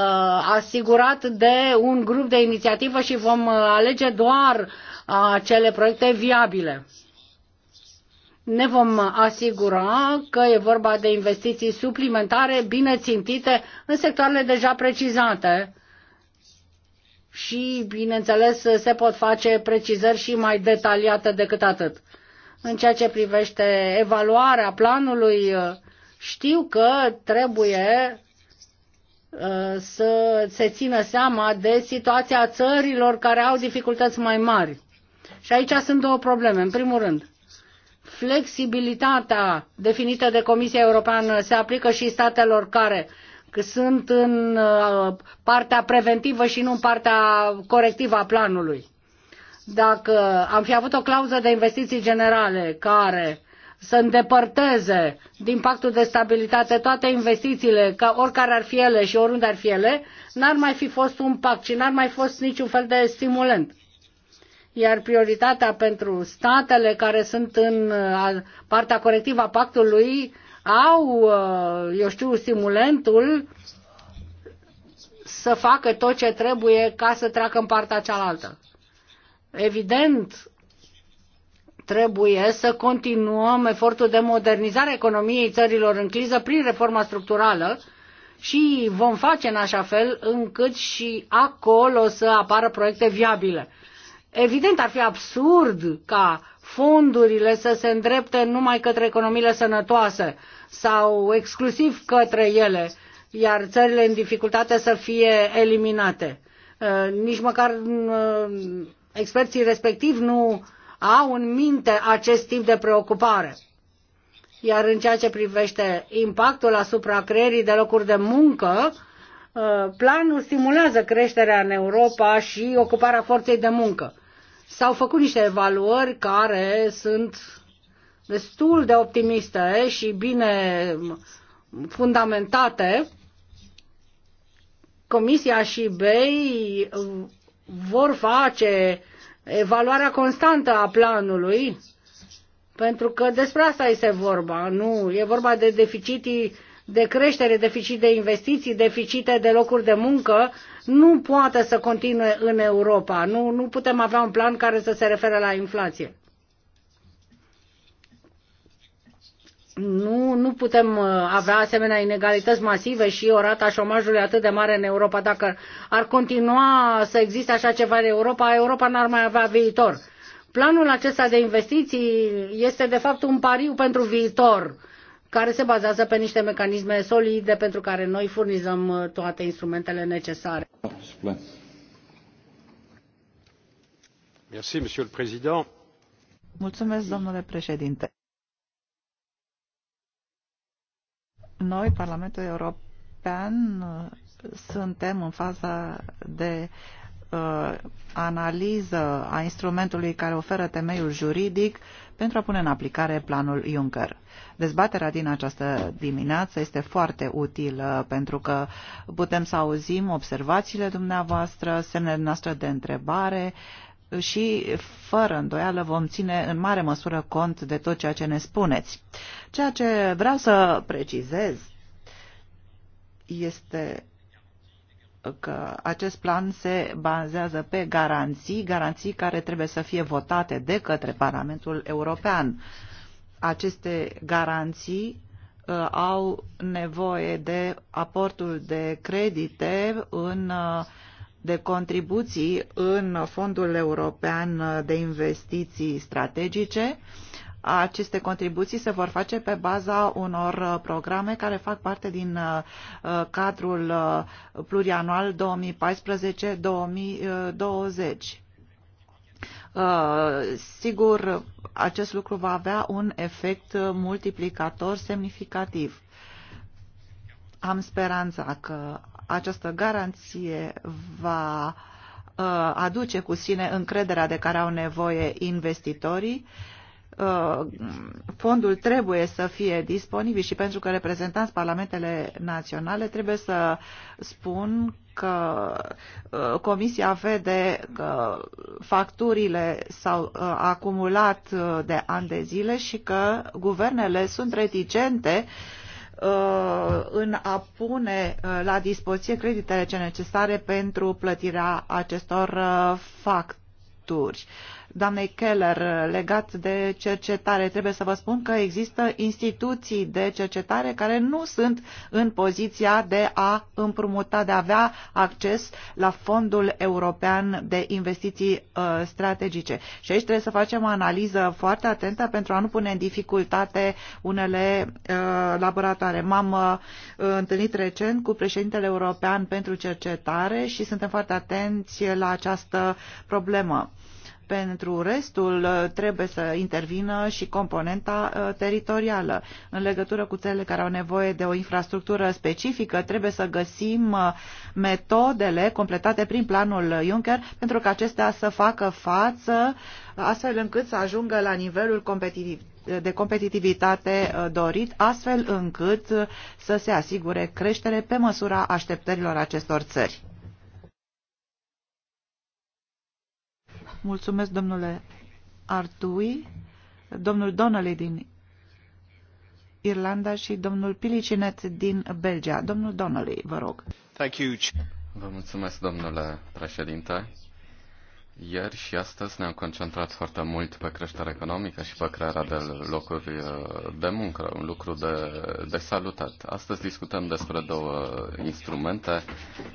asigurat de un grup de inițiativă și vom uh, alege doar uh, acele proiecte viabile ne vom asigura că e vorba de investiții suplimentare bine țintite în sectoarele deja precizate. Și, bineînțeles, se pot face precizări și mai detaliate decât atât. În ceea ce privește evaluarea planului, știu că trebuie uh, să se țină seama de situația țărilor care au dificultăți mai mari. Și aici sunt două probleme. În primul rând, Flexibilitatea definită de Comisia Europeană se aplică și statelor care sunt în uh, partea preventivă și nu în partea corectivă a planului. Dacă am fi avut o clauză de investiții generale care să îndepărteze din pactul de stabilitate toate investițiile, ca oricare ar fi ele și oriunde ar fi ele, n-ar mai fi fost un pact și n-ar mai fost niciun fel de stimulent iar prioritatea pentru statele care sunt în uh, partea corectivă a pactului au, uh, eu știu, stimulentul să facă tot ce trebuie ca să treacă în partea cealaltă. Evident, trebuie să continuăm efortul de modernizare a economiei țărilor în criză prin reforma structurală și vom face în așa fel încât și acolo să apară proiecte viabile. Evident, ar fi absurd ca fondurile să se îndrepte numai către economiile sănătoase sau exclusiv către ele, iar țările în dificultate să fie eliminate. Uh, nici măcar uh, experții respectivi nu au în minte acest tip de preocupare. Iar în ceea ce privește impactul asupra creierii de locuri de muncă, Uh, planul stimulează creșterea în Europa și ocuparea forței de muncă. S-au făcut niște evaluări care sunt destul de optimiste și bine fundamentate. Comisia și BEI uh, vor face evaluarea constantă a planului, pentru că despre asta este vorba. Nu, e vorba de deficitii de creștere, deficit de investiții, deficite de locuri de muncă, nu poate să continue în Europa. Nu, nu putem avea un plan care să se refere la inflație. Nu, nu putem uh, avea asemenea inegalități masive și o rata șomajului atât de mare în Europa. Dacă ar continua să existe așa ceva în Europa, Europa n-ar mai avea viitor. Planul acesta de investiții este de fapt un pariu pentru viitor care se bazează pe niște mecanisme solide pentru care noi furnizăm uh, toate instrumentele necesare. Mulțumesc, domnule președinte. Noi, Parlamentul European, uh, suntem în faza de uh, analiză a instrumentului care oferă temeiul juridic uh, pentru a pune în aplicare planul Juncker. Dezbaterea din această dimineață este foarte utilă pentru că putem să auzim observațiile dumneavoastră, semnele noastre de întrebare, și, fără îndoială, vom ține în mare măsură cont de tot ceea ce ne spuneți. Ceea ce vreau să precizez este că acest plan se bazează pe garanții, garanții care trebuie să fie votate de către Parlamentul European. Aceste garanții uh, au nevoie de aportul de credite în uh, de contribuții în Fondul European de Investiții Strategice uh, aceste contribuții se vor face pe baza unor uh, programe care fac parte din uh, uh, cadrul plurianual 2014-2020. Sigur, acest lucru va avea un efect multiplicator semnificativ. Am speranța că această garanție va aduce cu sine încrederea de care au nevoie investitorii Uh, fondul trebuie să fie disponibil și pentru că reprezentanți parlamentele naționale trebuie să spun că uh, Comisia vede că facturile s-au uh, acumulat de ani de zile și că guvernele sunt reticente în a pune la dispoziție creditele ce necesare pentru plătirea acestor facturi doamnei Keller legat de cercetare. Trebuie să vă spun că există instituții de cercetare care nu sunt în poziția de a împrumuta, de a avea acces la Fondul European de Investiții uh, Strategice. Și aici trebuie să facem o analiză foarte atentă pentru a nu pune în dificultate unele uh, laboratoare. M-am uh, întâlnit recent cu președintele european pentru cercetare și suntem foarte atenți la această problemă. Pentru restul uh, trebuie să intervină și componenta uh, teritorială. În legătură cu țările care au nevoie de o infrastructură specifică, trebuie să găsim uh, metodele completate prin planul Juncker pentru că acestea să facă față astfel încât să ajungă la nivelul competitiv de competitivitate dorit, astfel încât să se asigure creștere pe măsura așteptărilor acestor țări. Mulțumesc, domnule Artui, domnul Donnelly din Irlanda și domnul Pilicinet din Belgia. Domnul Donnelly, vă rog. Thank you. Vă mulțumesc, domnule președinte. Ieri și astăzi ne-am concentrat foarte mult pe creșterea economică și pe crearea de locuri uh, de muncă, un lucru de, de salutat. Astăzi discutăm despre două instrumente,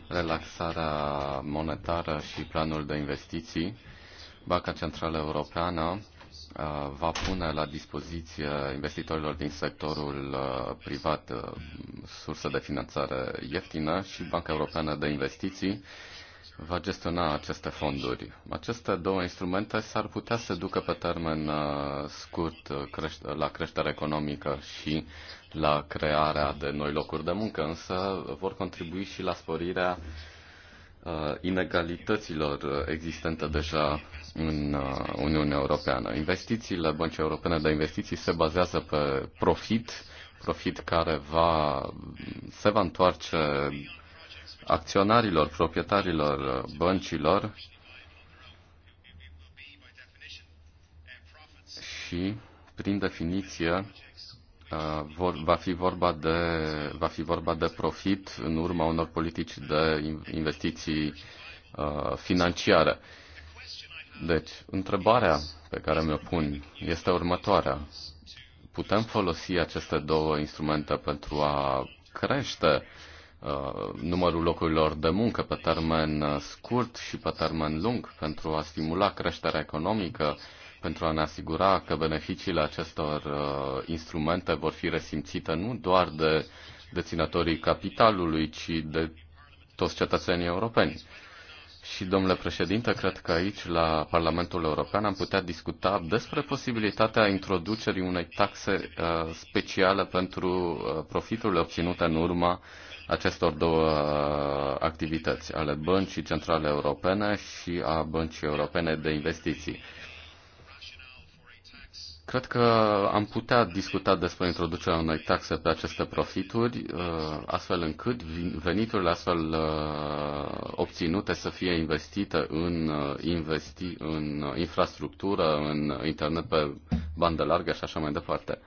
relaxarea monetară și planul de investiții Banca Centrală Europeană uh, va pune la dispoziție investitorilor din sectorul uh, privat uh, surse de finanțare ieftină și Banca Europeană de Investiții va gestiona aceste fonduri. Aceste două instrumente s-ar putea să ducă pe termen scurt la creștere economică și la crearea de noi locuri de muncă, însă vor contribui și la sporirea inegalităților existente deja în uh, Uniunea Europeană. Investițiile Băncii Europene de Investiții se bazează pe profit, profit care va, se va întoarce acționarilor, proprietarilor băncilor și, prin definiție, uh, vor, va, fi vorba de, va fi vorba de profit în urma unor politici de investiții uh, financiare. Deci, întrebarea pe care mi-o pun este următoarea. Putem folosi aceste două instrumente pentru a crește uh, numărul locurilor de muncă pe termen uh, scurt și pe termen lung pentru a stimula creșterea economică, pentru a ne asigura că beneficiile acestor uh, instrumente vor fi resimțite nu doar de deținătorii capitalului, ci de toți cetățenii europeni și domnule președinte, cred că aici, la Parlamentul European, am putea discuta despre posibilitatea introducerii unei taxe uh, speciale pentru uh, profiturile obținute în urma acestor două uh, activități, ale Băncii Centrale Europene și a Băncii Europene de Investiții. Cred că am putea discuta despre introducerea unei taxe pe aceste profituri, uh, astfel încât veniturile astfel uh, obținute să fie investite în, uh, investi, în infrastructură, în internet pe bandă largă și așa mai departe.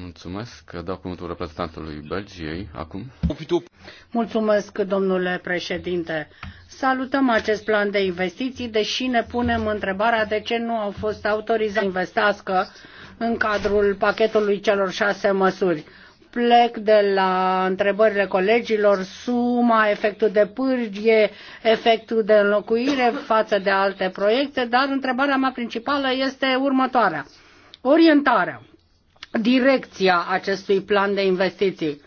Mulțumesc că dau cuvântul reprezentantului Belgiei acum. Mulțumesc, domnule președinte. Salutăm acest plan de investiții, deși ne punem întrebarea de ce nu au fost autorizați să investească în cadrul pachetului celor șase măsuri. Plec de la întrebările colegilor, suma, efectul de pârghie, efectul de înlocuire față de alte proiecte, dar întrebarea mea principală este următoarea. Orientarea direcția acestui plan de investiții.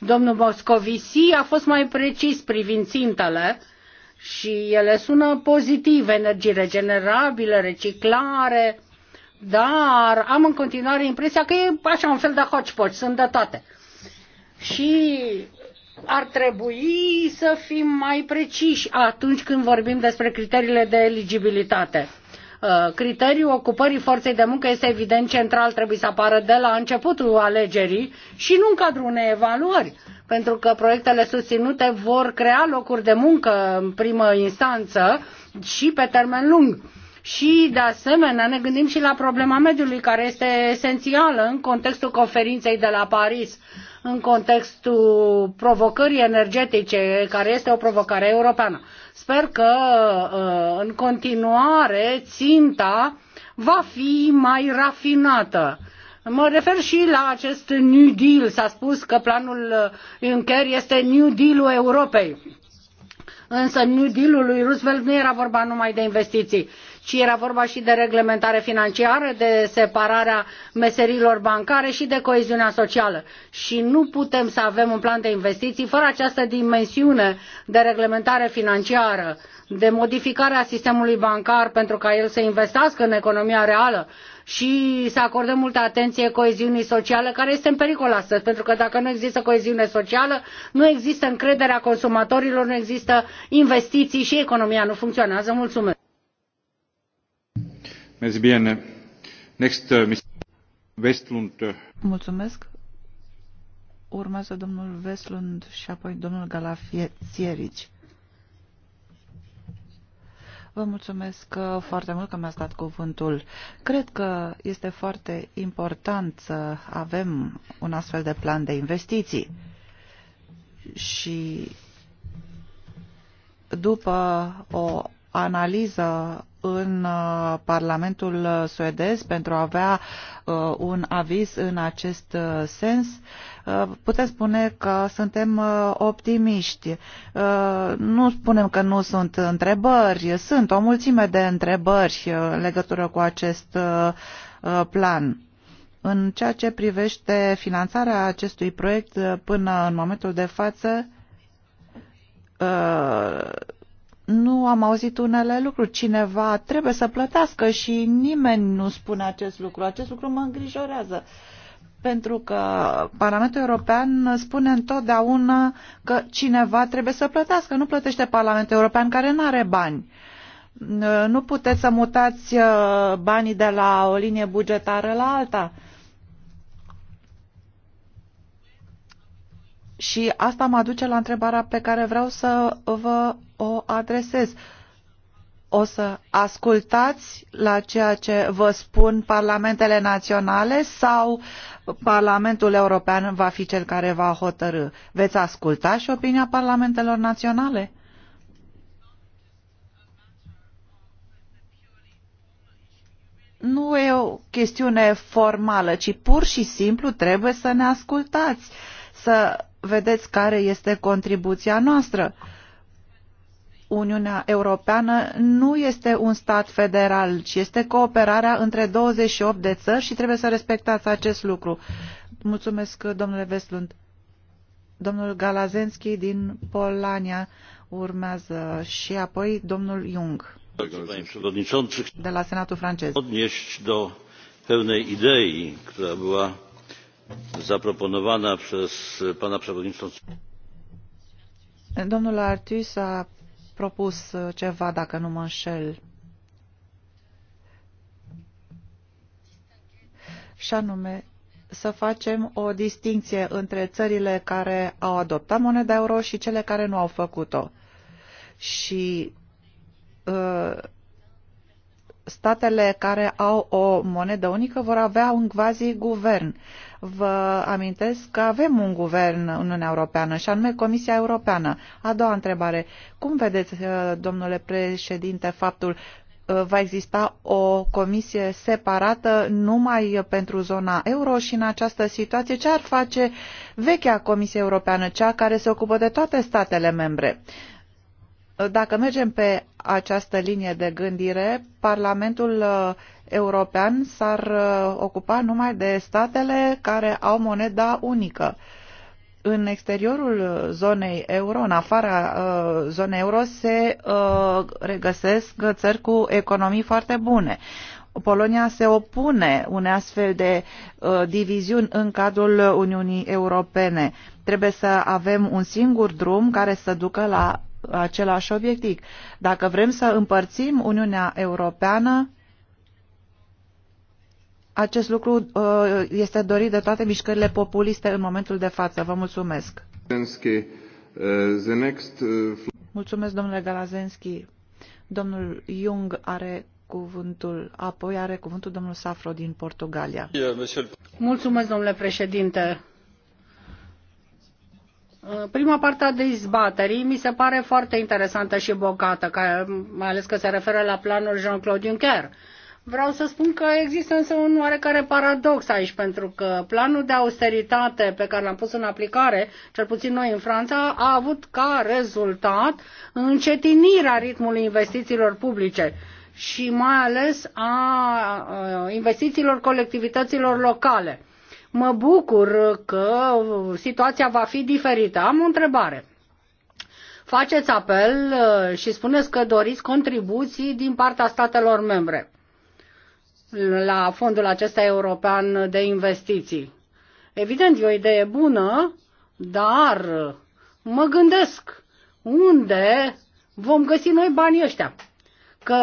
Domnul Moscovici a fost mai precis privind țintele și ele sună pozitiv, energii regenerabile, reciclare, dar am în continuare impresia că e așa un fel de hotspot, sunt de toate. Și ar trebui să fim mai preciși atunci când vorbim despre criteriile de eligibilitate. Uh, criteriul ocupării forței de muncă este evident central, trebuie să apară de la începutul alegerii și nu în cadrul unei evaluări, pentru că proiectele susținute vor crea locuri de muncă în primă instanță și pe termen lung. Și, de asemenea, ne gândim și la problema mediului, care este esențială în contextul conferinței de la Paris, în contextul provocării energetice, care este o provocare europeană. Sper că uh, în continuare ținta va fi mai rafinată. Mă refer și la acest New Deal. S-a spus că planul uh, Juncker este New Deal-ul Europei. Însă New Deal-ul lui Roosevelt nu era vorba numai de investiții ci era vorba și de reglementare financiară, de separarea meserilor bancare și de coeziunea socială. Și nu putem să avem un plan de investiții fără această dimensiune de reglementare financiară, de modificarea sistemului bancar pentru ca el să investească în economia reală și să acordăm multă atenție coeziunii sociale, care este în pericol astăzi, pentru că dacă nu există coeziune socială, nu există încrederea consumatorilor, nu există investiții și economia nu funcționează. Mulțumesc! Next, uh, Westlund. Mulțumesc. Urmează domnul Westlund și apoi domnul Galafierici. Vă mulțumesc uh, foarte mult că mi-ați dat cuvântul. Cred că este foarte important să avem un astfel de plan de investiții. Și după o analiză în uh, Parlamentul suedez pentru a avea uh, un aviz în acest uh, sens, putem spune că suntem optimiști. Nu spunem că nu sunt întrebări, sunt o mulțime de întrebări în legătură cu acest plan. În ceea ce privește finanțarea acestui proiect, până în momentul de față, nu am auzit unele lucruri. Cineva trebuie să plătească și nimeni nu spune acest lucru. Acest lucru mă îngrijorează. Pentru că Parlamentul European spune întotdeauna că cineva trebuie să plătească. Nu plătește Parlamentul European care nu are bani. Nu puteți să mutați uh, banii de la o linie bugetară la alta Și asta mă duce la întrebarea pe care vreau să vă o adresez. O să ascultați la ceea ce vă spun parlamentele naționale sau Parlamentul European va fi cel care va hotărâ? Veți asculta și opinia parlamentelor naționale? Nu e o chestiune formală, ci pur și simplu trebuie să ne ascultați, să vedeți care este contribuția noastră. Uniunea Europeană nu este un stat federal, ci este cooperarea între 28 de țări și trebuie să respectați acest lucru. Mulțumesc, domnule Vestlund. Domnul Galazenski din Polania urmează și apoi domnul Jung de la Senatul francez. Odnieść do pewnej idei, która była zaproponowana przez pana przewodniczącego. Domnul Artus a propus ceva, dacă nu mă înșel. Și anume, să facem o distinție între țările care au adoptat moneda euro și cele care nu au făcut-o. Și uh, statele care au o monedă unică vor avea un quasi-guvern. Uh, Vă amintesc că avem un guvern în Uniunea Europeană și anume Comisia Europeană. A doua întrebare. Cum vedeți, uh, domnule președinte, faptul uh, va exista o comisie separată numai pentru zona euro și în această situație ce ar face vechea Comisie Europeană, cea care se ocupă de toate statele membre? Uh, dacă mergem pe această linie de gândire, Parlamentul european s-ar uh, ocupa numai de statele care au moneda unică. În exteriorul zonei euro, în afara uh, zonei euro, se uh, regăsesc țări cu economii foarte bune. Polonia se opune unei astfel de uh, diviziuni în cadrul Uniunii Europene. Trebuie să avem un singur drum care să ducă la același obiectiv. Dacă vrem să împărțim Uniunea Europeană, acest lucru uh, este dorit de toate mișcările populiste în momentul de față. Vă mulțumesc. Uh, uh, mulțumesc, domnule Galazenski. Domnul Jung are cuvântul, apoi are cuvântul domnul Safro din Portugalia. Mulțumesc, domnule președinte. Prima parte a dezbaterii mi se pare foarte interesantă și bogată, mai ales că se referă la planul Jean-Claude Juncker Vreau să spun că există însă un oarecare paradox aici, pentru că planul de austeritate pe care l-am pus în aplicare, cel puțin noi în Franța, a avut ca rezultat încetinirea ritmului investițiilor publice și mai ales a investițiilor colectivităților locale. Mă bucur că situația va fi diferită. Am o întrebare faceți apel uh, și spuneți că doriți contribuții din partea statelor membre la fondul acesta european de investiții. Evident, e o idee bună, dar mă gândesc unde vom găsi noi banii ăștia. Că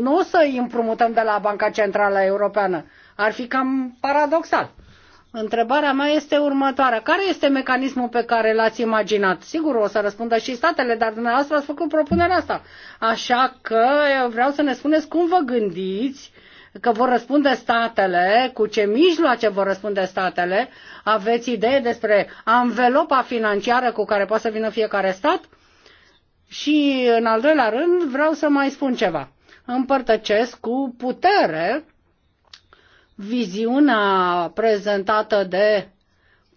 nu o să îi împrumutăm de la Banca Centrală Europeană. Ar fi cam paradoxal. Întrebarea mea este următoarea. Care este mecanismul pe care l-ați imaginat? Sigur, o să răspundă și statele, dar dumneavoastră ați făcut propunerea asta. Așa că vreau să ne spuneți cum vă gândiți că vor răspunde statele, cu ce mijloace vor răspunde statele, aveți idee despre anvelopa financiară cu care poate să vină fiecare stat? Și în al doilea rând vreau să mai spun ceva. Împărtăcesc cu putere viziunea prezentată de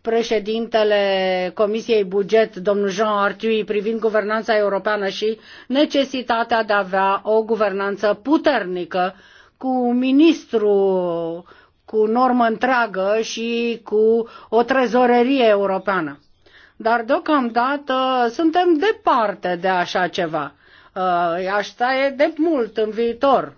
președintele Comisiei Buget, domnul Jean Arthuis, privind guvernanța europeană și necesitatea de a avea o guvernanță puternică cu ministru cu normă întreagă și cu o trezorerie europeană. Dar deocamdată suntem departe de așa ceva. Uh, asta e de mult în viitor.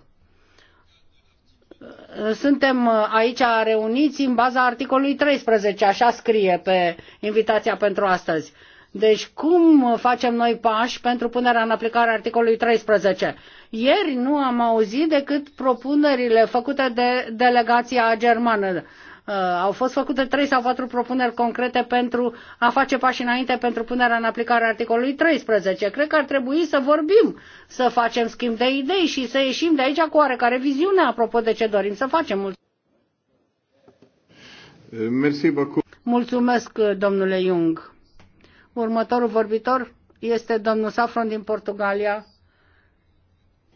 Suntem aici reuniți în baza articolului 13, așa scrie pe invitația pentru astăzi. Deci cum facem noi pași pentru punerea în aplicare articolului 13? Ieri nu am auzit decât propunerile făcute de delegația germană. Uh, au fost făcute trei sau patru propuneri concrete pentru a face pași înainte pentru punerea în aplicare a articolului 13. Cred că ar trebui să vorbim, să facem schimb de idei și să ieșim de aici cu oarecare viziune apropo de ce dorim să facem. Mulțumesc. Eh, Mulțumesc, domnule Jung. Următorul vorbitor este domnul Safron din Portugalia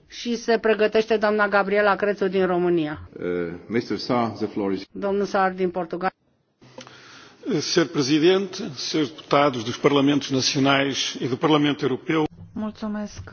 și se pregătește doamna Gabriela Crețu din România. Uh, Mr. Sa, the floor is... Domnul Sar din Portugalia. Sr. Presidente, Srs. Deputados dos Parlamentos Nacionais e do Parlamento Europeu. Mulțumesc,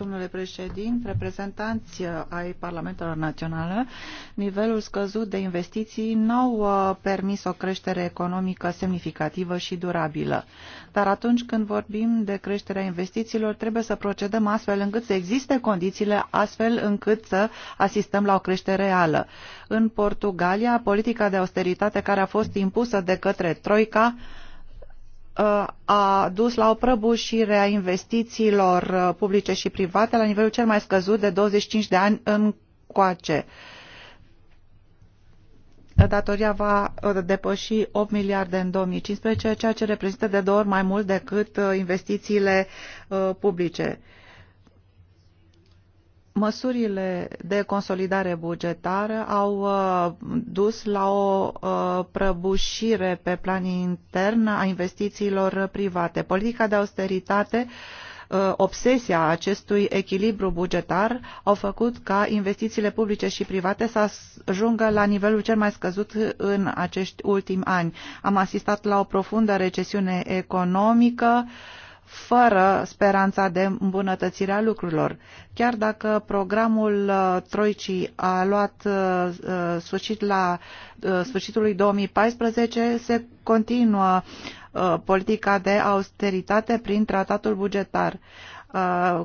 domnule președinte, reprezentanți uh, ai Parlamentelor Naționale, nivelul scăzut de investiții n-au uh, permis o creștere economică semnificativă și durabilă. Dar atunci când vorbim de creșterea investițiilor, trebuie să procedăm astfel încât să existe condițiile astfel încât să asistăm la o creștere reală. În Portugalia, politica de austeritate care a fost impusă de către Troica Uh, a dus la o prăbușire a investițiilor uh, publice și private la nivelul cel mai scăzut de 25 de ani încoace. Datoria va uh, depăși 8 miliarde în 2015, ceea ce reprezintă de două ori mai mult decât investițiile publice Măsurile de consolidare bugetară au uh, dus la o uh, prăbușire pe plan intern a investițiilor private. Politica de austeritate uh, obsesia acestui echilibru bugetar au făcut ca investițiile publice și private să ajungă la nivelul cel mai scăzut în acești ultimi ani. Am asistat la o profundă recesiune economică, fără speranța de îmbunătățire a lucrurilor. Chiar dacă programul uh, Troicii a luat uh, uh, sfârșit la sfârșitul lui 2014, se continuă politica de austeritate prin tratatul bugetar.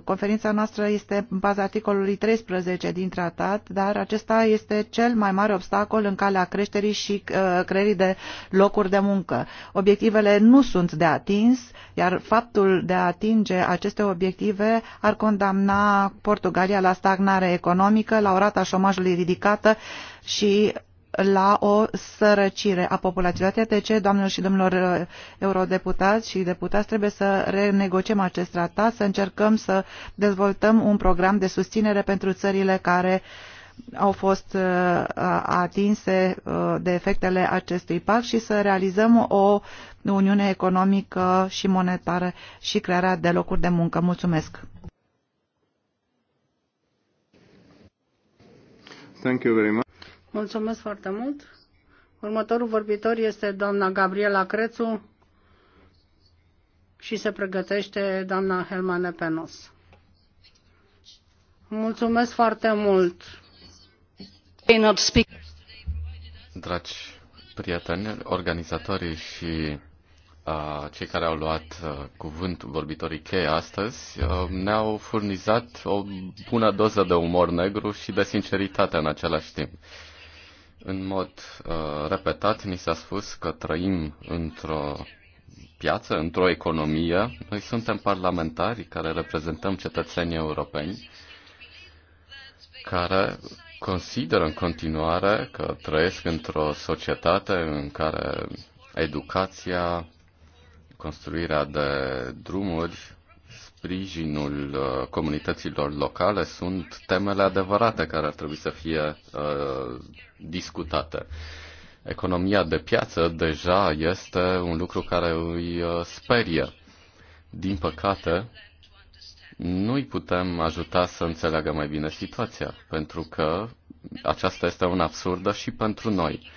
Conferința noastră este în baza articolului 13 din tratat, dar acesta este cel mai mare obstacol în calea creșterii și creării de locuri de muncă. Obiectivele nu sunt de atins, iar faptul de a atinge aceste obiective ar condamna Portugalia la stagnare economică, la o rata șomajului ridicată și la o sărăcire a populației. Toate de ce, doamnelor și domnilor uh, eurodeputați și deputați, trebuie să renegociem acest tratat, să încercăm să dezvoltăm un program de susținere pentru țările care au fost uh, atinse uh, de efectele acestui pact și să realizăm o uniune economică și monetară și crearea de locuri de muncă. Mulțumesc! Thank you very much. Mulțumesc foarte mult. Următorul vorbitor este doamna Gabriela Crețu și se pregătește doamna Helmane Penos. Mulțumesc foarte mult. Dragi prieteni, organizatorii și uh, cei care au luat uh, cuvântul vorbitorii cheie astăzi uh, ne-au furnizat o bună doză de umor negru și de sinceritate în același timp. Uh, în mod uh, repetat, ni s-a spus că trăim într-o piață, într-o economie. Noi suntem parlamentari care reprezentăm cetățenii europeni care consideră în continuare că trăiesc într-o societate în care educația, construirea de drumuri sprijinul uh, comunităților locale sunt temele adevărate care ar trebui să fie uh, discutate. Economia de piață deja este un lucru care îi uh, sperie. Din păcate, nu îi putem ajuta să înțeleagă mai bine situația, pentru că aceasta este un absurdă și pentru noi.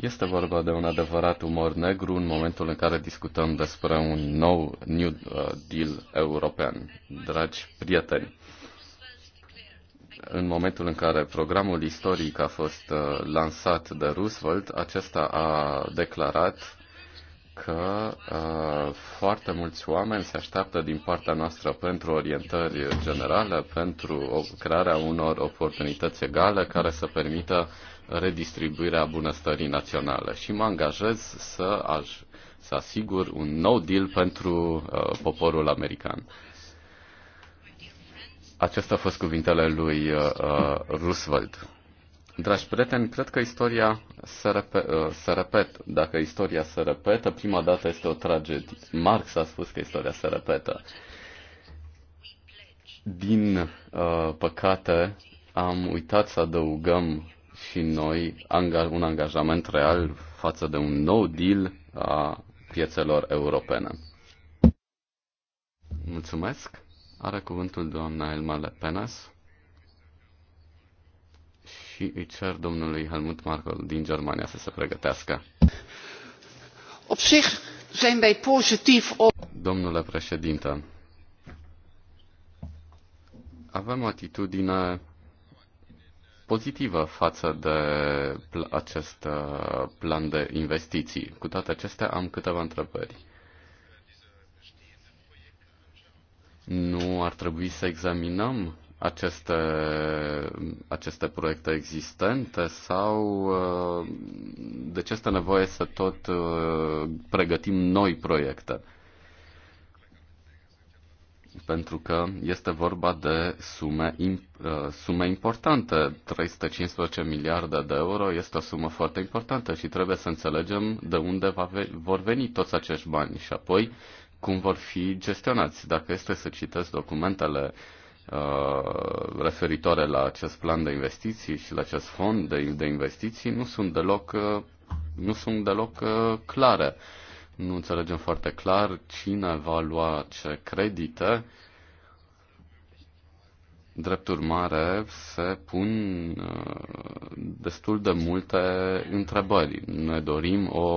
Este vorba de un adevărat umor negru în momentul în care discutăm despre un nou New uh, Deal european. Dragi prieteni, în momentul în care programul istoric a fost uh, lansat de Roosevelt, acesta a declarat că uh, foarte mulți oameni se așteaptă din partea noastră pentru orientări generale, pentru o, crearea unor oportunități egale care să permită redistribuirea bunăstării naționale și mă angajez să, aș, să asigur un nou deal pentru uh, poporul american. Acestea au fost cuvintele lui uh, uh Roosevelt. Dragi prieteni, cred că istoria se, repe- uh, se repetă. Dacă istoria se repetă, prima dată este o tragedie. Marx a spus că istoria se repetă. Din uh, păcate, am uitat să adăugăm și noi un angajament real față de un nou deal a piețelor europene. Mulțumesc. Are cuvântul doamna Elma Lepenes și îi cer domnului Helmut Markel din Germania să se pregătească. Op zich zijn wij positief op... Domnule președinte, avem atitudine pozitivă față de acest uh, plan de investiții. Cu toate acestea, am câteva întrebări. Nu ar trebui să examinăm aceste, aceste proiecte existente sau uh, de ce este nevoie să tot uh, pregătim noi proiecte? pentru că este vorba de sume, uh, sume importante. 315 miliarde de euro este o sumă foarte importantă și trebuie să înțelegem de unde va, vor veni toți acești bani și apoi cum vor fi gestionați. Dacă este să citesc documentele uh, referitoare la acest plan de investiții și la acest fond de, de investiții, nu sunt deloc, uh, nu sunt deloc uh, clare. Uh, nu înțelegem foarte clar cine va lua ce credite. Drept urmare, se pun uh, destul de multe întrebări. Ne dorim o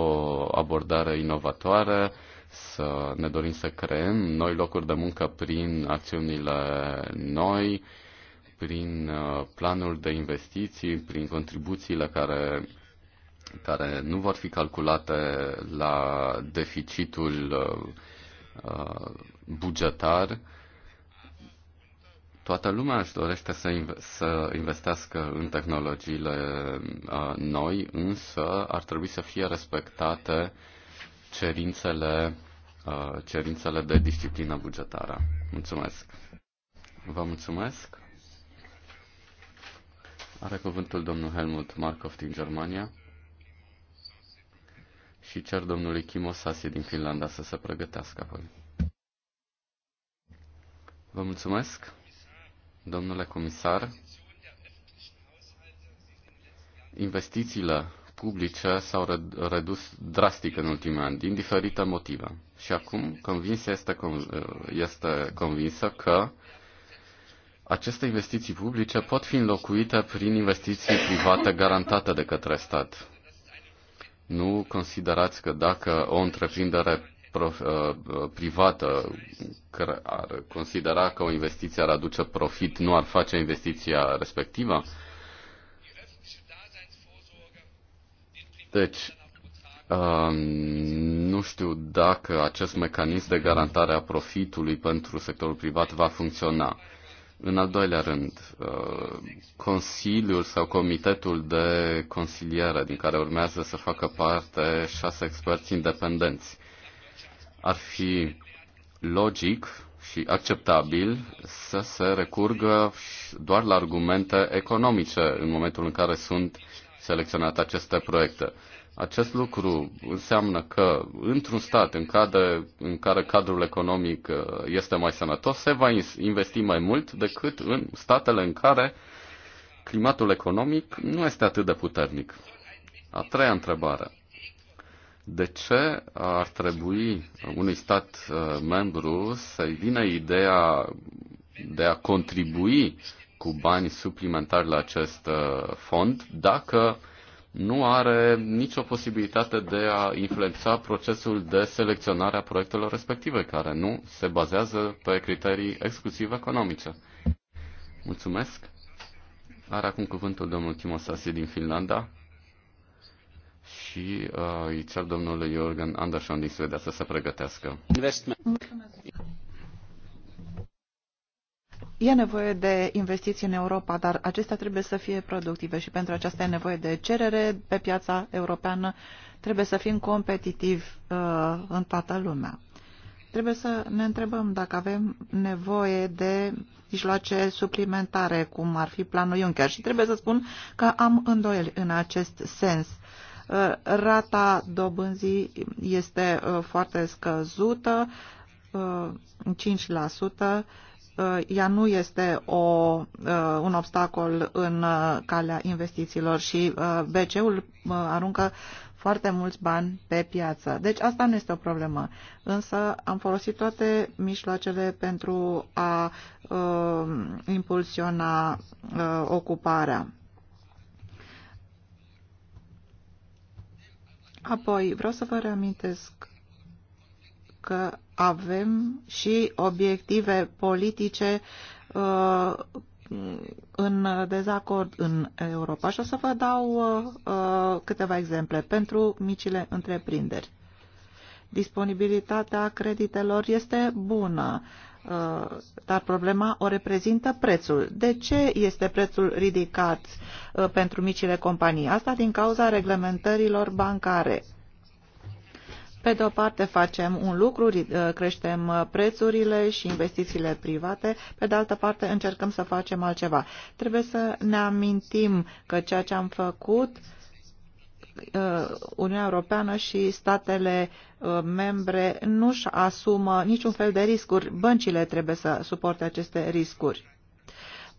abordare inovatoare, să ne dorim să creăm noi locuri de muncă prin acțiunile noi, prin uh, planuri de investiții, prin contribuțiile care care nu vor fi calculate la deficitul uh, bugetar. Toată lumea își dorește să, inv- să investească în tehnologiile uh, noi, însă ar trebui să fie respectate cerințele, uh, cerințele de disciplină bugetară. Mulțumesc! Vă mulțumesc! Are cuvântul domnul Helmut Markov din Germania și cer domnului Kimo Sasi din Finlanda să se pregătească apoi. Vă mulțumesc, domnule comisar. Investițiile publice s-au redus drastic în ultimii ani, din diferite motive. Și acum convins este, este convinsă că aceste investiții publice pot fi înlocuite prin investiții private garantate de către stat. Nu considerați că dacă o întreprindere uh, uh, privată care ar considera că o investiție ar aduce profit, nu ar face investiția respectivă? Deci, uh, nu știu dacă acest mecanism de garantare a profitului pentru sectorul privat va funcționa. În al doilea rând, uh, Consiliul sau Comitetul de Consiliere, din care urmează să facă parte șase experți independenți, ar fi logic și acceptabil să se recurgă doar la argumente economice în momentul în care sunt selecționate aceste proiecte. Acest lucru înseamnă că într-un stat în care, în care cadrul economic uh, este mai sănătos, se va investi mai mult decât în statele în care climatul economic nu este atât de puternic. A treia întrebare. De ce ar trebui unui stat uh, membru să-i vină ideea de a contribui cu bani suplimentari la acest uh, fond dacă uh, nu are nicio posibilitate de a influența procesul de selecționare a proiectelor respective, care nu se bazează pe criterii exclusiv economice. Mulțumesc. Are acum cuvântul domnul Timo Sasi din Finlanda și uh, îi cer domnului Jorgen Andersson din Suedia să se pregătească. Investment. E nevoie de investiții în Europa, dar acestea trebuie să fie productive și pentru aceasta e nevoie de cerere pe piața europeană. Trebuie să fim competitivi uh, în toată lumea. Trebuie să ne întrebăm dacă avem nevoie de mijloace suplimentare, cum ar fi planul Juncker. Și trebuie să spun că am îndoieli în acest sens. Uh, rata dobânzii este uh, foarte scăzută, uh, 5%, Uh, ea nu este o, uh, un obstacol în uh, calea investițiilor și BC-ul aruncă foarte mulți bani pe piață. Deci asta nu este o problemă. Însă am folosit toate mijloacele pentru a uh, impulsiona uh, ocuparea. Apoi, vreau să vă reamintesc că avem și obiective politice uh, în dezacord în Europa. Și o să vă dau uh, câteva exemple pentru micile întreprinderi. Disponibilitatea creditelor este bună, uh, dar problema o reprezintă prețul. De ce este prețul ridicat pentru micile companii? Asta din cauza reglementărilor bancare. Pe de o parte facem un lucru, uh, creștem uh, prețurile și investițiile private, pe de altă parte încercăm să facem altceva. Trebuie să ne amintim că ceea ce am făcut uh, Uniunea Europeană și statele membre nu-și asumă niciun fel de riscuri. Băncile trebuie să suporte aceste riscuri.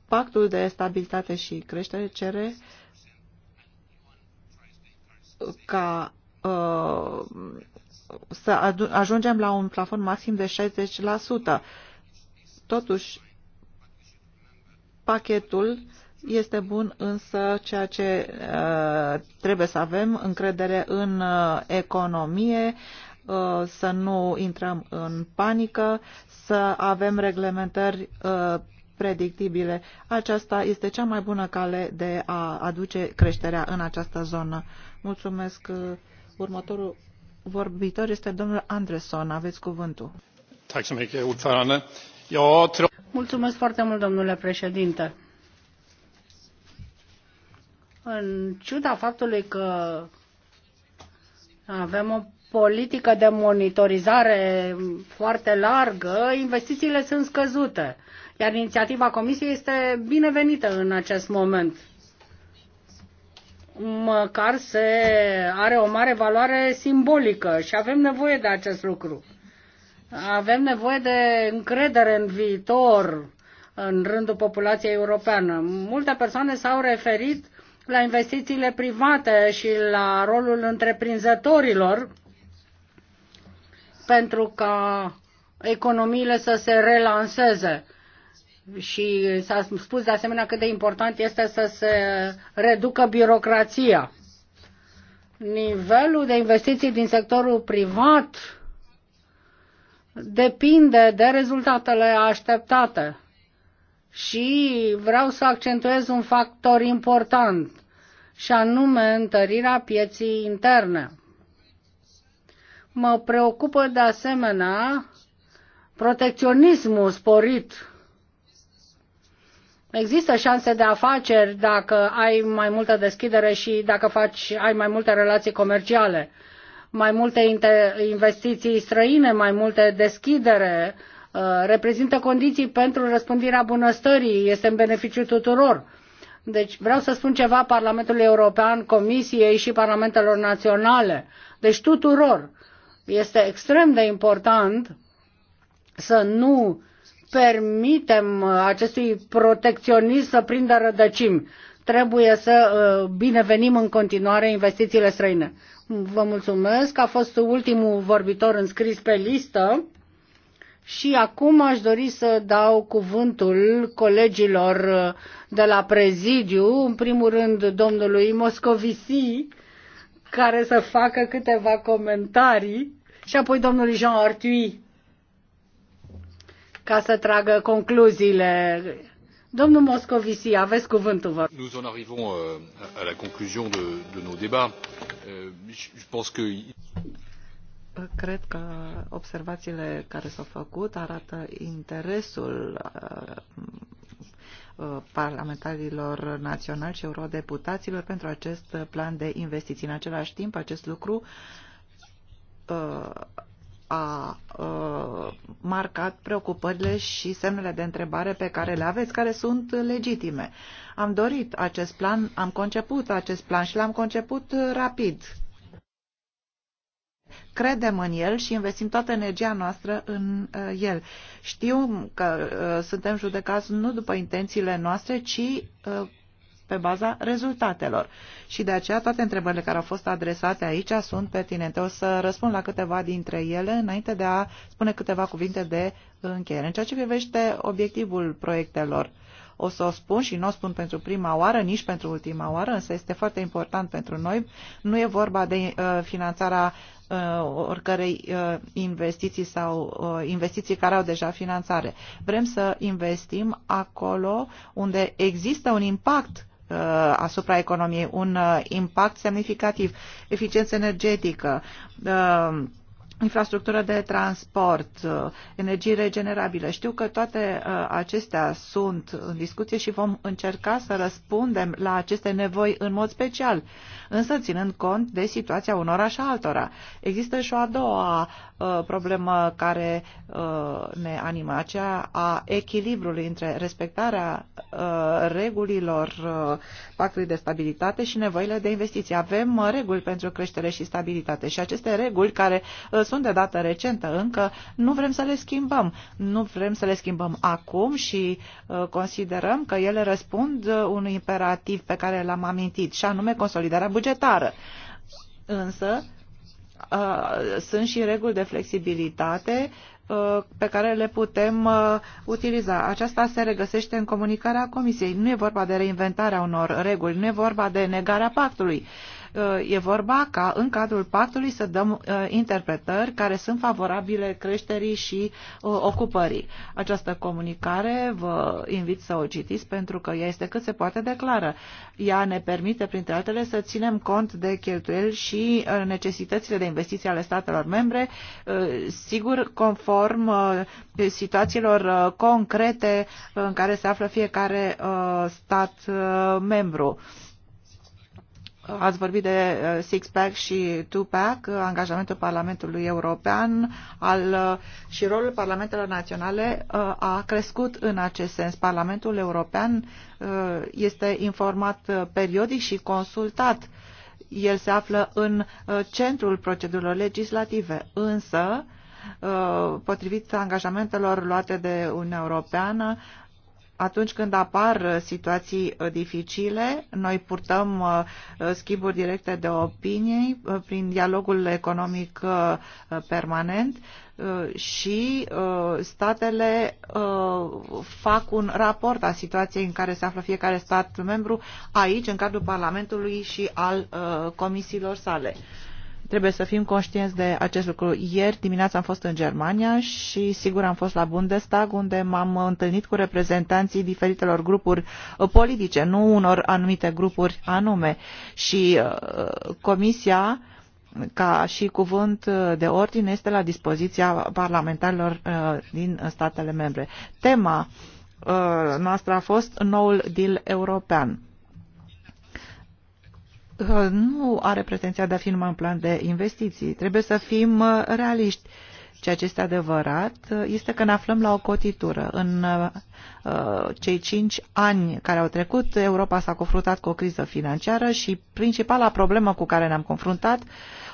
Pactul de stabilitate și creștere cere ca uh, să ajungem la un plafon maxim de 60%. Totuși, pachetul este bun, însă ceea ce uh, trebuie să avem încredere în uh, economie, uh, să nu intrăm în panică, să avem reglementări uh, predictibile. Aceasta este cea mai bună cale de a aduce creșterea în această zonă. Mulțumesc. Uh, următorul vorbitor este domnul Andreson. Aveți cuvântul. Mulțumesc foarte mult, domnule președinte. În ciuda faptului că avem o politică de monitorizare foarte largă, investițiile sunt scăzute. Iar inițiativa Comisiei este binevenită în acest moment măcar se are o mare valoare simbolică și avem nevoie de acest lucru. Avem nevoie de încredere în viitor, în rândul populației europeană. Multe persoane s-au referit la investițiile private și la rolul întreprinzătorilor pentru ca economiile să se relanseze și s-a spus de asemenea cât de important este să se reducă birocrația. Nivelul de investiții din sectorul privat depinde de rezultatele așteptate. Și vreau să accentuez un factor important, și anume întărirea pieții interne. Mă preocupă de asemenea protecționismul sporit Există șanse de afaceri dacă ai mai multă deschidere și dacă faci, ai mai multe relații comerciale, mai multe investiții străine, mai multe deschidere, uh, reprezintă condiții pentru răspândirea bunăstării, este în beneficiu tuturor. Deci vreau să spun ceva Parlamentului European, Comisiei și Parlamentelor Naționale, deci tuturor. Este extrem de important să nu permitem uh, acestui protecționism să prindă rădăcini. Trebuie să uh, binevenim în continuare investițiile străine. Vă mulțumesc, a fost ultimul vorbitor înscris pe listă și acum aș dori să dau cuvântul colegilor uh, de la prezidiu, în primul rând domnului Moscovici, care să facă câteva comentarii și apoi domnului Jean Artui ca să tragă concluziile. Domnul Moscovici, aveți cuvântul, vă Nous en arrivons euh, à la conclusion de, de nos débats. Euh, je pense que... Cred că observațiile care s-au făcut arată interesul uh, uh, parlamentarilor naționali și eurodeputaților pentru acest plan de investiții. În același timp, acest lucru uh, a uh, marcat preocupările și semnele de întrebare pe care le aveți, care sunt legitime. Am dorit acest plan, am conceput acest plan și l-am conceput rapid. Credem în el și investim toată energia noastră în uh, el. Știu că uh, suntem judecați nu după intențiile noastre, ci uh, pe baza rezultatelor. Și de aceea toate întrebările care au fost adresate aici sunt pertinente. O să răspund la câteva dintre ele înainte de a spune câteva cuvinte de încheiere. În ceea ce privește obiectivul proiectelor, o să o spun și nu o spun pentru prima oară, nici pentru ultima oară, însă este foarte important pentru noi. Nu e vorba de uh, finanțarea uh, oricărei uh, investiții sau uh, investiții care au deja finanțare. Vrem să investim acolo unde există un impact Uh, asupra economiei, un uh, impact semnificativ, eficiență energetică, uh, infrastructură de transport, energii regenerabile. Știu că toate acestea sunt în discuție și vom încerca să răspundem la aceste nevoi în mod special însă ținând cont de situația unora și altora. Există și o a doua uh, problemă care uh, ne anima, aceea a echilibrului între respectarea uh, regulilor pactului de stabilitate și nevoile de investiții. Avem reguli pentru creștere și stabilitate și aceste reguli care sunt de dată recentă încă, nu vrem să le schimbăm. Nu vrem să le schimbăm acum și considerăm că ele răspund unui imperativ pe care l-am amintit și anume consolidarea bugetului bugetară. Însă, sunt și reguli de flexibilitate pe care le putem utiliza. Aceasta se regăsește în comunicarea Comisiei. Nu e vorba de reinventarea unor reguli, nu e vorba de negarea pactului. E vorba ca în cadrul pactului să dăm uh, interpretări care sunt favorabile creșterii și uh, ocupării. Această comunicare vă invit să o citiți pentru că ea este cât se poate declară. Ea ne permite, printre altele, să ținem cont de cheltuieli și uh, necesitățile de investiții ale statelor membre, sigur conform situațiilor concrete în care se află fiecare stat membru. Ați vorbit de uh, six-pack și two-pack, uh, angajamentul Parlamentului European al, uh, și rolul Parlamentelor Naționale a crescut în acest sens. Parlamentul European este informat periodic și consultat. El se află în centrul procedurilor legislative, însă potrivit angajamentelor luate de Uniunea Europeană, atunci când apar uh, situații uh, dificile, noi purtăm uh, schimburi directe de opinie prin dialogul economic permanent și statele fac un raport a situației în care se află fiecare stat membru aici, în cadrul Parlamentului și al comisiilor sale. Trebuie să fim conștienți de acest lucru. Ieri dimineața am fost în Germania și sigur am fost la Bundestag unde m-am întâlnit cu reprezentanții diferitelor grupuri politice, nu unor anumite grupuri anume. Și uh, comisia ca și cuvânt de ordine este la dispoziția parlamentarilor uh, din statele membre. Tema uh, noastră a fost noul deal european nu are pretenția de a fi numai un plan de investiții. Trebuie să fim uh, realiști. Ceea ce este adevărat uh, este că ne aflăm la o cotitură. În uh, cei cinci ani care au trecut, Europa s-a confruntat cu o criză financiară și principala problemă cu care ne-am confruntat,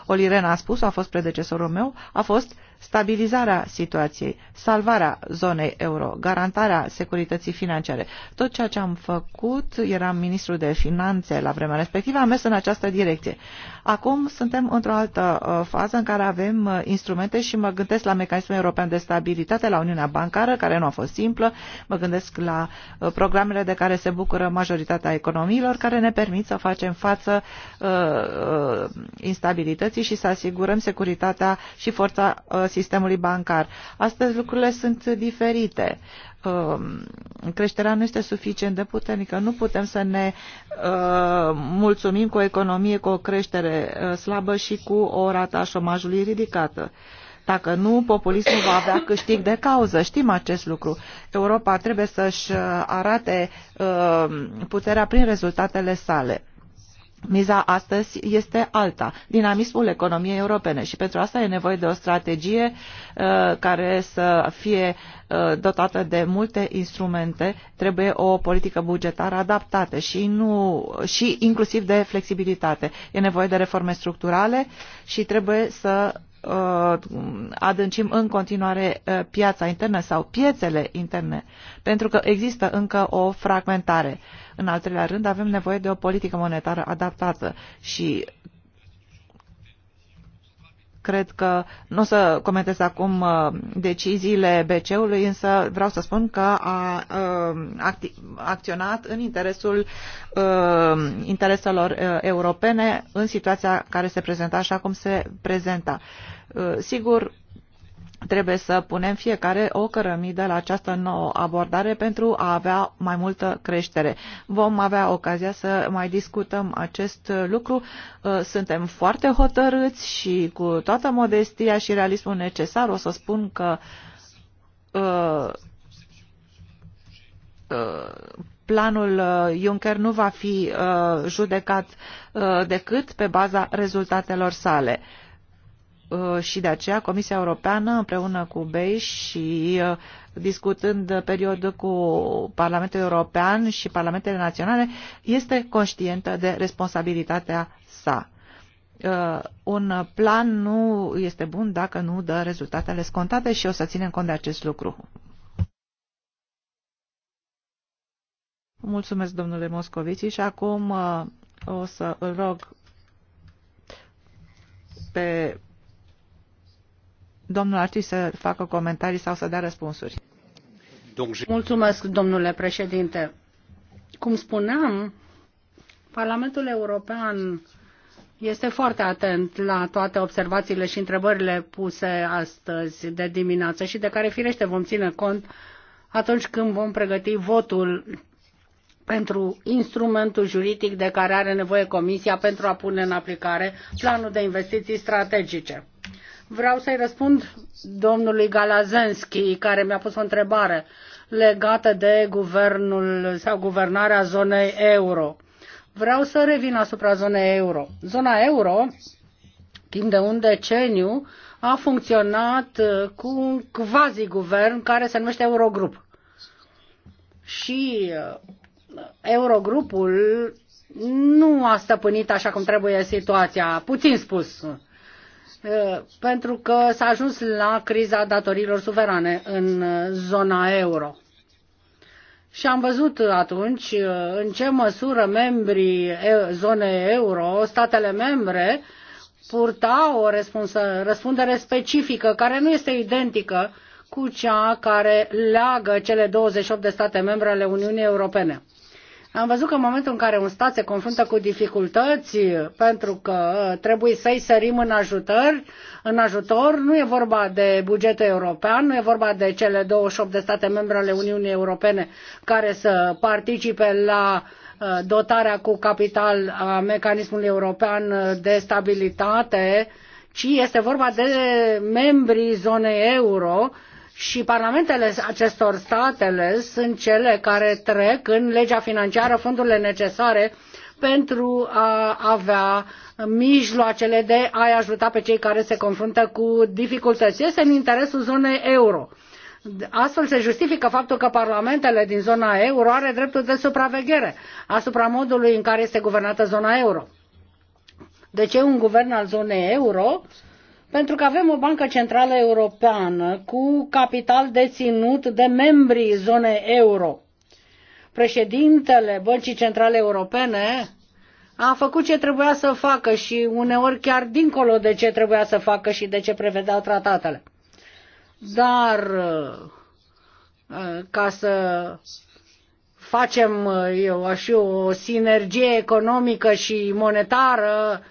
Olirena a spus, a fost predecesorul meu, a fost uh, stabilizarea situației, salvarea zonei euro, garantarea securității financiare. Tot ceea ce am făcut, eram ministru de finanțe la vremea respectivă, am mers în această direcție. Acum suntem într-o altă uh, fază în care avem uh, instrumente și mă gândesc la mecanismul european de stabilitate, la Uniunea Bancară, care nu a fost simplă, mă gândesc la uh, programele de care se bucură majoritatea economiilor, care ne permit să facem față instabilității și să asigurăm securitatea și forța sistemului bancar. Astăzi lucrurile sunt diferite. Um, creșterea nu este suficient de puternică. Nu putem să ne uh, mulțumim cu o economie, cu o creștere uh, slabă și cu o rată a șomajului ridicată. Dacă nu, populismul va avea câștig de cauză. Știm acest lucru. Europa trebuie să-și uh, arate puterea prin rezultatele sale. Miza astăzi este alta, dinamismul economiei europene și pentru asta e nevoie de o strategie uh, care să fie uh, dotată de multe instrumente, trebuie o politică bugetară adaptată și, nu, și inclusiv de flexibilitate. E nevoie de reforme structurale și trebuie să Uh, adâncim în continuare uh, piața internă sau piețele interne, pentru că există încă o fragmentare. În al treilea rând, avem nevoie de o politică monetară adaptată și Cred că nu o să comentez acum uh, deciziile BC-ului, însă vreau să spun că a uh, acționat în interesul uh, intereselor europene în situația care se prezenta așa cum se prezenta. Sigur, Trebuie să punem fiecare o cărămidă la această nouă abordare pentru a avea mai multă creștere. Vom avea ocazia să mai discutăm acest lucru. Uh, suntem foarte hotărâți și cu toată modestia și realismul necesar o să spun că uh, uh, planul Juncker nu va fi judecat decât pe baza rezultatelor sale. Uh, și de aceea Comisia Europeană împreună cu BEI și uh, discutând perioadă cu Parlamentul European și Parlamentele Naționale este conștientă de responsabilitatea sa. Uh, un plan nu este bun dacă nu dă rezultatele scontate și o să ținem cont de acest lucru. Mulțumesc, domnule Moscovici, și acum o să îl rog pe domnul Artui să facă comentarii sau să dea răspunsuri. Mulțumesc, domnule președinte. Cum spuneam, Parlamentul European este foarte atent la toate observațiile și întrebările puse astăzi de dimineață și de care firește vom ține cont atunci când vom pregăti votul pentru instrumentul juridic de care are nevoie Comisia pentru a pune în aplicare planul de investiții strategice. Vreau să-i răspund domnului Galazenski, care mi-a pus o întrebare legată de guvernul sau guvernarea zonei euro. Vreau să revin asupra zonei euro. Zona euro, timp de un deceniu, a funcționat uh, cu un quasi-guvern care se numește Eurogrup. Și uh, Eurogrupul nu a stăpânit așa cum trebuie situația, puțin spus. Uh, pentru că s-a ajuns la criza datorilor suverane în uh, zona euro. Și am văzut atunci uh, în ce măsură membrii zonei euro, statele membre, purta o răspundere specifică care nu este identică cu cea care leagă cele 28 de state membre ale Uniunii Europene. Am văzut că în momentul în care un stat se confruntă cu dificultăți pentru că trebuie să-i sărim în ajutor, în ajutor, nu e vorba de bugetul european, nu e vorba de cele 28 de state membre ale Uniunii Europene care să participe la uh, dotarea cu capital a mecanismului european de stabilitate, ci este vorba de membrii zonei euro și parlamentele acestor statele sunt cele care trec în legea financiară fondurile necesare pentru a avea mijloacele de a-i ajuta pe cei care se confruntă cu dificultăți. Este în interesul zonei euro. Astfel se justifică faptul că parlamentele din zona euro are dreptul de supraveghere asupra modului în care este guvernată zona euro. De ce un guvern al zonei euro uh, pentru că avem o bancă centrală europeană cu capital deținut de membrii zonei euro. Președintele Băncii Centrale Europene a făcut ce trebuia să facă și uneori chiar dincolo de ce trebuia să facă și de ce prevedeau tratatele. Dar ca să facem eu și o sinergie economică și monetară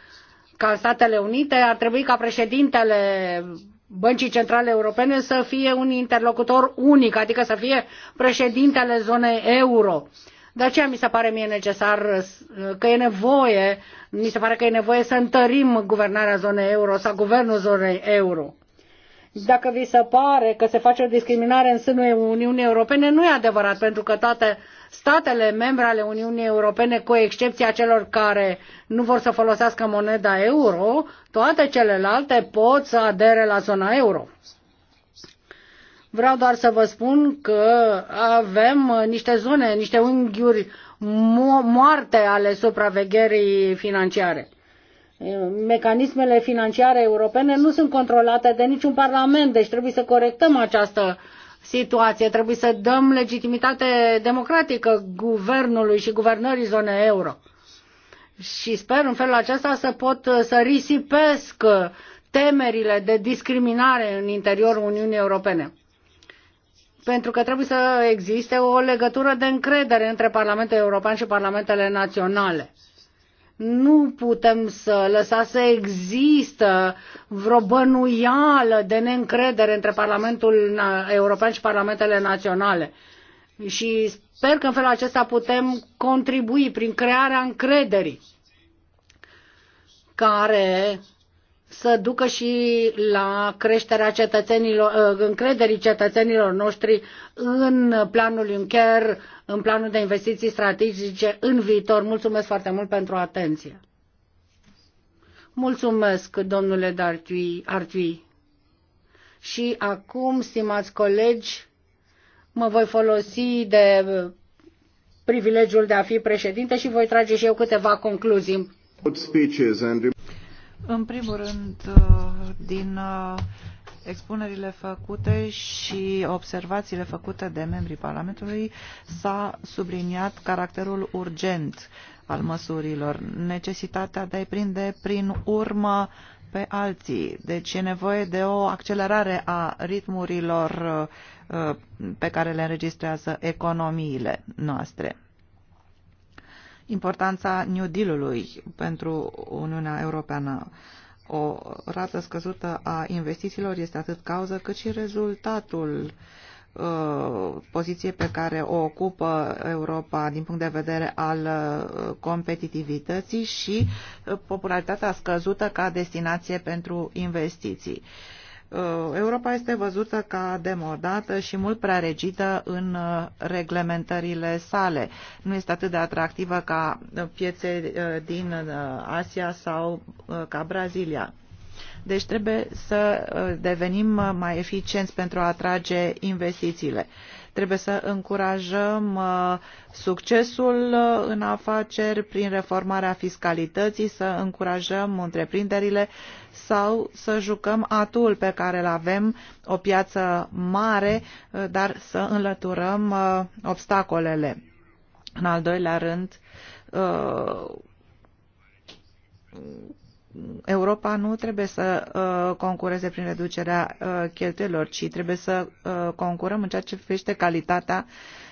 ca în Statele Unite, ar trebui ca președintele Băncii Centrale Europene să fie un interlocutor unic, adică să fie președintele zonei euro. De aceea mi se pare mie necesar că e nevoie, mi se pare că e nevoie să întărim guvernarea zonei euro sau guvernul zonei euro. Dacă vi se pare că se face o discriminare în sânul Uniunii Europene, nu e adevărat, pentru că toate statele membre ale Uniunii Europene, cu excepția celor care nu vor să folosească moneda euro, toate celelalte pot să adere la zona euro. Vreau doar să vă spun că avem niște zone, niște unghiuri moarte ale supravegherii financiare. Mecanismele financiare europene nu sunt controlate de niciun parlament, deci trebuie să corectăm această situație. Trebuie să dăm legitimitate democratică guvernului și guvernării zonei euro. Și sper în felul acesta să pot uh, să risipesc uh, temerile de discriminare în interiorul Uniunii Europene. Pentru că trebuie să existe o legătură de încredere între Parlamentul European și Parlamentele Naționale nu putem să lăsa să există vreo bănuială de neîncredere între Parlamentul European și Parlamentele Naționale. Și sper că în felul acesta putem contribui prin crearea încrederii care să ducă și la creșterea cetățenilor, ă, încrederii cetățenilor noștri în planul Juncker, în planul de investiții strategice în viitor. Mulțumesc foarte mult pentru atenție. Mulțumesc, domnule Dartui, Artui. Și acum, stimați colegi, mă voi folosi de privilegiul de a fi președinte și voi trage și eu câteva concluzii. În primul rând, uh, din uh, expunerile făcute și observațiile făcute de membrii Parlamentului s-a subliniat caracterul urgent al măsurilor, necesitatea de a-i prinde prin urmă pe alții. Deci e nevoie de o accelerare a ritmurilor uh, pe care le înregistrează economiile noastre importanța New Deal-ului pentru Uniunea Europeană. O rată scăzută a investițiilor este atât cauză cât și rezultatul uh, poziție pe care o ocupă Europa din punct de vedere al uh, competitivității și uh, popularitatea scăzută ca destinație pentru investiții. Uh, Uh, Europa este văzută ca demodată și mult prea regită în uh, reglementările sale. Nu este atât de atractivă ca uh, piețe din Asia sau ca Brazilia. Deci trebuie să devenim mai eficienți pentru a atrage investițiile. Trebuie să încurajăm succesul în afaceri prin reformarea fiscalității, să încurajăm întreprinderile sau să jucăm atul pe care îl avem, o piață mare, uh, dar să înlăturăm uh, obstacolele. În al doilea rând, uh, Europa nu trebuie să concureze prin reducerea cheltuielor, ci trebuie să concurăm în ceea ce privește calitatea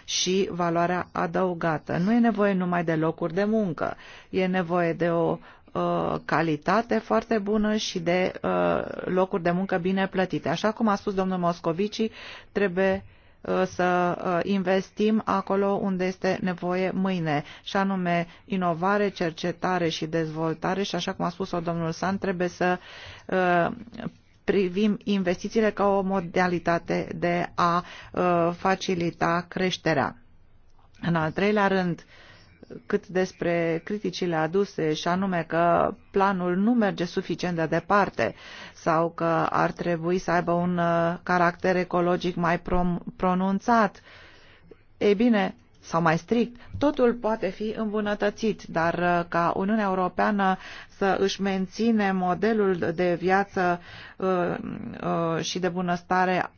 și valoarea adăugată. Nu e nevoie numai de locuri de muncă, e nevoie de o Uh, calitate foarte bună și de uh, locuri de muncă bine plătite. Așa cum a spus domnul Moscovici, trebuie uh, să investim acolo unde este nevoie mâine, și anume inovare, cercetare și dezvoltare și așa cum a spus-o domnul San, trebuie să privim investițiile ca o modalitate de a facilita creșterea. În al treilea rând, uh, cât despre criticile aduse și anume că planul nu merge suficient de departe sau că ar trebui să aibă un uh, caracter ecologic mai pronunțat. Ei bine, sau mai strict, totul poate fi îmbunătățit, dar uh, ca Uniunea Europeană să își menține modelul de viață uh, uh, și de bunăstare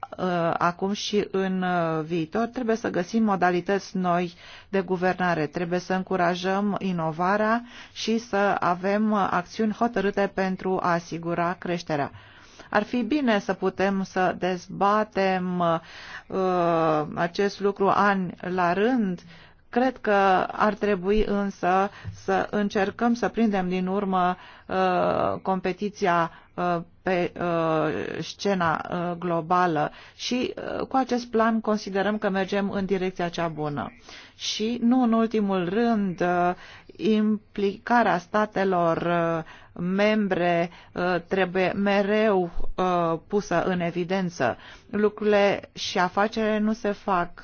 acum și în viitor, trebuie să găsim modalități noi de guvernare, trebuie să încurajăm inovarea și să avem acțiuni hotărâte pentru a asigura creșterea. Ar fi bine să putem să dezbatem uh, acest lucru ani la rând. Cred că ar trebui însă să încercăm să prindem din urmă uh, competiția uh, pe uh, scena uh, globală și uh, cu acest plan considerăm că mergem în direcția cea bună. Și nu în ultimul rând, uh, implicarea statelor uh, membre uh, trebuie mereu uh, pusă în evidență. Lucrurile și afacerile nu se fac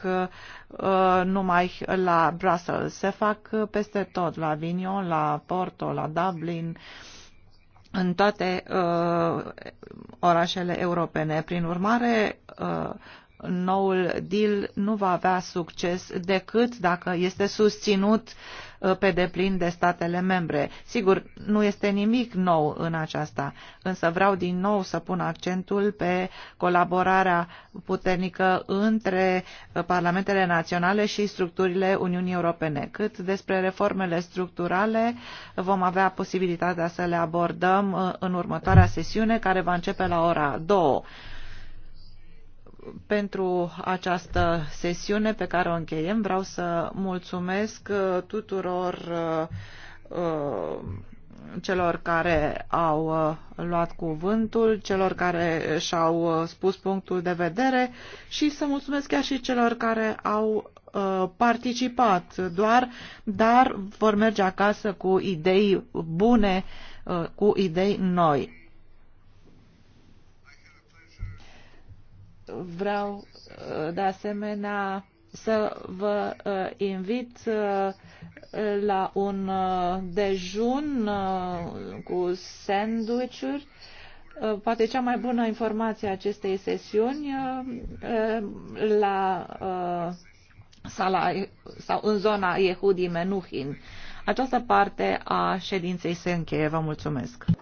numai la Brussels, se fac peste tot, la Avignon, la Porto, la Dublin, în toate orașele europene. Prin urmare, noul deal nu va avea succes decât dacă este susținut uh, Uh, pe deplin de statele membre. Sigur, nu este nimic nou în aceasta, însă vreau din nou să pun accentul pe colaborarea puternică între uh, parlamentele naționale și structurile Uniunii Europene. Cât despre reformele structurale, vom avea posibilitatea să le abordăm uh, în următoarea sesiune, care va începe la ora 2 pentru această sesiune pe care o încheiem. Vreau să mulțumesc uh, tuturor uh, uh, celor care au luat cuvântul, celor care și-au spus punctul de vedere și să mulțumesc chiar și celor care au participat doar, dar vor merge acasă cu idei bune, cu idei noi. Vreau uh, de asemenea să vă uh, invit uh, la un dejun cu sandwich-uri. Poate cea mai bună informație a acestei sesiuni la sala sau în zona Yehudi Menuhin. Această parte a ședinței se încheie. Vă mulțumesc!